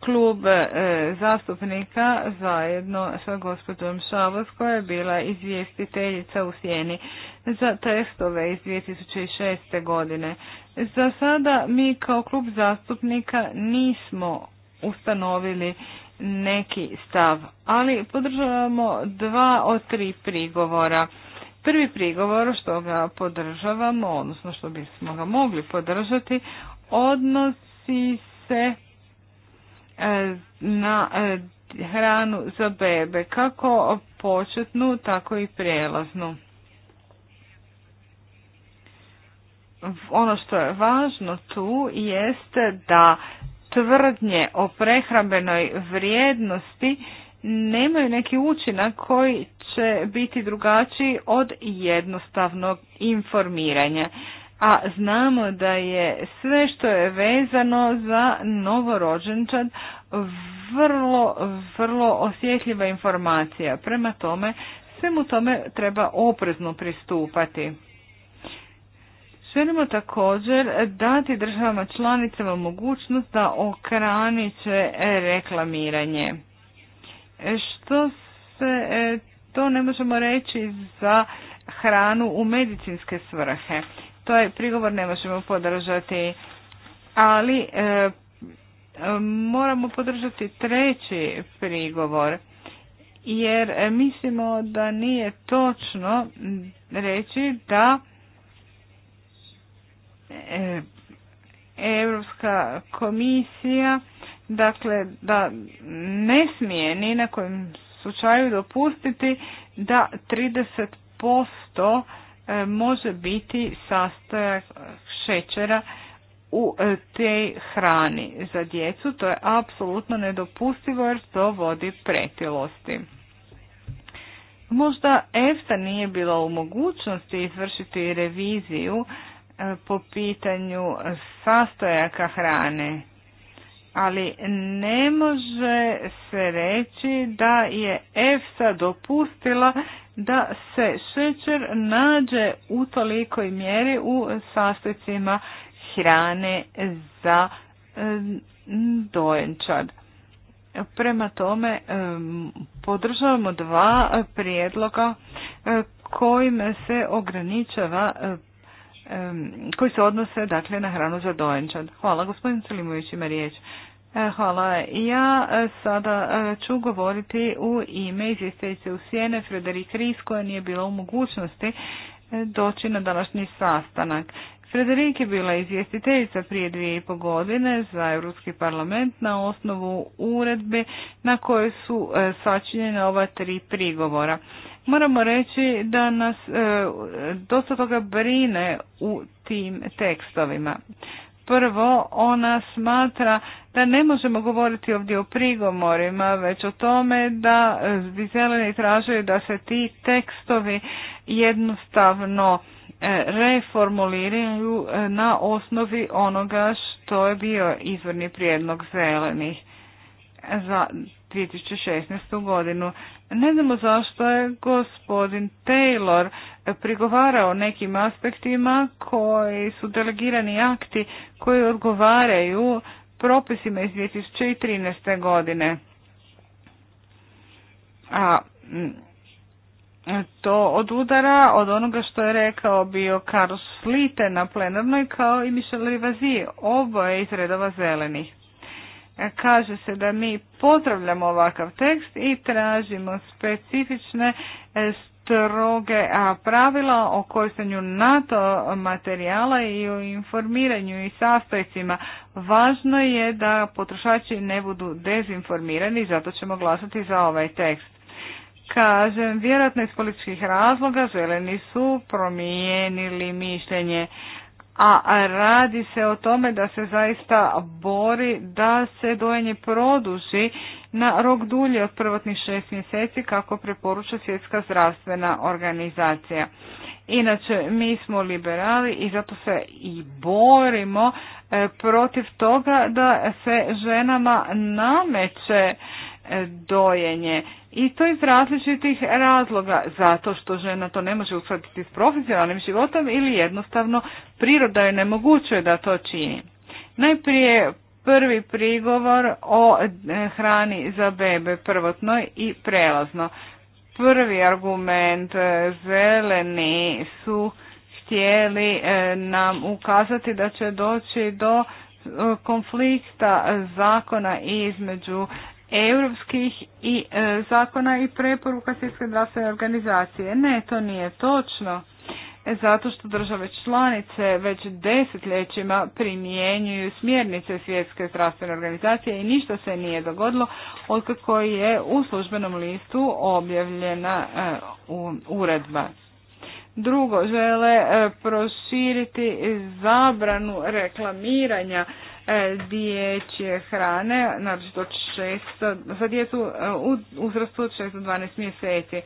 klub e, zastupnika zajedno sa gospođom Šavos koja je bila izvjestiteljica u Sjeni za testove iz 2006. godine. Za sada mi kao klub zastupnika nismo ustanovili neki stav, ali podržavamo dva od tri prigovora. Prvi prigovor što ga podržavamo, odnosno što bismo ga mogli podržati, odnosi se e, na e, hranu za bebe, kako početnu, tako i prijelaznu. Ono što je važno tu jeste da tvrdnje o prehrambenoj vrijednosti nemaju neki učinak koji će biti drugačiji od jednostavnog informiranja. A znamo da je sve što je vezano za novorođenčad vrlo, vrlo osjetljiva informacija. Prema tome, svemu tome treba oprezno pristupati. Želimo također dati državama članicama mogućnost da okraniče reklamiranje. Što se, e, to ne možemo reći za hranu u medicinske svrhe. To je prigovor ne možemo podržati, ali e, moramo podržati treći prigovor jer mislimo da nije točno reći da E, Europska komisija dakle da ne smije ni na kojem slučaju dopustiti da 30% e, može biti sastojak šećera u e, tej hrani za djecu. To je apsolutno nedopustivo jer to vodi pretilosti. Možda EFTA nije bila u mogućnosti izvršiti reviziju po pitanju sastojaka hrane, ali ne može se reći da je EFSA dopustila da se šećer nađe u tolikoj mjeri u sastojcima hrane za dojenčad. Prema tome podržavamo dva prijedloga kojim se ograničava koji se odnose dakle na hranu za dojenčad. Hvala, gospodin Selimović ima riječ. E, hvala. Ja e, sada e, ću govoriti u ime izvjestiteljice u Sjene Frederik Ries koja nije bila u mogućnosti doći na današnji sastanak. Frederik je bila izvjestiteljica prije dvije i po godine za Europski parlament na osnovu uredbe na kojoj su sačinjene ova tri prigovora. Moramo reći da nas e, dosta toga brine u tim tekstovima. Prvo, ona smatra da ne možemo govoriti ovdje o prigomorima, već o tome da zeleni tražaju da se ti tekstovi jednostavno e, reformuliraju e, na osnovi onoga što je bio izvorni prijedlog zelenih za 2016. godinu. Ne znamo zašto je gospodin Taylor prigovarao nekim aspektima koji su delegirani akti koji odgovaraju propisima iz 2013. godine. A mm, to odudara od onoga što je rekao bio Carlos Slite na plenarnoj kao i Michel Rivazi, oboje iz redova zelenih kaže se da mi pozdravljamo ovakav tekst i tražimo specifične e, stroge pravila o koristanju NATO materijala i o informiranju i sastojcima. Važno je da potrošači ne budu dezinformirani, zato ćemo glasati za ovaj tekst. Kažem, vjerojatno iz političkih razloga zeleni su promijenili mišljenje a radi se o tome da se zaista bori da se dojenje produži na rok dulje od prvotnih šest mjeseci kako preporuča svjetska zdravstvena organizacija. Inače, mi smo liberali i zato se i borimo e, protiv toga da se ženama nameće E, dojenje. I to iz različitih razloga, zato što žena to ne može uskladiti s profesionalnim životom ili jednostavno priroda je nemogućuje da to čini. Najprije prvi prigovor o e, hrani za bebe prvotnoj i prelazno. Prvi argument e, zeleni su htjeli nam ukazati da će doći do konflikta zakona između europskih i e, zakona i preporuka Svjetske zdravstvene organizacije. Ne, to nije točno. E, zato što države članice već desetljećima primjenjuju smjernice Svjetske zdravstvene organizacije i ništa se nije dogodilo otkako je u službenom listu objavljena e, u, uredba. Drugo, žele proširiti zabranu reklamiranja E, dječje hrane, naročito za djecu e, u uzrastu od 6 do 12 mjeseci.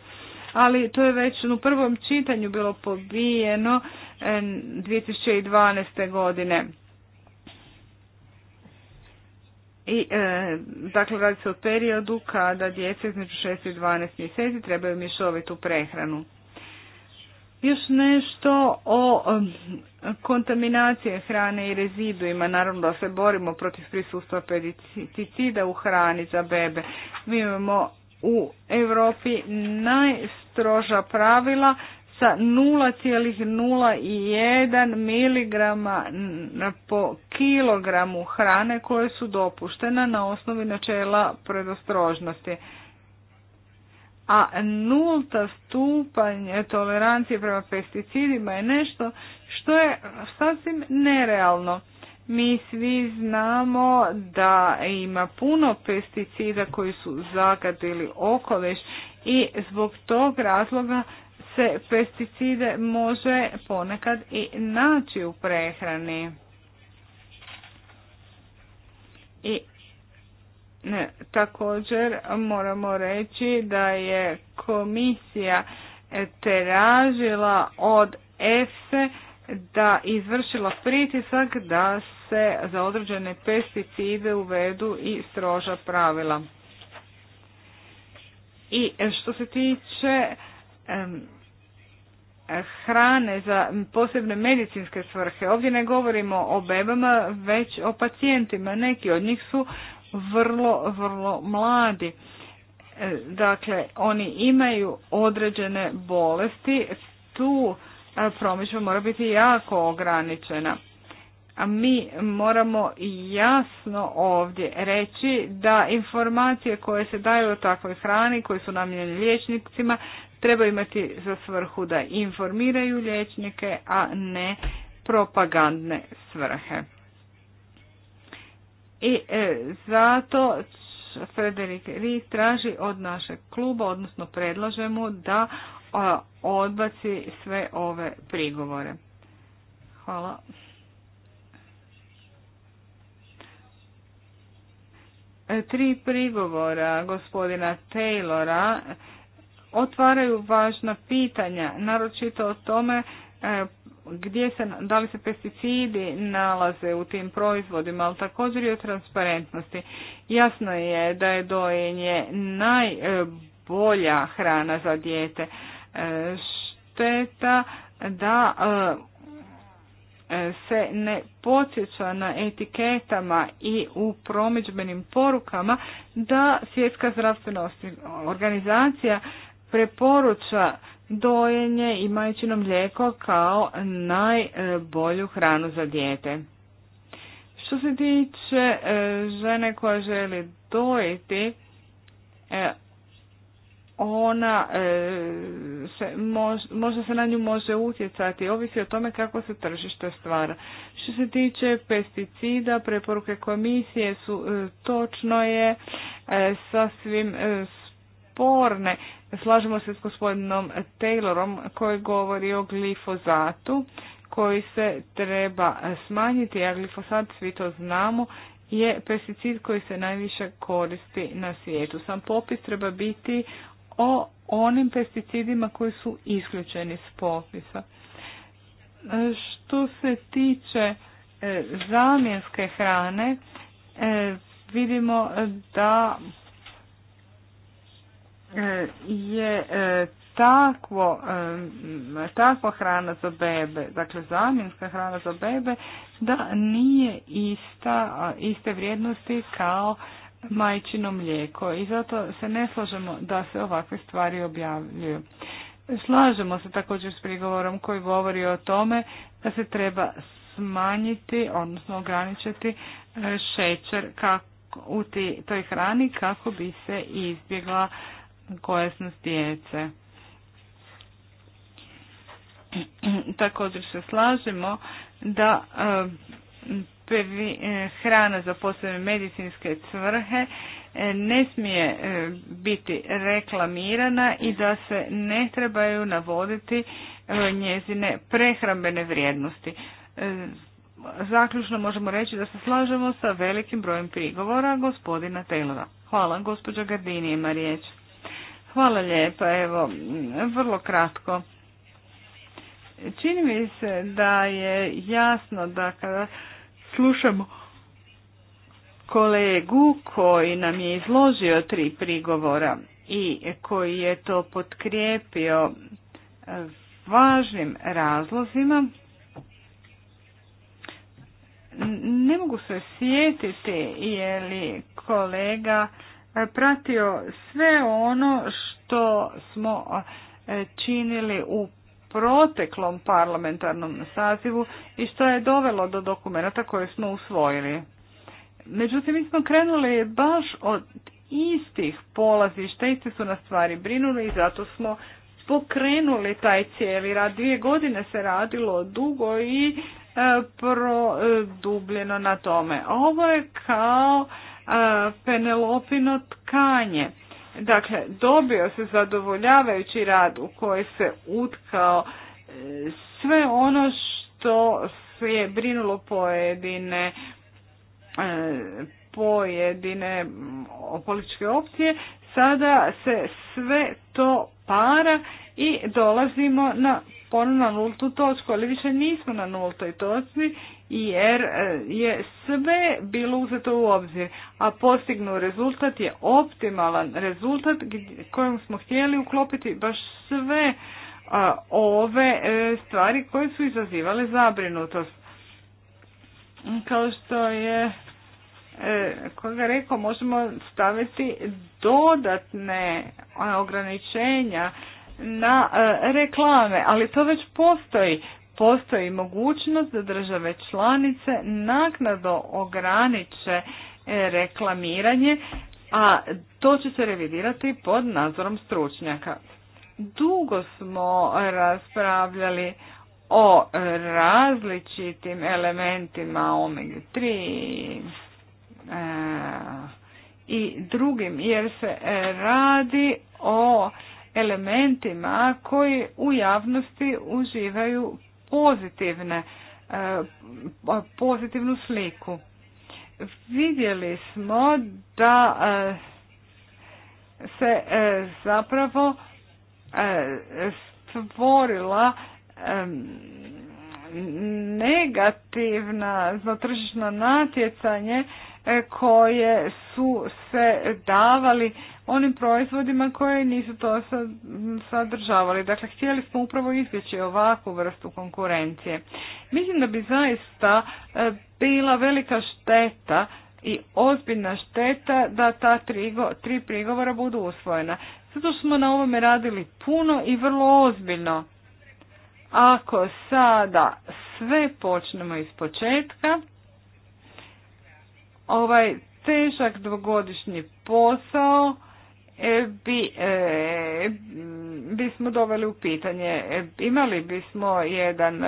Ali to je već u prvom čitanju bilo pobijeno 2012. E, godine. I, e, dakle, radi se o periodu kada djece između 6 i 12 mjeseci trebaju mješovitu prehranu. Još nešto o kontaminacije hrane i rezidujima. Naravno da se borimo protiv prisustva pesticida u hrani za bebe. Mi imamo u Europi najstroža pravila sa 0,01 mg po kilogramu hrane koje su dopuštene na osnovi načela predostrožnosti a nulta stupanj tolerancije prema pesticidima je nešto što je sasvim nerealno. Mi svi znamo da ima puno pesticida koji su zagadili okoliš i zbog tog razloga se pesticide može ponekad i naći u prehrani. I Također moramo reći da je komisija e, tražila od EFSE da izvršila pritisak da se za određene pesticide uvedu i stroža pravila. I e, što se tiče hrane za posebne medicinske svrhe. Ovdje ne govorimo o bebama, već o pacijentima. Neki od njih su vrlo, vrlo mladi. E, dakle, oni imaju određene bolesti, tu e, promičba mora biti jako ograničena. A mi moramo jasno ovdje reći da informacije koje se daju o takvoj hrani, koje su namijenjene liječnicima, treba imati za svrhu da informiraju liječnike, a ne propagandne svrhe. I e, zato Frederik Ri traži od našeg kluba, odnosno predlaže mu da odbaci sve ove prigovore. Hvala. E, tri prigovora gospodina Taylora otvaraju važna pitanja, naročito o tome e, gdje se, da li se pesticidi nalaze u tim proizvodima, ali također i o transparentnosti. Jasno je da je dojenje najbolja hrana za dijete. E, šteta da e, se ne podsjeća na etiketama i u promjeđbenim porukama da Svjetska zdravstvena organizacija preporuča dojenje i majčino mlijeko kao najbolju hranu za dijete. Što se tiče e, žene koja želi dojiti, e, ona e, se, možda se na nju može utjecati, ovisi o tome kako se tržište stvara. Što se tiče pesticida, preporuke komisije su točno je svim sporne. Slažemo se s gospodinom Taylorom koji govori o glifozatu koji se treba smanjiti, a glifosat svi to znamo je pesticid koji se najviše koristi na svijetu. Sam popis treba biti o onim pesticidima koji su isključeni s popisa. Što se tiče e, zamjenske hrane, e, vidimo da E, je e, takvo, e, takva hrana za bebe, dakle zamjenska hrana za bebe, da nije ista, iste vrijednosti kao majčino mlijeko i zato se ne slažemo da se ovakve stvari objavljuju. Slažemo se također s prigovorom koji govori o tome da se treba smanjiti, odnosno ograničiti šećer kako, u toj hrani kako bi se izbjegla kojasnost djece. Također se slažemo da e, e, hrana za posebne medicinske svrhe e, ne smije biti reklamirana i da se ne trebaju navoditi njezine prehrambene vrijednosti. Zaključno možemo reći da se slažemo sa velikim brojem prigovora gospodina Taylora. Hvala, gospođa Gardini ima riječ. Hvala lijepa, evo, vrlo kratko. Čini mi se da je jasno da kada slušamo kolegu koji nam je izložio tri prigovora i koji je to potkrijepio e, važnim razlozima, ne mogu se sjetiti je li kolega pratio sve ono što smo e, činili u proteklom parlamentarnom sazivu i što je dovelo do dokumenta koje smo usvojili. Međutim, mi smo krenuli baš od istih polazišta, iste su na stvari brinuli i zato smo pokrenuli taj cijeli rad. Dvije godine se radilo dugo i e, produbljeno na tome. Ovo je kao penelopino tkanje. Dakle, dobio se zadovoljavajući rad u koji se utkao e, sve ono što se je brinulo pojedine e, pojedine političke opcije, sada se sve to para i dolazimo na ponovno na nultu točku, ali više nismo na nultoj točci jer e, je sve bilo uzeto u obzir, a postignu rezultat je optimalan rezultat kojim smo htjeli uklopiti baš sve e, ove e, stvari koje su izazivale zabrinutost. Kao što je koga rekao, možemo staviti dodatne ograničenja na e, reklame, ali to već postoji. Postoji mogućnost da države članice naknado ograniče e, reklamiranje, a to će se revidirati pod nadzorom stručnjaka. Dugo smo raspravljali o različitim elementima omega 3 e, i drugim jer se radi o elementima koji u javnosti uživaju pozitivne, e, pozitivnu sliku. Vidjeli smo da e, se e, zapravo stvorila negativna za natjecanje E, koje su se davali onim proizvodima koje nisu to sadržavali. Dakle, htjeli smo upravo izbjeći ovakvu vrstu konkurencije. Mislim da bi zaista e, bila velika šteta i ozbiljna šteta da ta tri, tri prigovora budu usvojena. Zato smo na ovome radili puno i vrlo ozbiljno. Ako sada sve počnemo iz početka, ovaj težak dvogodišnji posao e, bi, e, bismo doveli u pitanje. E, imali bismo jedan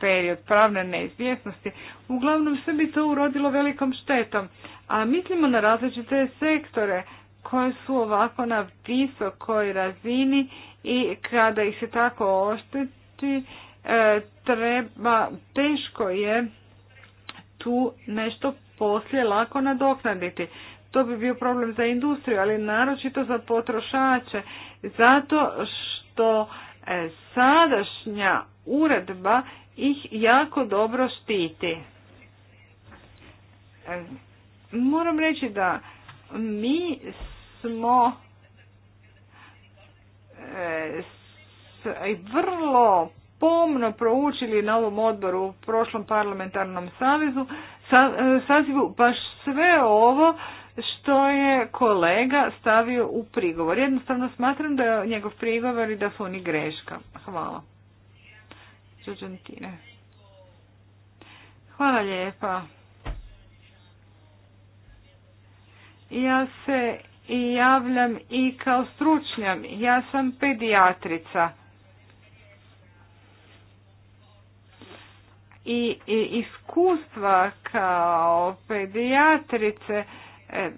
period pravne neizvjesnosti. Uglavnom sve bi to urodilo velikom štetom. A mislimo na različite sektore koje su ovako na visokoj razini i kada ih se tako ošteti treba, teško je tu nešto poslije lako nadoknaditi. To bi bio problem za industriju, ali naročito za potrošače, zato što e, sadašnja uredba ih jako dobro štiti. E, moram reći da mi smo e, vrlo pomno proučili na ovom odboru u prošlom parlamentarnom savezu, sa, e, sazivu baš sve ovo što je kolega stavio u prigovor. Jednostavno smatram da je njegov prigovor i da su oni greška. Hvala. Hvala lijepa. Ja se i javljam i kao stručnjam. Ja sam pedijatrica. i iskustva kao pedijatrice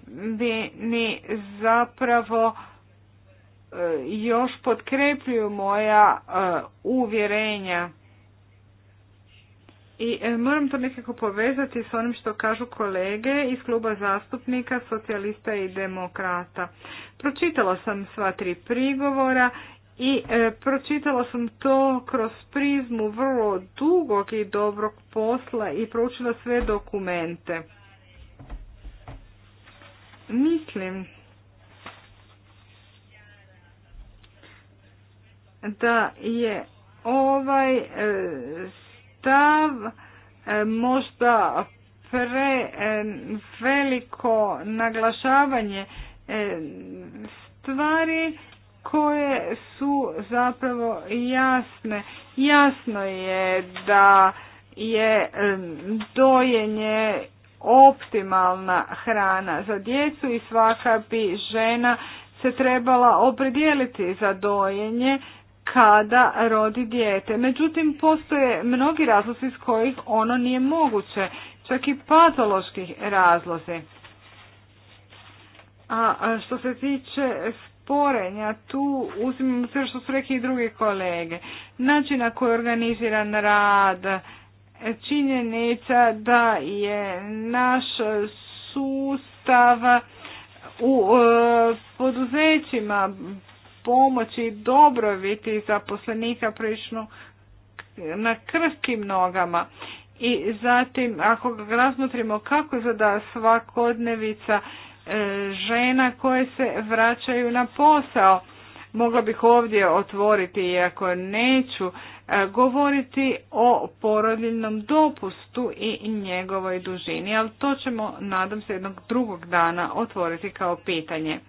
bi mi zapravo e, još potkrepljuju moja e, uvjerenja. I e, moram to nekako povezati s onim što kažu kolege iz kluba zastupnika, socijalista i demokrata. Pročitala sam sva tri prigovora i e, pročitala sam to kroz prizmu vrlo dugog i dobrog posla i proučila sve dokumente. Mislim da je ovaj e, stav e, možda pre e, veliko naglašavanje e, stvari koje su zapravo jasne. Jasno je da je dojenje optimalna hrana za djecu i svaka bi žena se trebala opredijeliti za dojenje kada rodi dijete. Međutim, postoje mnogi razlozi s kojih ono nije moguće, čak i patoloških razlozi. A što se tiče sporenja tu uzimamo sve što su rekli i drugi kolege. Način na koji je organiziran rad, činjenica da je naš sustav u e, poduzećima pomoći dobroviti zaposlenika prilično na krvkim nogama. I zatim, ako razmotrimo kako zada svakodnevica žena koje se vraćaju na posao. Mogla bih ovdje otvoriti, iako neću, e, govoriti o porodiljnom dopustu i njegovoj dužini, ali to ćemo, nadam se, jednog drugog dana otvoriti kao pitanje.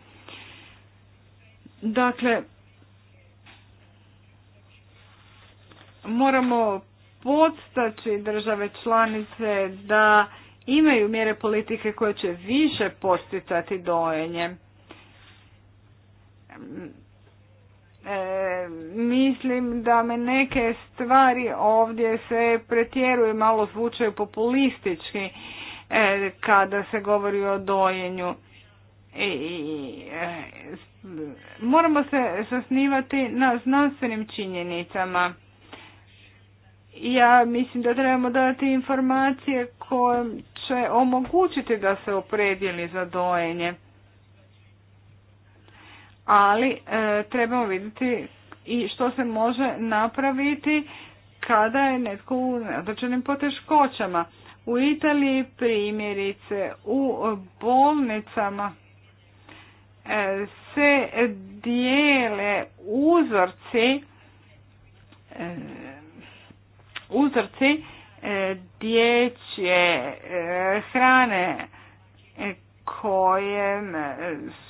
Dakle, moramo podstaći države članice da imaju mjere politike koje će više posticati dojenje. E, mislim da me neke stvari ovdje se pretjeruju, malo zvučaju populistički e, kada se govori o dojenju. E, I, moramo se zasnivati na znanstvenim činjenicama ja mislim da trebamo dati informacije koje će omogućiti da se opredjeli za dojenje. Ali e, trebamo vidjeti i što se može napraviti kada je netko u određenim poteškoćama. U Italiji primjerice u bolnicama e, se dijele uzorci e, uzorci e, dječje e, hrane e, koje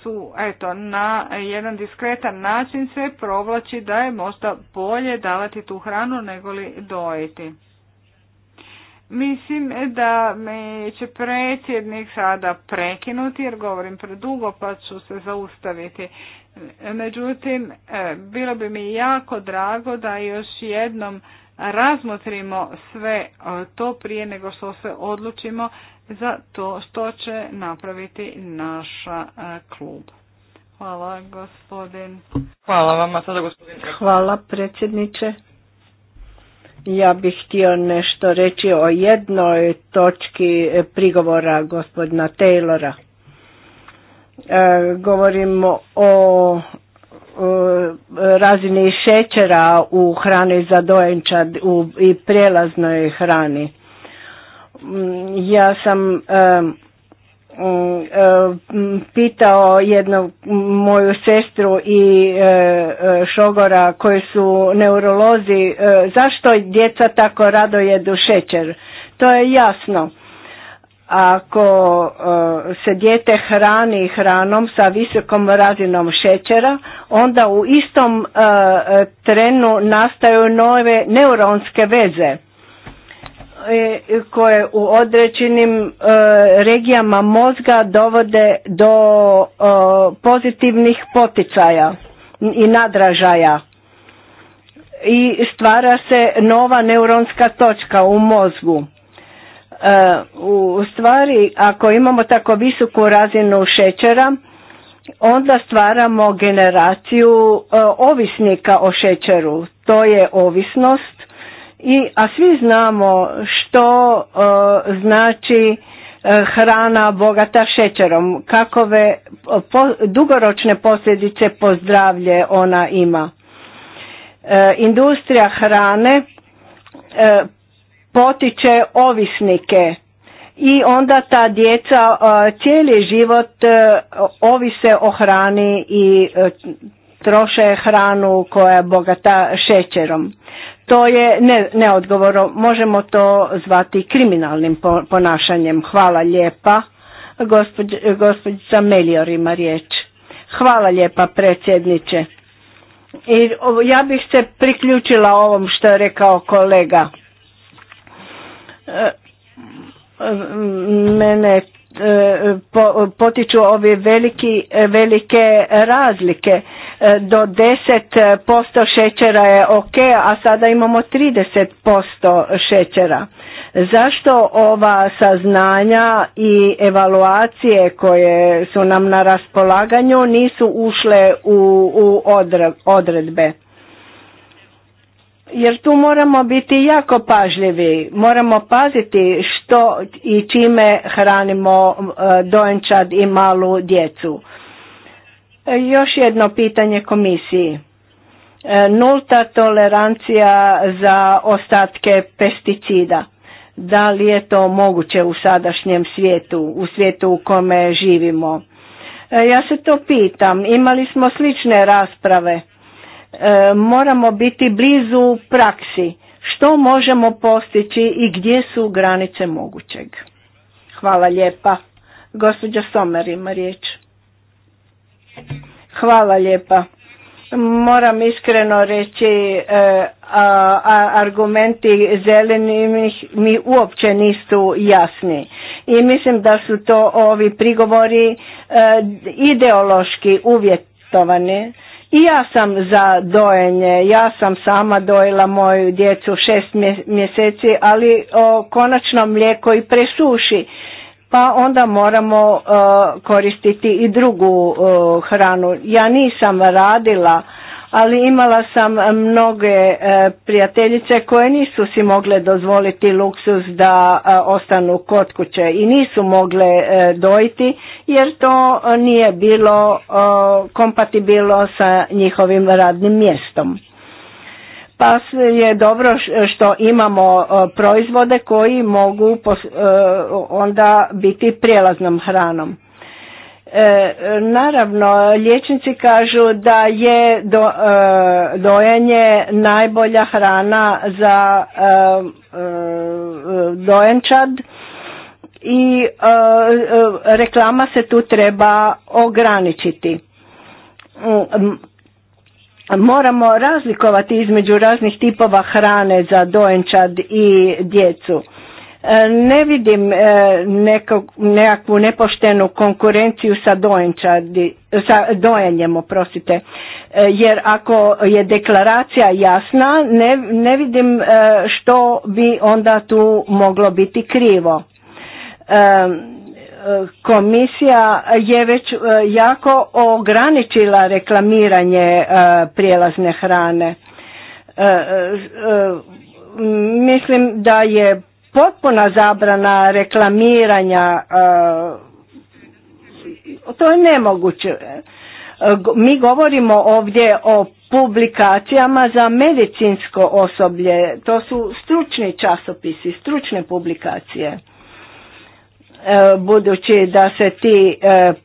su eto, na jedan diskretan način se provlači da je možda bolje davati tu hranu nego li dojiti. Mislim da me će predsjednik sada prekinuti jer govorim predugo pa ću se zaustaviti. Međutim, bilo bi mi jako drago da još jednom razmotrimo sve e, to prije nego što se odlučimo za to što će napraviti naša e, klub. Hvala gospodin. Hvala vama sada gospodin. Hvala predsjedniče. Ja bih htio nešto reći o jednoj točki e, prigovora gospodina Taylora. E, govorimo o E, razini šećera u hrani za dojenčad u, i prijelaznoj hrani. Mm, ja sam e, mm, e, pitao jednu moju sestru i šogora koji su neurolozi zašto djeca tako rado jedu šećer. To je jasno. Ako e, se dijete hrani hranom sa visokom razinom šećera, onda u istom e, trenu nastaju nove neuronske veze e, koje u određenim regijama mozga dovode do pozitivnih poticaja i nadražaja i stvara se nova neuronska točka u mozgu E, u stvari, ako imamo tako visoku razinu šećera, onda stvaramo generaciju e, ovisnika o šećeru. To je ovisnost, i a svi znamo što e, znači hrana bogata šećerom, kakove dugoročne posljedice po zdravlje ona ima. Industrija hrane potiče ovisnike i onda ta djeca e, cijeli život e, ovise o hrani i e, troše hranu koja je bogata šećerom. To je neodgovorno, možemo to zvati kriminalnim ponašanjem. Hvala lijepa, gospođica Melior ima riječ. Hvala lijepa predsjedniče. I ja bih se priključila ovom što je rekao kolega mene e, potiču ove velike razlike. E, do 10% šećera je ok, a sada imamo 30% šećera. Zašto ova saznanja i evaluacije koje su nam na raspolaganju nisu ušle u, u odredbe? jer tu moramo biti jako pažljivi, moramo paziti što i čime hranimo e, dojenčad i malu djecu. E, još jedno pitanje komisiji. E, nulta tolerancija za ostatke pesticida. Da li je to moguće u sadašnjem svijetu, u svijetu u kome živimo? Ja se to pitam, imali smo slične rasprave E, moramo biti blizu praksi što možemo postići i gdje su granice mogućeg. Hvala lijepa. Gospođa Somer ima riječ. Hvala lijepa. Moram iskreno reći, e, argumenti zelenih mi uopće nisu jasni. I mislim da su to ovi prigovori e, ideološki uvjetovani. I ja sam za dojenje, ja sam sama dojela moju djecu šest mjeseci, ali o, konačno mlijeko i presuši, pa onda moramo koristiti i drugu hranu. Ja nisam radila ali imala sam e, mnoge e, prijateljice koje nisu si mogle dozvoliti luksus da e, ostanu kod kuće i nisu mogle dojiti jer to nije bilo kompatibilno sa njihovim radnim mjestom. Pa je dobro što imamo proizvode koji mogu onda biti prijelaznom hranom. E, naravno, liječnici kažu da je do, e, dojenje najbolja hrana za e, dojenčad i reklama se tu treba ograničiti. Mm, moramo razlikovati između raznih tipova hrane za dojenčad i djecu E, ne vidim e, nekakvu nepoštenu konkurenciju sa, dojenčadi, sa dojenjem, oprostite, e, jer ako je deklaracija jasna, ne, ne vidim što bi onda tu moglo biti krivo komisija je već jako ograničila reklamiranje prijelazne hrane. Mislim da je potpuna zabrana reklamiranja, e, to je nemoguće. E, mi govorimo ovdje o publikacijama za medicinsko osoblje, to su stručni časopisi, stručne publikacije. E, budući da se ti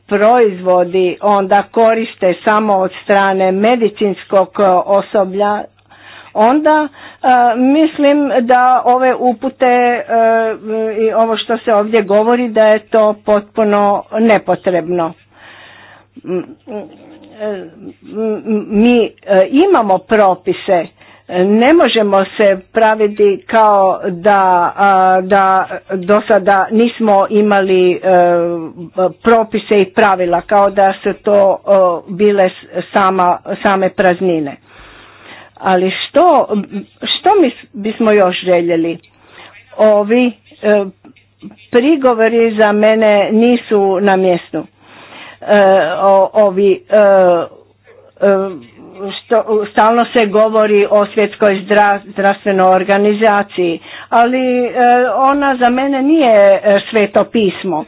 proizvodi onda koriste samo od strane medicinskog osoblja, onda e, mislim da ove upute e, i ovo što se ovdje govori da je to potpuno nepotrebno mi e, imamo propise ne možemo se praviti kao da, da do sada nismo imali propise i pravila kao da su to bile sama, same praznine ali što, što mi bismo još željeli? Ovi e, prigovori za mene nisu na mjestu. E, o, ovi e, što, stalno se govori o svjetskoj zdravstvenoj organizaciji, ali ona za mene nije sveto pismo.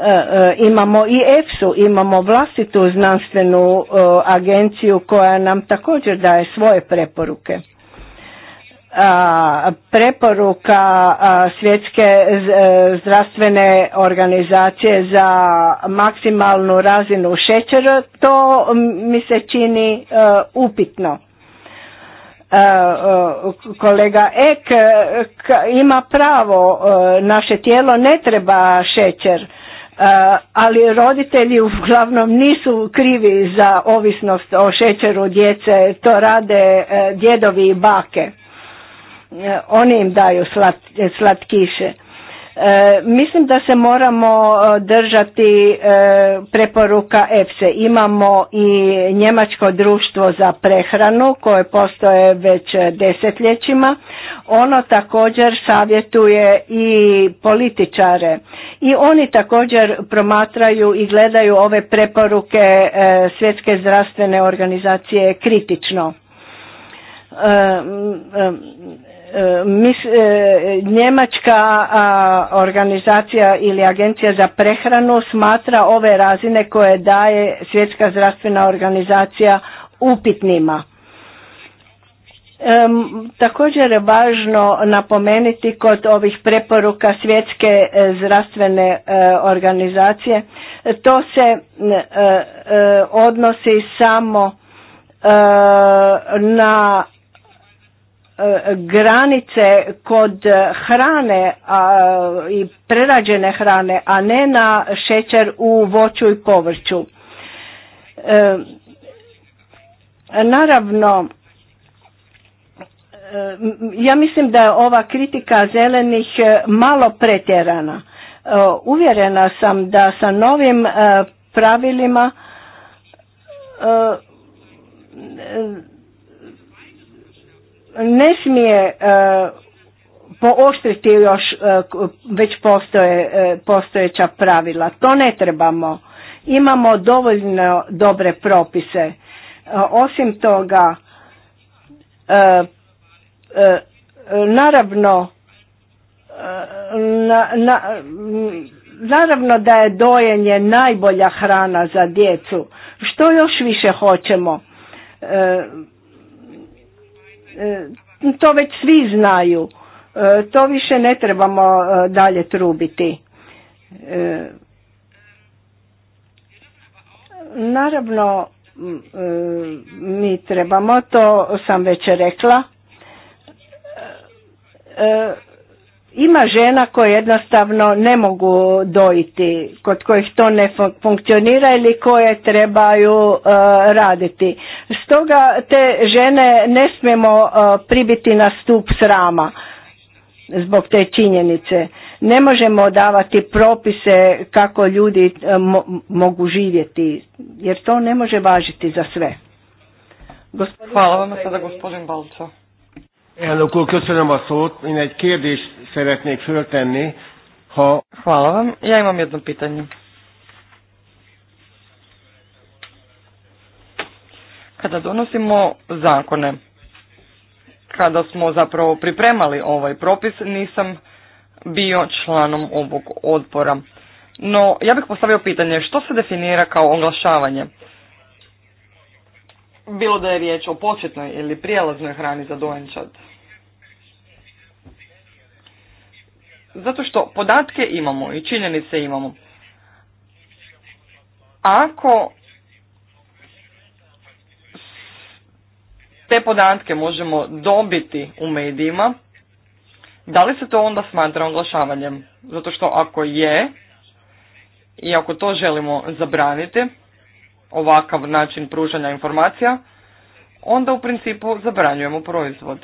E, imamo i EFSU, imamo vlastitu znanstvenu e, agenciju koja nam također daje svoje preporuke. E, preporuka svjetske zdravstvene organizacije za maksimalnu razinu šećera, to mi se čini upitno. Kolega Ek ima pravo, naše tijelo ne treba šećer, Eh, ali roditelji uglavnom nisu krivi za ovisnost o šećeru djece, to rade eh, djedovi i bake. Eh, oni im daju slatkiše. E, mislim da se moramo e, držati e, preporuka EFSE. Imamo i Njemačko društvo za prehranu koje postoje već desetljećima. Ono također savjetuje i političare i oni također promatraju i gledaju ove preporuke Svjetske zdravstvene organizacije kritično E, mis, e, Njemačka organizacija ili agencija za prehranu smatra ove razine koje daje svjetska zdravstvena organizacija upitnima. također je važno napomenuti kod ovih preporuka svjetske e, zdravstvene organizacije, to se odnosi samo na granice kod hrane i prerađene hrane, a ne na šećer u voću i povrću. E, naravno, e, ja mislim da je ova kritika zelenih e, malo pretjerana. uvjerena sam da sa novim pravilima ne smije e, pooštriti još e, već postoje, e, postojeća pravila. To ne trebamo. Imamo dovoljno dobre propise. Osim toga, naravno, na, na, naravno da je dojenje najbolja hrana za djecu. Što još više hoćemo? E, to već svi znaju. E, to više ne trebamo e, dalje trubiti. Naravno, mi trebamo, to sam već rekla, ima žena koje jednostavno ne mogu dojiti, kod kojih to ne funkcionira ili koje trebaju e, raditi. Stoga te žene ne smijemo e, pribiti na stup srama zbog te činjenice. Ne možemo davati propise kako ljudi e, mogu živjeti jer to ne može važiti za sve. Gospodin Hvala vam sada gospodin Balca. Elnök úr, köszönöm a szót. Én egy szeretnék föltenni. Ha... Hvala vam. Ja imam jedno pitanje. Kada donosimo zakone, kada smo zapravo pripremali ovaj propis, nisam bio članom ovog odbora. No, ja bih postavio pitanje, što se definira kao oglašavanje? bilo da je riječ o početnoj ili prijelaznoj hrani za dojenčad. Zato što podatke imamo i činjenice imamo. Ako te podatke možemo dobiti u medijima, da li se to onda smatra oglašavanjem? Zato što ako je, i ako to želimo zabraniti, ovakav način pružanja informacija, onda u principu zabranjujemo proizvod.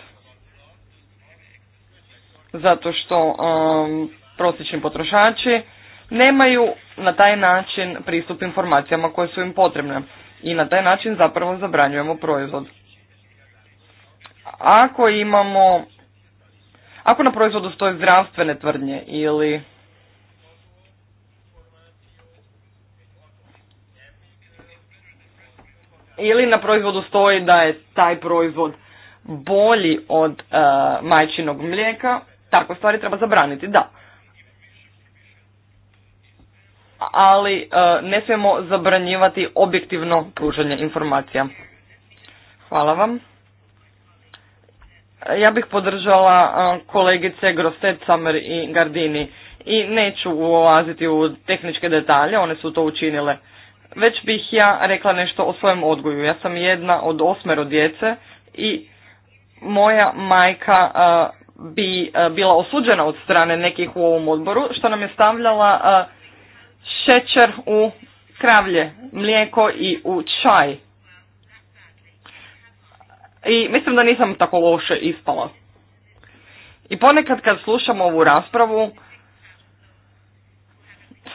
Zato što um, prosječni potrošači nemaju na taj način pristup informacijama koje su im potrebne i na taj način zapravo zabranjujemo proizvod. Ako imamo, ako na proizvodu stoje zdravstvene tvrdnje ili ili na proizvodu stoji da je taj proizvod bolji od e, majčinog mlijeka, tako stvari treba zabraniti, da. Ali e, ne smijemo zabranjivati objektivno pružanje informacija. Hvala vam. Ja bih podržala e, kolegice Grosset, Samer i Gardini i neću ulaziti u tehničke detalje, one su to učinile već bih ja rekla nešto o svojem odgoju. Ja sam jedna od osmero djece i moja majka bi bila osuđena od strane nekih u ovom odboru što nam je stavljala šećer u kravlje, mlijeko i u čaj. I mislim da nisam tako loše ispala. I ponekad kad slušam ovu raspravu,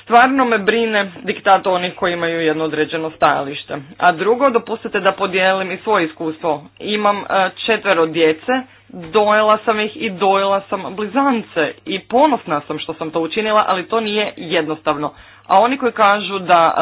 Stvarno me brine diktat onih koji imaju jedno određeno stajalište. A drugo, dopustite da podijelim i svoje iskustvo. Imam e, četvero djece, dojela sam ih i dojela sam blizance i ponosna sam što sam to učinila, ali to nije jednostavno. A oni koji kažu da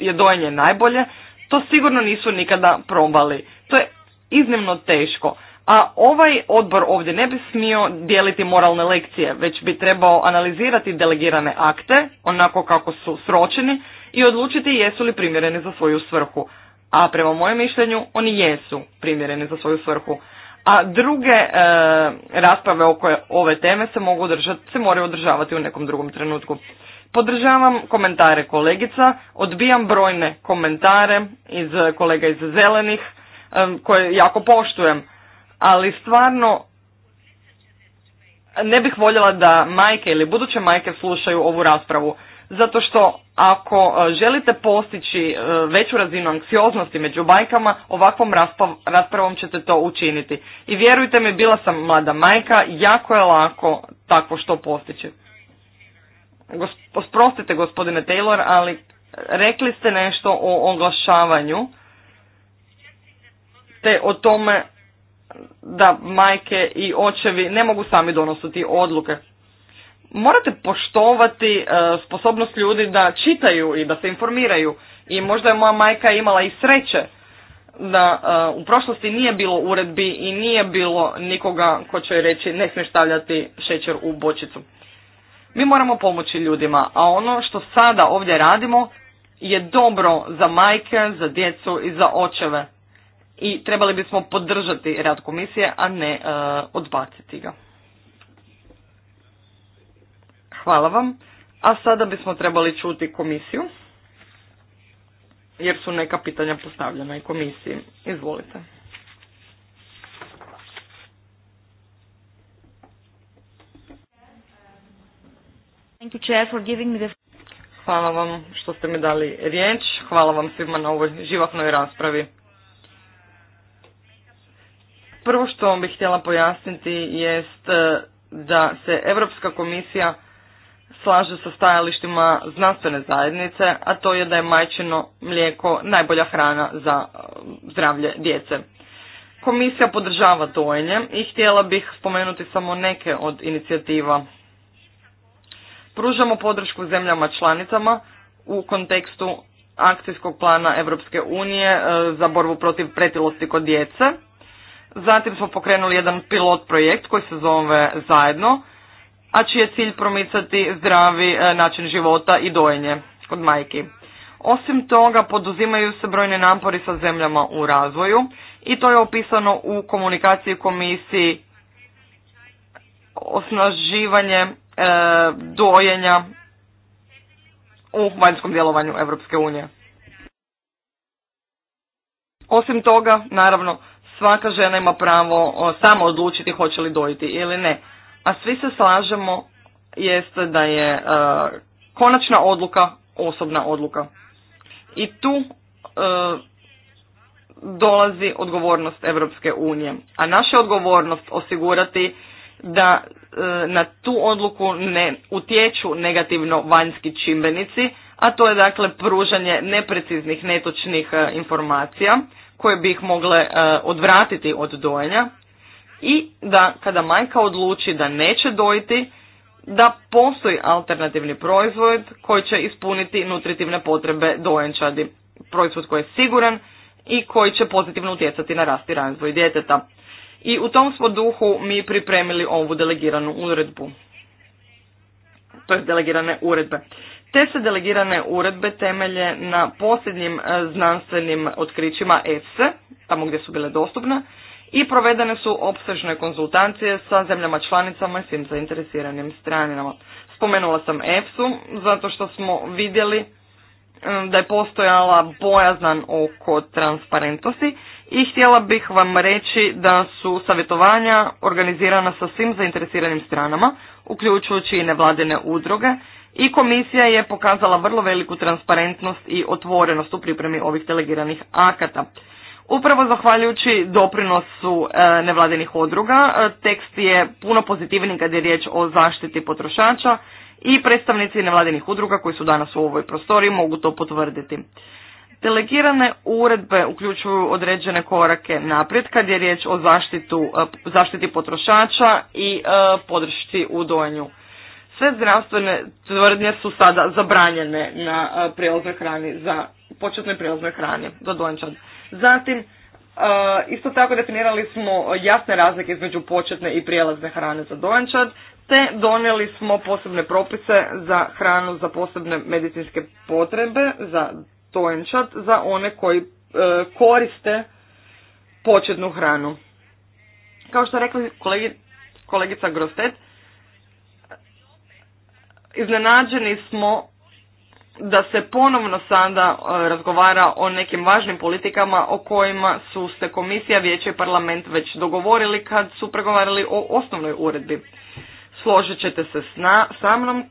e, je dojenje najbolje, to sigurno nisu nikada probali. To je iznimno teško a ovaj odbor ovdje ne bi smio dijeliti moralne lekcije, već bi trebao analizirati delegirane akte, onako kako su sročeni, i odlučiti jesu li primjereni za svoju svrhu. A prema mojem mišljenju, oni jesu primjereni za svoju svrhu. A druge e, rasprave oko ove teme se, mogu održati, se moraju održavati u nekom drugom trenutku. Podržavam komentare kolegica, odbijam brojne komentare iz kolega iz zelenih, e, koje jako poštujem ali stvarno ne bih voljela da majke ili buduće majke slušaju ovu raspravu. Zato što ako e, želite postići e, veću razinu anksioznosti među bajkama, ovakvom raspravom ćete to učiniti. I vjerujte mi, bila sam mlada majka, jako je lako tako što postići. Sprostite gospodine Taylor, ali rekli ste nešto o oglašavanju, te o tome da majke i očevi ne mogu sami donositi odluke. Morate poštovati e, sposobnost ljudi da čitaju i da se informiraju. I možda je moja majka imala i sreće da e, u prošlosti nije bilo uredbi i nije bilo nikoga ko će reći ne smiješ stavljati šećer u bočicu. Mi moramo pomoći ljudima, a ono što sada ovdje radimo je dobro za majke, za djecu i za očeve i trebali bismo podržati rad komisije, a ne e, odbaciti ga. Hvala vam. A sada bismo trebali čuti komisiju, jer su neka pitanja postavljena i komisiji. Izvolite. Hvala vam što ste mi dali riječ. Hvala vam svima na ovoj živahnoj raspravi. Prvo što vam bih htjela pojasniti jest e, da se Europska komisija slaže sa stajalištima znanstvene zajednice, a to je da je majčino mlijeko najbolja hrana za e, zdravlje djece. Komisija podržava dojenje i htjela bih spomenuti samo neke od inicijativa. Pružamo podršku zemljama članicama u kontekstu akcijskog plana Europske unije e, za borbu protiv pretilosti kod djece Zatim smo pokrenuli jedan pilot projekt koji se zove Zajedno, a čiji je cilj promicati zdravi e, način života i dojenje kod majki. Osim toga, poduzimaju se brojne napori sa zemljama u razvoju i to je opisano u komunikaciji komisiji osnaživanje e, dojenja u vanjskom djelovanju Europske unije. Osim toga, naravno, svaka žena ima pravo samo odlučiti hoće li dojiti ili ne. A svi se slažemo jeste da je e, konačna odluka osobna odluka. I tu e, dolazi odgovornost Europske unije. A naša odgovornost osigurati da e, na tu odluku ne utječu negativno vanjski čimbenici, a to je dakle pružanje nepreciznih, netočnih informacija, koje bi ih mogle e, odvratiti od dojenja i da kada majka odluči da neće dojiti, da postoji alternativni proizvod koji će ispuniti nutritivne potrebe dojenčadi. Proizvod koji je siguran i koji će pozitivno utjecati na rast i razvoj djeteta. I u tom smo duhu mi pripremili ovu delegiranu uredbu. To je delegirane uredbe te se delegirane uredbe temelje na posljednjim e, znanstvenim otkrićima EFSE, tamo gdje su bile dostupne, i provedene su opsežne konzultacije sa zemljama članicama i svim zainteresiranim stranama. Spomenula sam EFSU zato što smo vidjeli e, da je postojala bojazan oko transparentnosti i htjela bih vam reći da su savjetovanja organizirana sa svim zainteresiranim stranama, uključujući i nevladine udruge i komisija je pokazala vrlo veliku transparentnost i otvorenost u pripremi ovih delegiranih akata. Upravo zahvaljujući doprinosu e, nevladinih odruga, e, tekst je puno pozitivniji kad je riječ o zaštiti potrošača i predstavnici nevladinih udruga koji su danas u ovoj prostoriji mogu to potvrditi. Delegirane uredbe uključuju određene korake naprijed kad je riječ o e, zaštiti potrošača i podršci u dojenju. Sve zdravstvene tvrdnje su sada zabranjene na e, prijelaznoj hrani, za početnoj prijelaznoj hrani za dojenčad. Zatim, e, isto tako definirali smo jasne razlike između početne i prijelazne hrane za dojenčad, te donijeli smo posebne propise za hranu za posebne medicinske potrebe za dojenčad, za one koji e, koriste početnu hranu. Kao što rekli kolegi, kolegica Grostet, Iznenađeni smo da se ponovno sada e, razgovara o nekim važnim politikama o kojima su se komisija, vijeće i parlament već dogovorili kad su pregovarali o osnovnoj uredbi. Složit ćete se sa mnom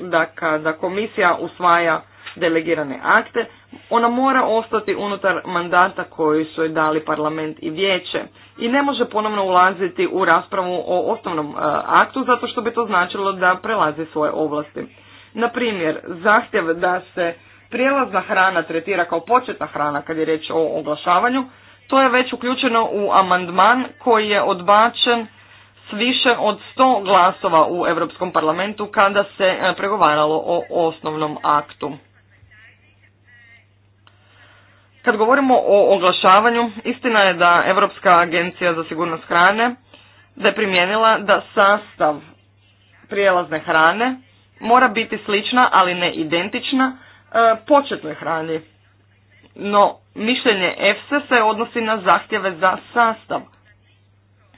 da kada komisija usvaja delegirane akte, ona mora ostati unutar mandata koji su joj dali parlament i vijeće i ne može ponovno ulaziti u raspravu o osnovnom e, aktu zato što bi to značilo da prelazi svoje ovlasti. Na primjer, zahtjev da se prijelazna hrana tretira kao početna hrana kad je riječ o oglašavanju, to je već uključeno u amandman koji je odbačen s više od 100 glasova u Europskom parlamentu kada se e, pregovaralo o osnovnom aktu. Kad govorimo o oglašavanju, istina je da Europska agencija za sigurnost hrane da je primijenila da sastav prijelazne hrane mora biti slična, ali ne identična, e, početnoj hrani. No, mišljenje EFSA se odnosi na zahtjeve za sastav.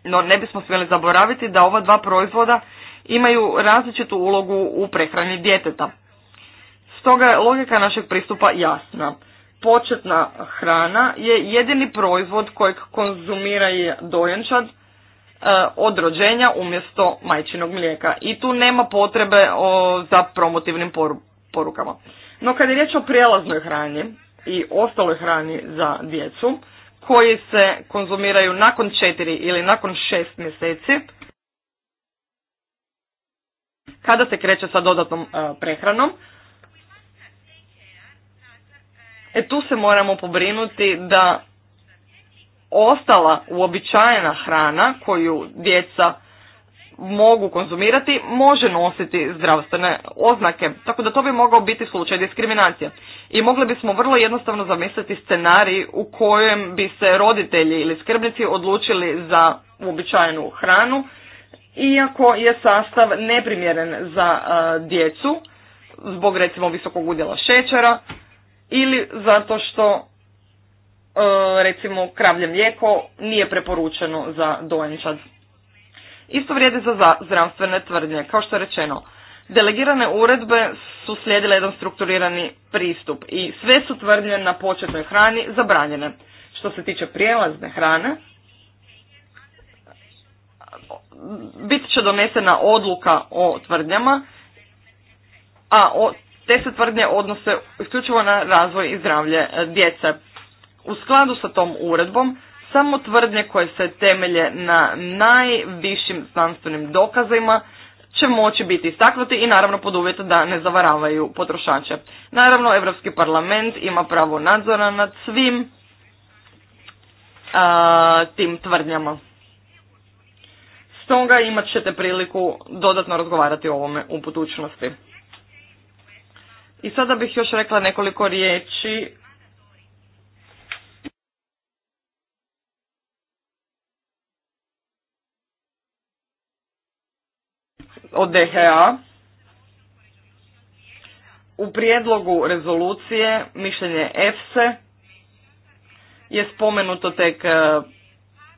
No, ne bismo smjeli zaboraviti da ova dva proizvoda imaju različitu ulogu u prehrani djeteta. Stoga je logika našeg pristupa jasna početna hrana je jedini proizvod kojeg konzumira je dojenčad e, od rođenja umjesto majčinog mlijeka. I tu nema potrebe za promotivnim porukama. No kad je riječ o prijelaznoj hrani i ostaloj hrani za djecu, koji se konzumiraju nakon četiri ili nakon šest mjeseci, kada se kreće sa dodatnom e, prehranom, E tu se moramo pobrinuti da ostala uobičajena hrana koju djeca mogu konzumirati, može nositi zdravstvene oznake. Tako da to bi mogao biti slučaj diskriminacije. I mogli bismo vrlo jednostavno zamisliti scenarij u kojem bi se roditelji ili skrbnici odlučili za uobičajenu hranu, iako je sastav neprimjeren za djecu, zbog recimo visokog udjela šećera, ili zato što e, recimo kravlje mlijeko nije preporučeno za dojenčad. Isto vrijedi za zdravstvene tvrdnje. Kao što je rečeno, delegirane uredbe su slijedile jedan strukturirani pristup i sve su tvrdnje na početnoj hrani zabranjene. Što se tiče prijelazne hrane, bit će donesena odluka o tvrdnjama, a o te se tvrdnje odnose isključivo na razvoj i zdravlje e, djece. U skladu sa tom uredbom, samo tvrdnje koje se temelje na najvišim znanstvenim dokazima će moći biti istaknuti i naravno pod uvjetom da ne zavaravaju potrošače. Naravno, Europski parlament ima pravo nadzora nad svim tim tvrdnjama. Stoga imat ćete priliku dodatno razgovarati o ovome u budućnosti. I sada bih još rekla nekoliko riječi o DHA. U prijedlogu rezolucije mišljenje EFSE je spomenuto tek e,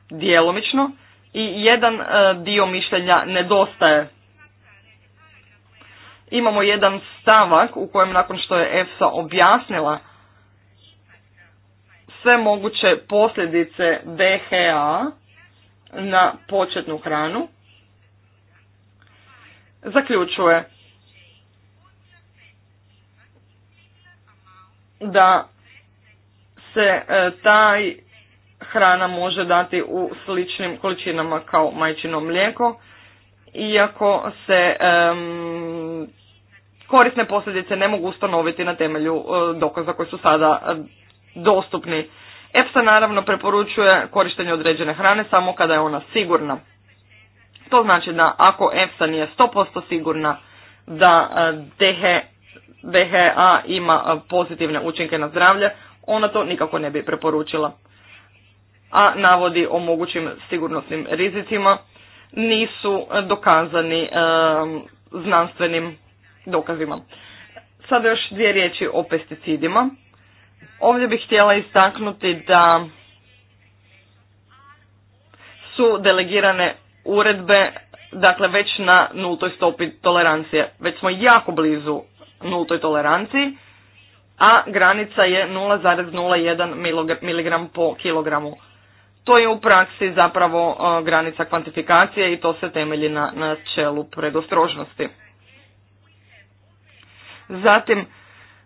djelomično i jedan e, dio mišljenja nedostaje imamo jedan stavak u kojem nakon što je EFSA objasnila sve moguće posljedice DHA na početnu hranu, zaključuje da se e, taj hrana može dati u sličnim količinama kao majčino mlijeko, iako se korisne posljedice ne mogu ustanoviti na temelju e, dokaza koji su sada e, dostupni. EFSA naravno preporučuje korištenje određene hrane samo kada je ona sigurna. To znači da ako EFSA nije 100% sigurna da e, DHA ima pozitivne učinke na zdravlje, ona to nikako ne bi preporučila. A navodi o mogućim sigurnosnim rizicima nisu dokazani znanstvenim dokazima. Sada još dvije riječi o pesticidima. Ovdje bih htjela istaknuti da su delegirane uredbe dakle već na nultoj stopi tolerancije. Već smo jako blizu nultoj toleranciji, a granica je 0,01 mg po kilogramu. To je u praksi zapravo e, granica kvantifikacije i to se temelji na načelu predostrožnosti. Zatim,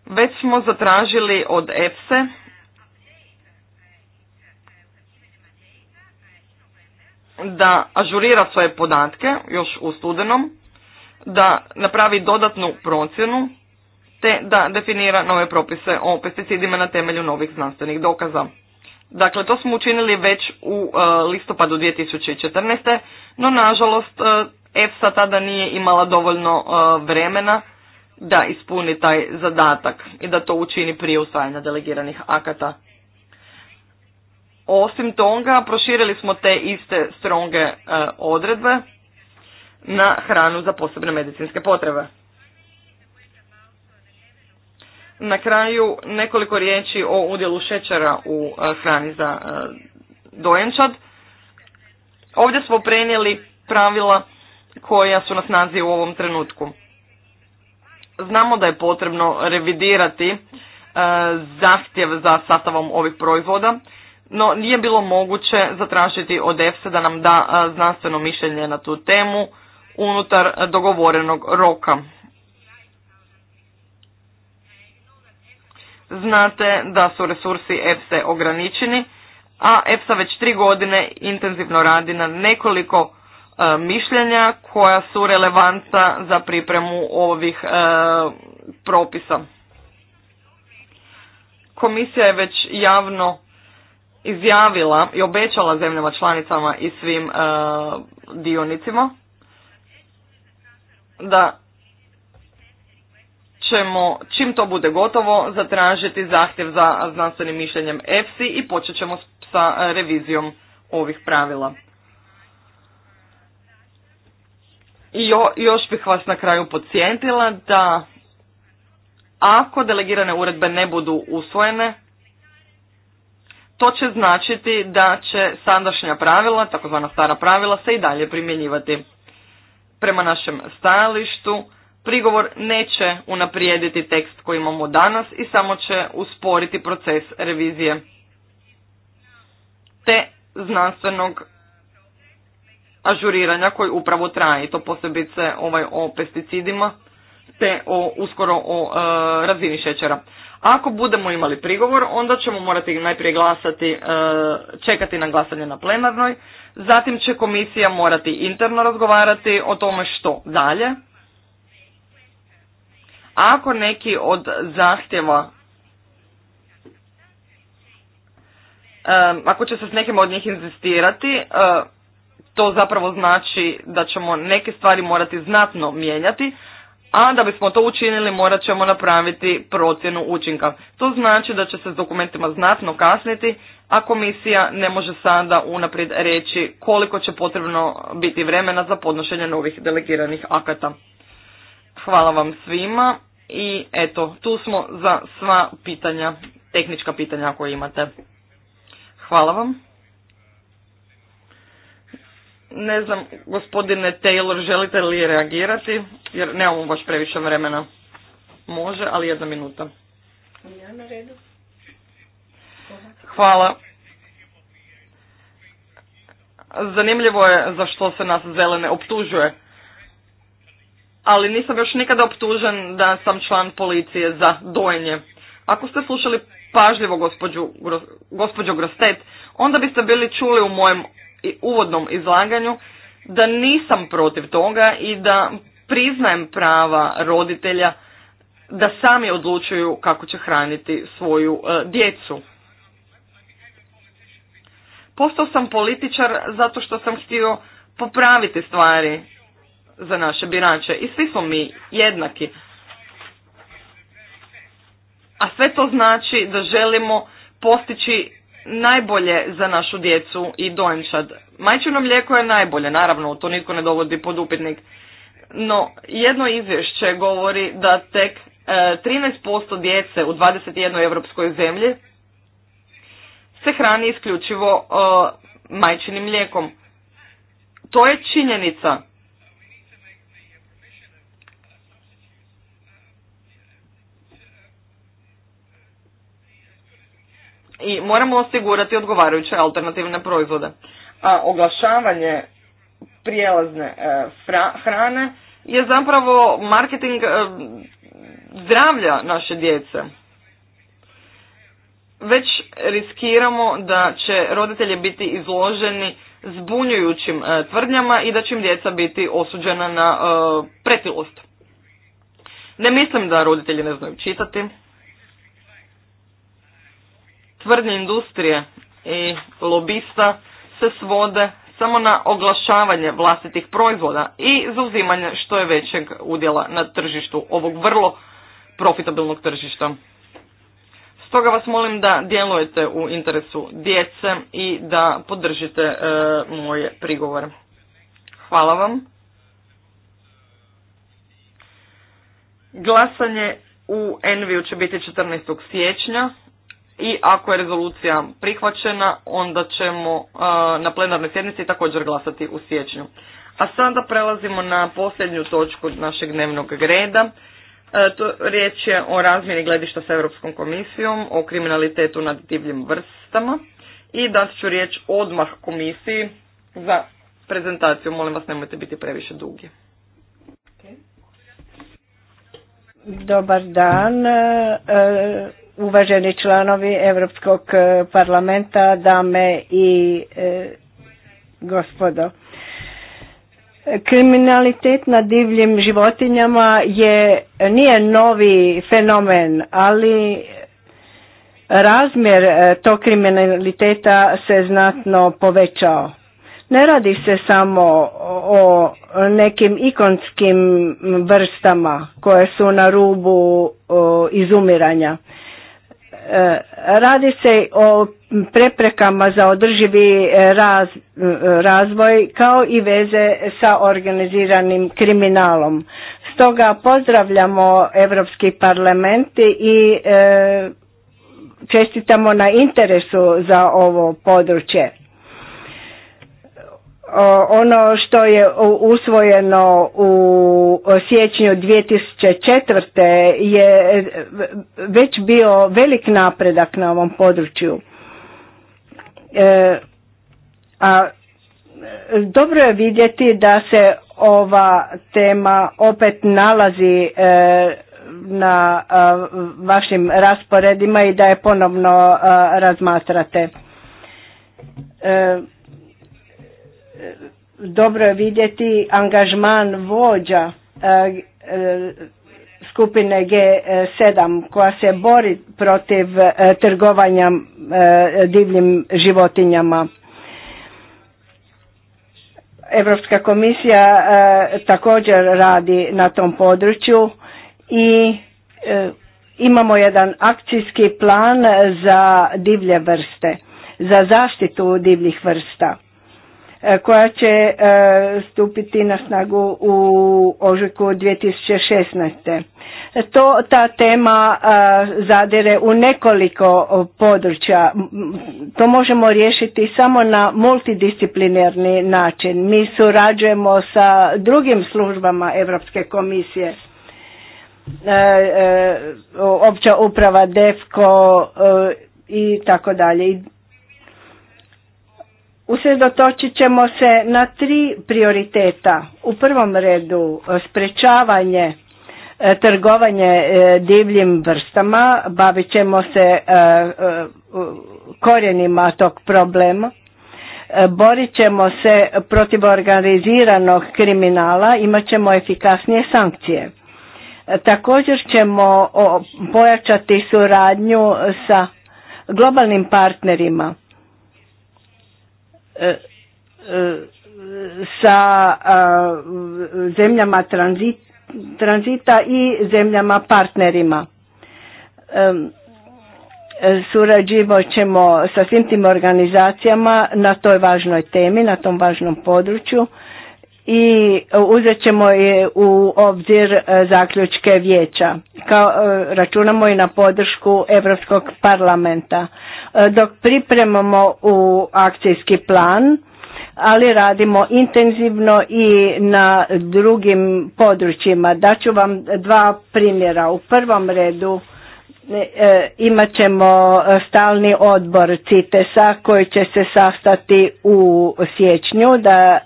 već smo zatražili od efse da ažurira svoje podatke još u studenom, da napravi dodatnu procjenu te da definira nove propise o pesticidima na temelju novih znanstvenih dokaza. Dakle, to smo učinili već u e, listopadu 2014. no nažalost e, EFSA tada nije imala dovoljno e, vremena da ispuni taj zadatak i da to učini prije usvajanja delegiranih akata. Osim toga, proširili smo te iste stronge e, odredbe na hranu za posebne medicinske potrebe. Na kraju nekoliko riječi o udjelu šećera u e, hrani za e, dojenčad. Ovdje smo prenijeli pravila koja su na snazi u ovom trenutku. Znamo da je potrebno revidirati e, zahtjev za sastavom ovih proizvoda, no nije bilo moguće zatražiti od EFSA da nam da e, znanstveno mišljenje na tu temu unutar dogovorenog roka. Znate da su resursi EFSA ograničeni, a EFSA već tri godine intenzivno radi na nekoliko E, mišljenja koja su relevanta za pripremu ovih e, propisa. Komisija je već javno izjavila i obećala zemljama članicama i svim e, dionicima da ćemo, čim to bude gotovo, zatražiti zahtjev za znanstvenim mišljenjem EFSI i počet ćemo sa revizijom ovih pravila. I jo, još bih vas na kraju podsjetila da ako delegirane uredbe ne budu usvojene, to će značiti da će sadašnja pravila, takozvana stara pravila, se i dalje primjenjivati. Prema našem stajalištu, prigovor neće unaprijediti tekst koji imamo danas i samo će usporiti proces revizije te znanstvenog ažuriranja koji upravo traje i to posebice ovaj o pesticidima te o, uskoro o e, razini šećera. Ako budemo imali prigovor, onda ćemo morati najprije glasati, e, čekati na glasanje na plenarnoj, zatim će komisija morati interno razgovarati o tome što dalje. Ako neki od zahtjeva e, ako će se s nekim od njih inzistirati, to zapravo znači da ćemo neke stvari morati znatno mijenjati, a da bismo to učinili morat ćemo napraviti procjenu učinka. To znači da će se s dokumentima znatno kasniti, a komisija ne može sada unaprijed reći koliko će potrebno biti vremena za podnošenje novih delegiranih akata. Hvala vam svima i eto, tu smo za sva pitanja, tehnička pitanja koje imate. Hvala vam. Ne znam, gospodine Taylor, želite li reagirati? Jer nemamo baš previše vremena. Može, ali jedna minuta. Hvala. Zanimljivo je za što se nas zelene optužuje. Ali nisam još nikada optužen da sam član policije za dojenje. Ako ste slušali pažljivo gospođu, gospođo Grostet, onda biste bili čuli u mojem uvodnom izlaganju da nisam protiv toga i da priznajem prava roditelja da sami odlučuju kako će hraniti svoju e, djecu. Postao sam političar zato što sam htio popraviti stvari za naše birače i svi smo mi jednaki. A sve to znači da želimo postići najbolje za našu djecu i dojenčad. Majčino mlijeko je najbolje, naravno, to nitko ne dovodi pod upitnik. No, jedno izvješće govori da tek 13% e, djece u 21. europskoj zemlji se hrani isključivo e, majčinim mlijekom. To je činjenica. i moramo osigurati odgovarajuće alternativne proizvode. A oglašavanje prijelazne e, fra, hrane je zapravo marketing e, zdravlja naše djece. Već riskiramo da će roditelji biti izloženi zbunjujućim e, tvrdnjama i da će im djeca biti osuđena na pretilost. Ne mislim da roditelji ne znaju čitati tvrdnje industrije i lobista se svode samo na oglašavanje vlastitih proizvoda i zauzimanje što je većeg udjela na tržištu ovog vrlo profitabilnog tržišta. Stoga vas molim da djelujete u interesu djece i da podržite e, moje prigovore. Hvala vam. Glasanje u Enviju će biti 14. siječnja i ako je rezolucija prihvaćena, onda ćemo e, na plenarnoj sjednici također glasati u siječnju. A sada prelazimo na posljednju točku našeg dnevnog reda. E, to, riječ je o razmjeni gledišta s Europskom komisijom, o kriminalitetu nad divljim vrstama i da ću riječ odmah komisiji za prezentaciju. Molim vas, nemojte biti previše dugi. Dobar dan. E, uvaženi članovi Europskog e, parlamenta, dame i e, gospodo. Kriminalitet na divljim životinjama je nije novi fenomen, ali razmjer e, tog kriminaliteta se znatno povećao. Ne radi se samo o nekim ikonskim vrstama koje su na rubu izumiranja. E, radi se o preprekama za održivi e, e, razvoj kao i veze sa organiziranim kriminalom. Stoga pozdravljamo Europski parlament i čestitamo na interesu za ovo područje ono što je usvojeno u siječnju 2004. je već bio velik napredak na ovom području. E, a dobro je vidjeti da se ova tema opet nalazi e, na vašim rasporedima i da je ponovno razmatrate. E, dobro je vidjeti angažman vođa e, e, skupine G7 koja se bori protiv e, trgovanja divljim životinjama. Europska komisija također radi na tom području i imamo jedan akcijski plan za divlje vrste, za zaštitu divljih vrsta. E, koja će e, stupiti na snagu u ožujku 2016. To, ta tema e, zadere u nekoliko područja. To možemo riješiti samo na multidisciplinarni način. Mi surađujemo sa drugim službama Europske komisije. Opća uprava DEFKO i tako dalje i Usredotočit ćemo se na tri prioriteta. U prvom redu e, sprečavanje e, trgovanje e, divljim vrstama, bavit ćemo se korijenima tog problema, borit ćemo se protiv organiziranog kriminala, imat ćemo efikasnije sankcije. Također ćemo pojačati suradnju sa globalnim partnerima E, e, sa zemljama tranzita i zemljama partnerima. E, Surađivo ćemo sa svim tim organizacijama na toj važnoj temi, na tom važnom području i uzet ćemo je u obzir e, zaključke vijeća. Kao, e, računamo i na podršku Europskog parlamenta. E, dok pripremamo u akcijski plan, ali radimo intenzivno i na drugim područjima. Daću vam dva primjera. U prvom redu imat ćemo stalni odbor CITES-a koji će se sastati u siječnju da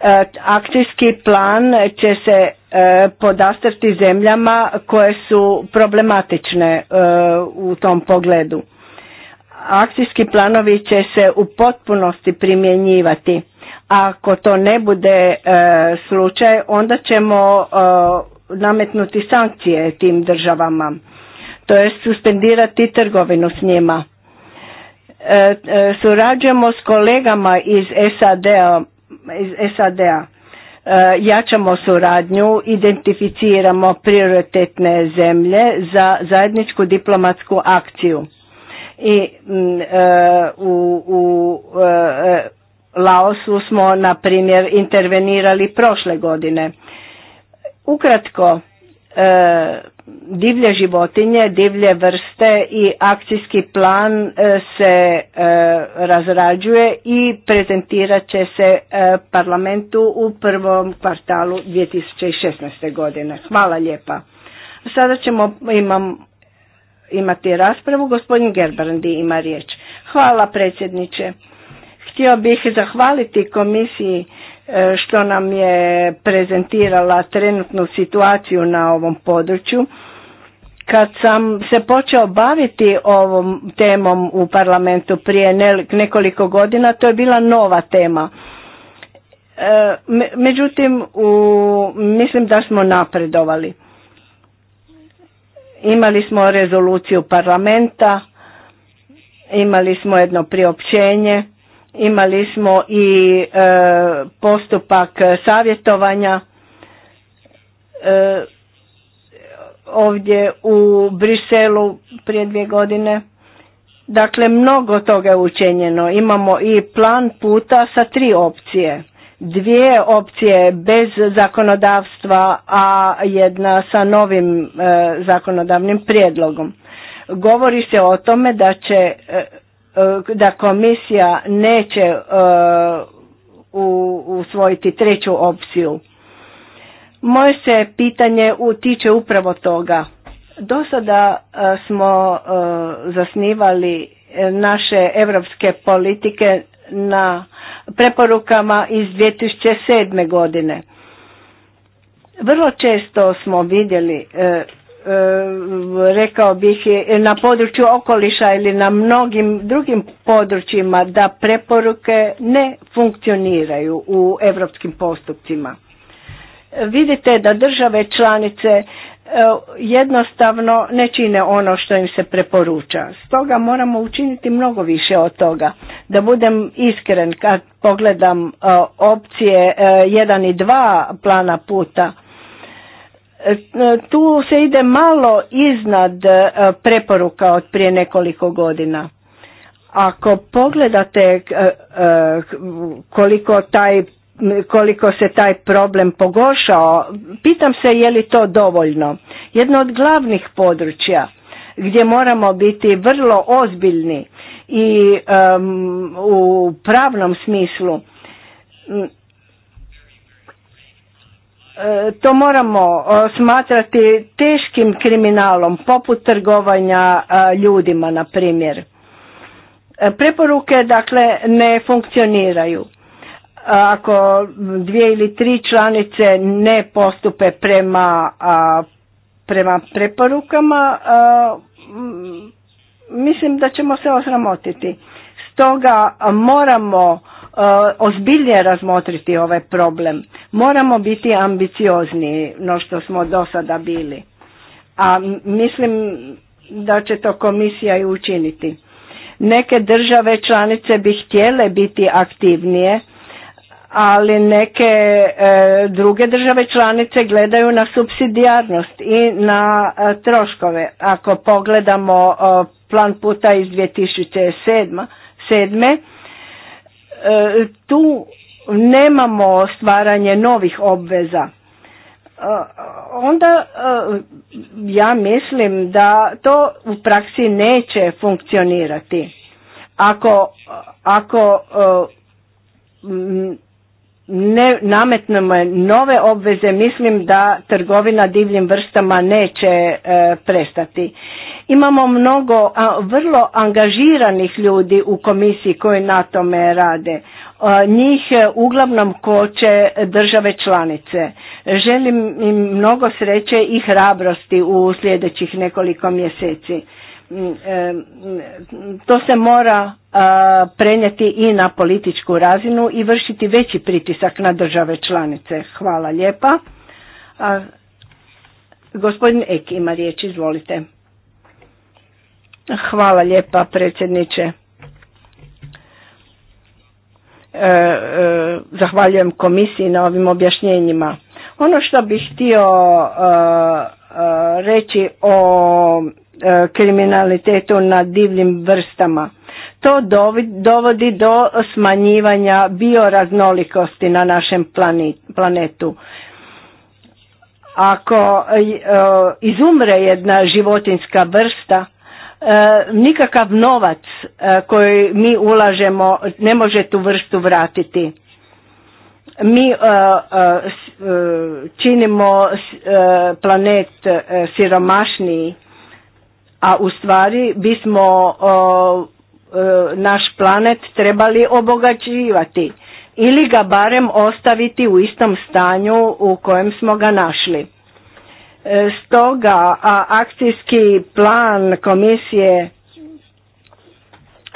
E, akcijski plan će se e, podastrti zemljama koje su problematične e, u tom pogledu. Akcijski planovi će se u potpunosti primjenjivati. Ako to ne bude slučaj, onda ćemo nametnuti sankcije tim državama, to je suspendirati trgovinu s njima. Surađujemo s kolegama iz SAD-a iz SAD-a. E, jačamo suradnju, identificiramo prioritetne zemlje za zajedničku diplomatsku akciju. I mm, e, u, u e, Laosu smo, na primjer, intervenirali prošle godine. Ukratko, divlje životinje, divlje vrste i akcijski plan e, se e, razrađuje i prezentirat će se e, parlamentu u prvom kvartalu 2016. godine. Hvala lijepa. Sada ćemo imam, imati raspravu. Gospodin Gerbrandi ima riječ. Hvala predsjedniče. Htio bih zahvaliti komisiji E, što nam je prezentirala trenutnu situaciju na ovom području. Kad sam se počeo baviti ovom temom u parlamentu prije nekoliko godina, to je bila nova tema. E, međutim, u, mislim da smo napredovali. Imali smo rezoluciju parlamenta, imali smo jedno priopćenje Imali smo i e, postupak savjetovanja e, ovdje u Briselu prije dvije godine. Dakle, mnogo toga je učenjeno. Imamo i plan puta sa tri opcije. Dvije opcije bez zakonodavstva, a jedna sa novim e, zakonodavnim prijedlogom. Govori se o tome da će E, da komisija neće e, usvojiti treću opciju. Moje se pitanje utiče upravo toga. Do sada e, smo zasnivali naše europske politike na preporukama iz 2007. godine. Vrlo često smo vidjeli E, rekao bih na području okoliša ili na mnogim drugim područjima da preporuke ne funkcioniraju u europskim postupcima. Vidite da države članice e, jednostavno ne čine ono što im se preporuča. Stoga moramo učiniti mnogo više od toga. Da budem iskren kad pogledam e, opcije 1 i 2 plana puta, tu se ide malo iznad e, preporuka od prije nekoliko godina. Ako pogledate e, e, koliko taj koliko se taj problem pogošao, pitam se je li to dovoljno. Jedno od glavnih područja gdje moramo biti vrlo ozbiljni i u pravnom smislu E, to moramo e, smatrati teškim kriminalom, poput trgovanja e, ljudima, na primjer. Preporuke, dakle, ne funkcioniraju. Ako dvije ili tri članice ne postupe prema, prema preporukama, mislim da ćemo se osramotiti. Stoga moramo Eh, ozbiljnije razmotriti ovaj problem. Moramo biti ambiciozniji no što smo do sada bili. A mislim da će to komisija i učiniti. Neke države članice bi htjele biti aktivnije, ali neke eh, druge države članice gledaju na subsidijarnost i na eh, troškove. Ako pogledamo plan puta iz 2007. 7. E, tu nemamo stvaranje novih obveza e, onda e, ja mislim da to u praksi neće funkcionirati. Ako, ako ne nametnemo nove obveze, mislim da trgovina divljim vrstama neće prestati. Imamo mnogo vrlo angažiranih ljudi u komisiji koji na tome rade. Njih e, uglavnom koče države članice. Želim im mnogo sreće i hrabrosti u sljedećih nekoliko mjeseci. Mm, e, mm, to se mora prenijeti i na političku razinu i vršiti veći pritisak na države članice. Hvala lijepa. Gospodin Ek ima riječ, izvolite. Hvala lijepa predsjedniče. E, e, zahvaljujem komisiji na ovim objašnjenjima. Ono što bih htio e, reći o kriminalitetu na divljim vrstama, to dovodi do smanjivanja bioraznolikosti na našem planetu. Ako izumre jedna životinska vrsta, E, nikakav novac e, koji mi ulažemo ne može tu vrstu vratiti. Mi e, činimo planet siromašniji, a u stvari bismo naš planet trebali obogaćivati ili ga barem ostaviti u istom stanju u kojem smo ga našli. E, stoga akcijski plan komisije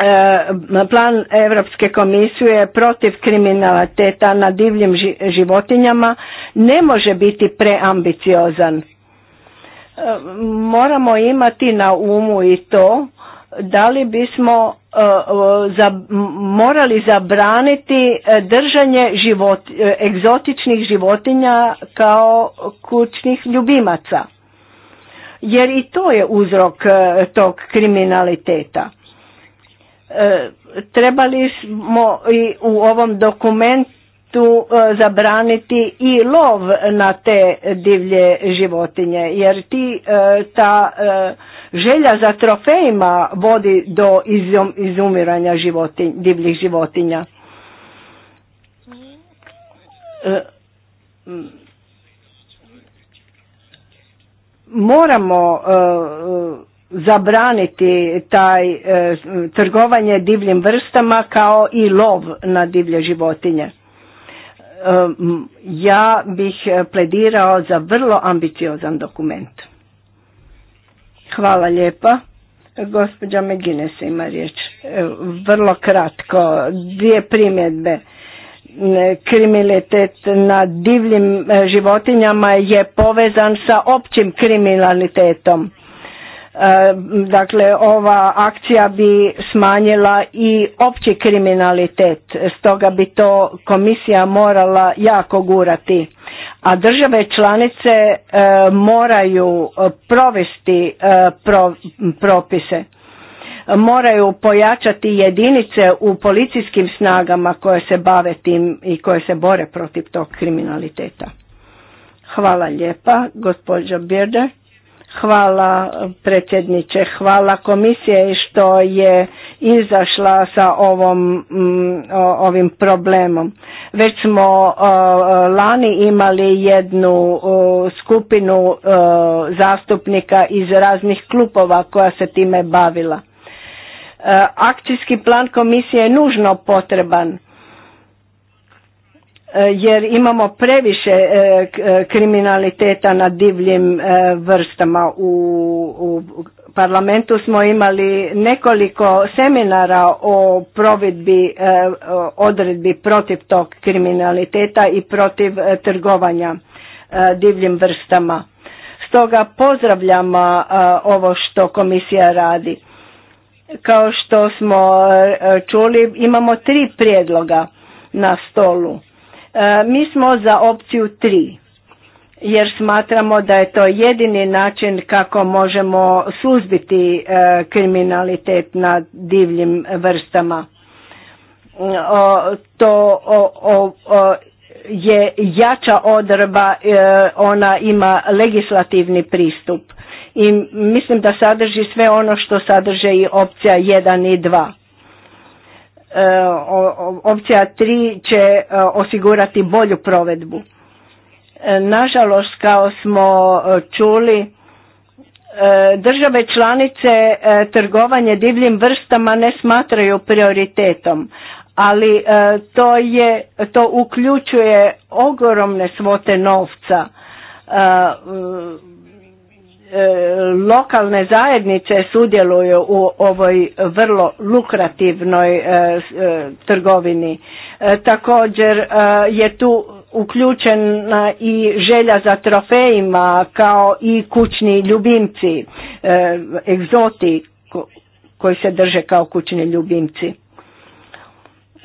e, plan Europske komisije protiv kriminaliteta na divljim životinjama ne može biti preambiciozan. E, moramo imati na umu i to da li bismo e, morali zabraniti e, držanje e, egzotičnih životinja kao kućnih ljubimaca jer i to je uzrok tog kriminaliteta trebali smo i u ovom dokumentu zabraniti i lov na te divlje životinje jer ti ta Želja za trofejima vodi do izum, izumiranja divljih životinja. E, moramo e, zabraniti taj e, trgovanje divljim vrstama kao i lov na divlje životinje. ja bih pledirao za vrlo ambiciozan dokument. Hvala lijepa. Gospođa Megines ima riječ. E, vrlo kratko, dvije primjedbe. Kriminalitet na divljim e, životinjama je povezan sa općim kriminalitetom. E, dakle, ova akcija bi smanjila i opći kriminalitet, stoga bi to komisija morala jako gurati a države članice e, moraju e, provesti e, propise moraju pojačati jedinice u policijskim snagama koje se bave tim i koje se bore protiv tog kriminaliteta hvala lijepa gospođo Birde. hvala predsjedniče hvala komisije što je izašla sa ovom, mm, ovim problemom. Već smo lani imali jednu skupinu zastupnika iz raznih klupova koja se time bavila. E, akcijski plan komisije je nužno potreban jer imamo previše e, e, kriminaliteta na divljim e, vrstama. U parlamentu smo imali nekoliko seminara o provedbi odredbi protiv tog kriminaliteta i protiv trgovanja divljim vrstama. Stoga pozdravljam ovo što komisija radi. Kao što smo čuli, imamo tri prijedloga na stolu E, mi smo za opciju 3 jer smatramo da je to jedini način kako možemo suzbiti e, kriminalitet na divljim vrstama. To je jača odrba, e, ona ima legislativni pristup i mislim da sadrži sve ono što sadrže i opcija 1 i dva. E, opcija 3 će e, osigurati bolju provedbu. E, nažalost, kao smo čuli, države članice trgovanje divljim vrstama ne smatraju prioritetom, ali to, je, to uključuje ogromne svote novca E, lokalne zajednice sudjeluju u ovoj vrlo lukrativnoj e, e, trgovini. Također je tu uključena i želja za trofejima kao i kućni ljubimci, egzoti koji se drže kao kućni ljubimci.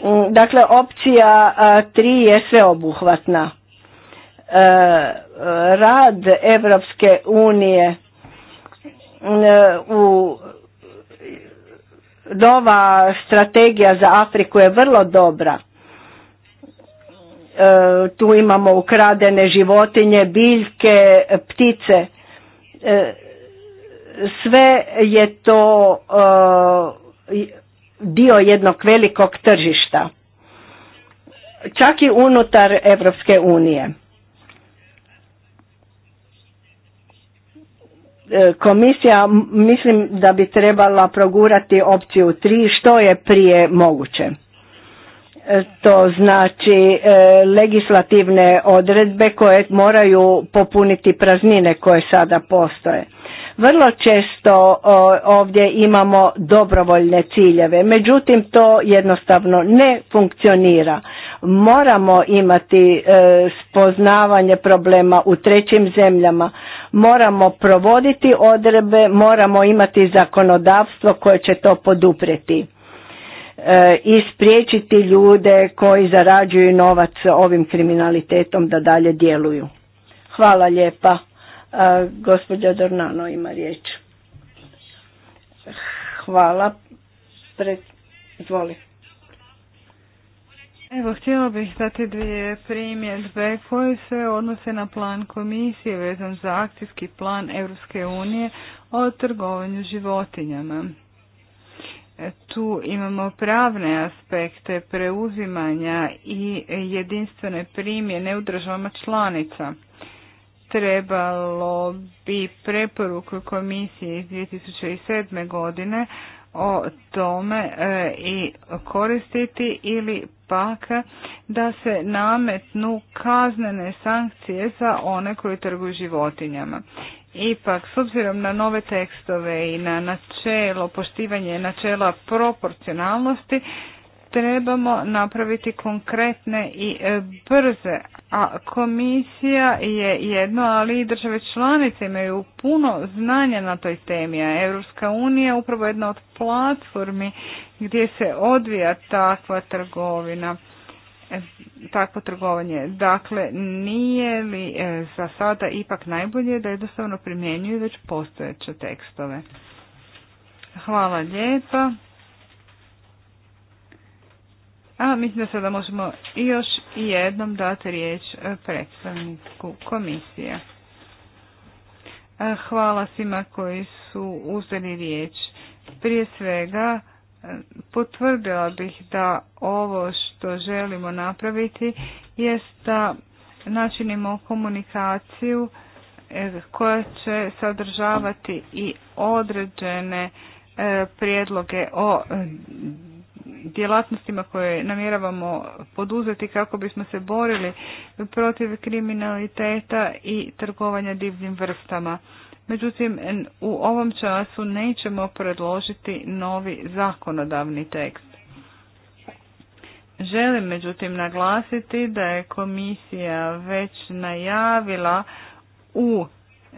Mm, dakle, opcija tri je sveobuhvatna. Eh, rad Evropske unije eh, u nova strategija za Afriku je vrlo dobra. Eh, tu imamo ukradene životinje, biljke, ptice. Sve je to dio jednog velikog tržišta. Čak i unutar Evropske unije. E, komisija mislim da bi trebala progurati opciju 3 što je prije moguće. E, to znači e, legislativne odredbe koje moraju popuniti praznine koje sada postoje. Vrlo često ovdje imamo dobrovoljne ciljeve, međutim to jednostavno ne funkcionira. Moramo imati spoznavanje problema u trećim zemljama, moramo provoditi odrebe, moramo imati zakonodavstvo koje će to poduprijeti e, i spriječiti ljude koji zarađuju novac ovim kriminalitetom da dalje djeluju. Hvala lijepa. E, gospođa Dornano ima riječ. Hvala. Pre... Evo, htjela bih dati dvije primjedbe koje se odnose na plan komisije vezan za akcijski plan Europske unije o trgovanju životinjama. E, tu imamo pravne aspekte preuzimanja i jedinstvene primjene u državama članica. Trebalo bi preporuku komisije iz 2007. godine o tome e, i koristiti ili da se nametnu kaznene sankcije za one koji trguju životinjama. Ipak, s obzirom na nove tekstove i na načelo, poštivanje načela proporcionalnosti, trebamo napraviti konkretne i e, brze, a komisija je jedno, ali i države članice imaju puno znanja na toj temi, a Europska unija je upravo jedna od platformi gdje se odvija takva trgovina, e, takvo trgovanje. Dakle, nije li e, za sada ipak najbolje da jednostavno primjenjuju već postojeće tekstove? Hvala lijepa. A mislim da sada možemo još jednom dati riječ e, predstavniku komisije. Hvala svima koji su uzeli riječ. Prije svega potvrdila bih da ovo što želimo napraviti jest da načinimo komunikaciju e, koja će sadržavati i određene e, prijedloge o e, djelatnostima koje namjeravamo poduzeti kako bismo se borili protiv kriminaliteta i trgovanja divljim vrstama. Međutim, u ovom času nećemo predložiti novi zakonodavni tekst. Želim međutim naglasiti da je komisija već najavila u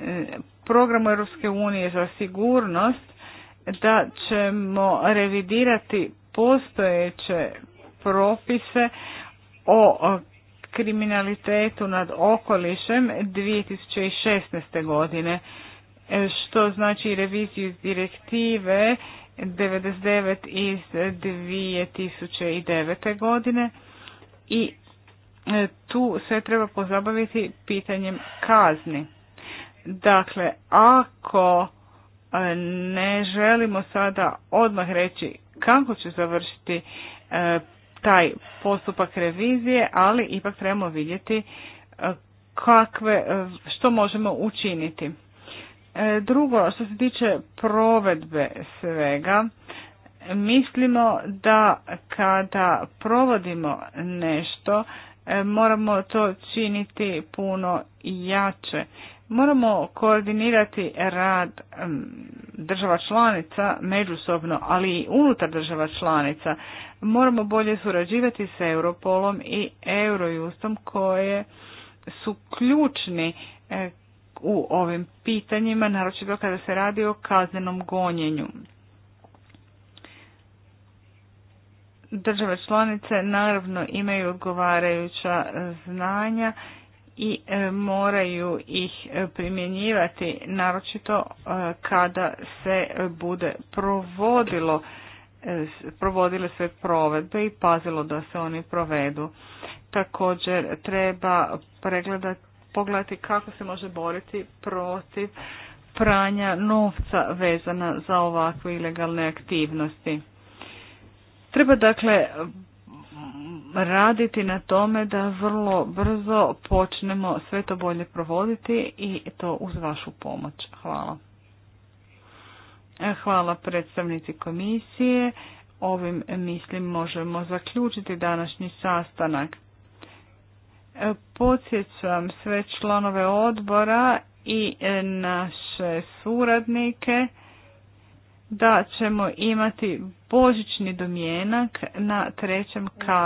e, programu Europske unije za sigurnost da ćemo revidirati postojeće propise o kriminalitetu nad okolišem 2016. godine što znači reviziju direktive 99 iz 2009. godine i e, tu se treba pozabaviti pitanjem kazni. Dakle, ako e, ne želimo sada odmah reći kako će završiti e, taj postupak revizije, ali ipak trebamo vidjeti kakve, što možemo učiniti. E, drugo, što se tiče provedbe svega, mislimo da kada provodimo nešto, e, moramo to činiti puno jače. Moramo koordinirati rad država članica međusobno, ali i unutar država članica. Moramo bolje surađivati sa Europolom i Eurojustom koje su ključni e, u ovim pitanjima, naročito kada se radi o kaznenom gonjenju. Države članice naravno imaju odgovarajuća znanja i e, moraju ih primjenjivati, naročito e, kada se bude provodilo e, provodile sve provedbe i pazilo da se oni provedu. Također treba pregledati pogledati kako se može boriti protiv pranja novca vezana za ovakve ilegalne aktivnosti. Treba dakle raditi na tome da vrlo brzo počnemo sve to bolje provoditi i to uz vašu pomoć. Hvala. E, hvala predstavnici komisije. Ovim mislim možemo zaključiti današnji sastanak. Podsjećam sve članove odbora i e, naše suradnike da ćemo imati božićni domjenak na trećem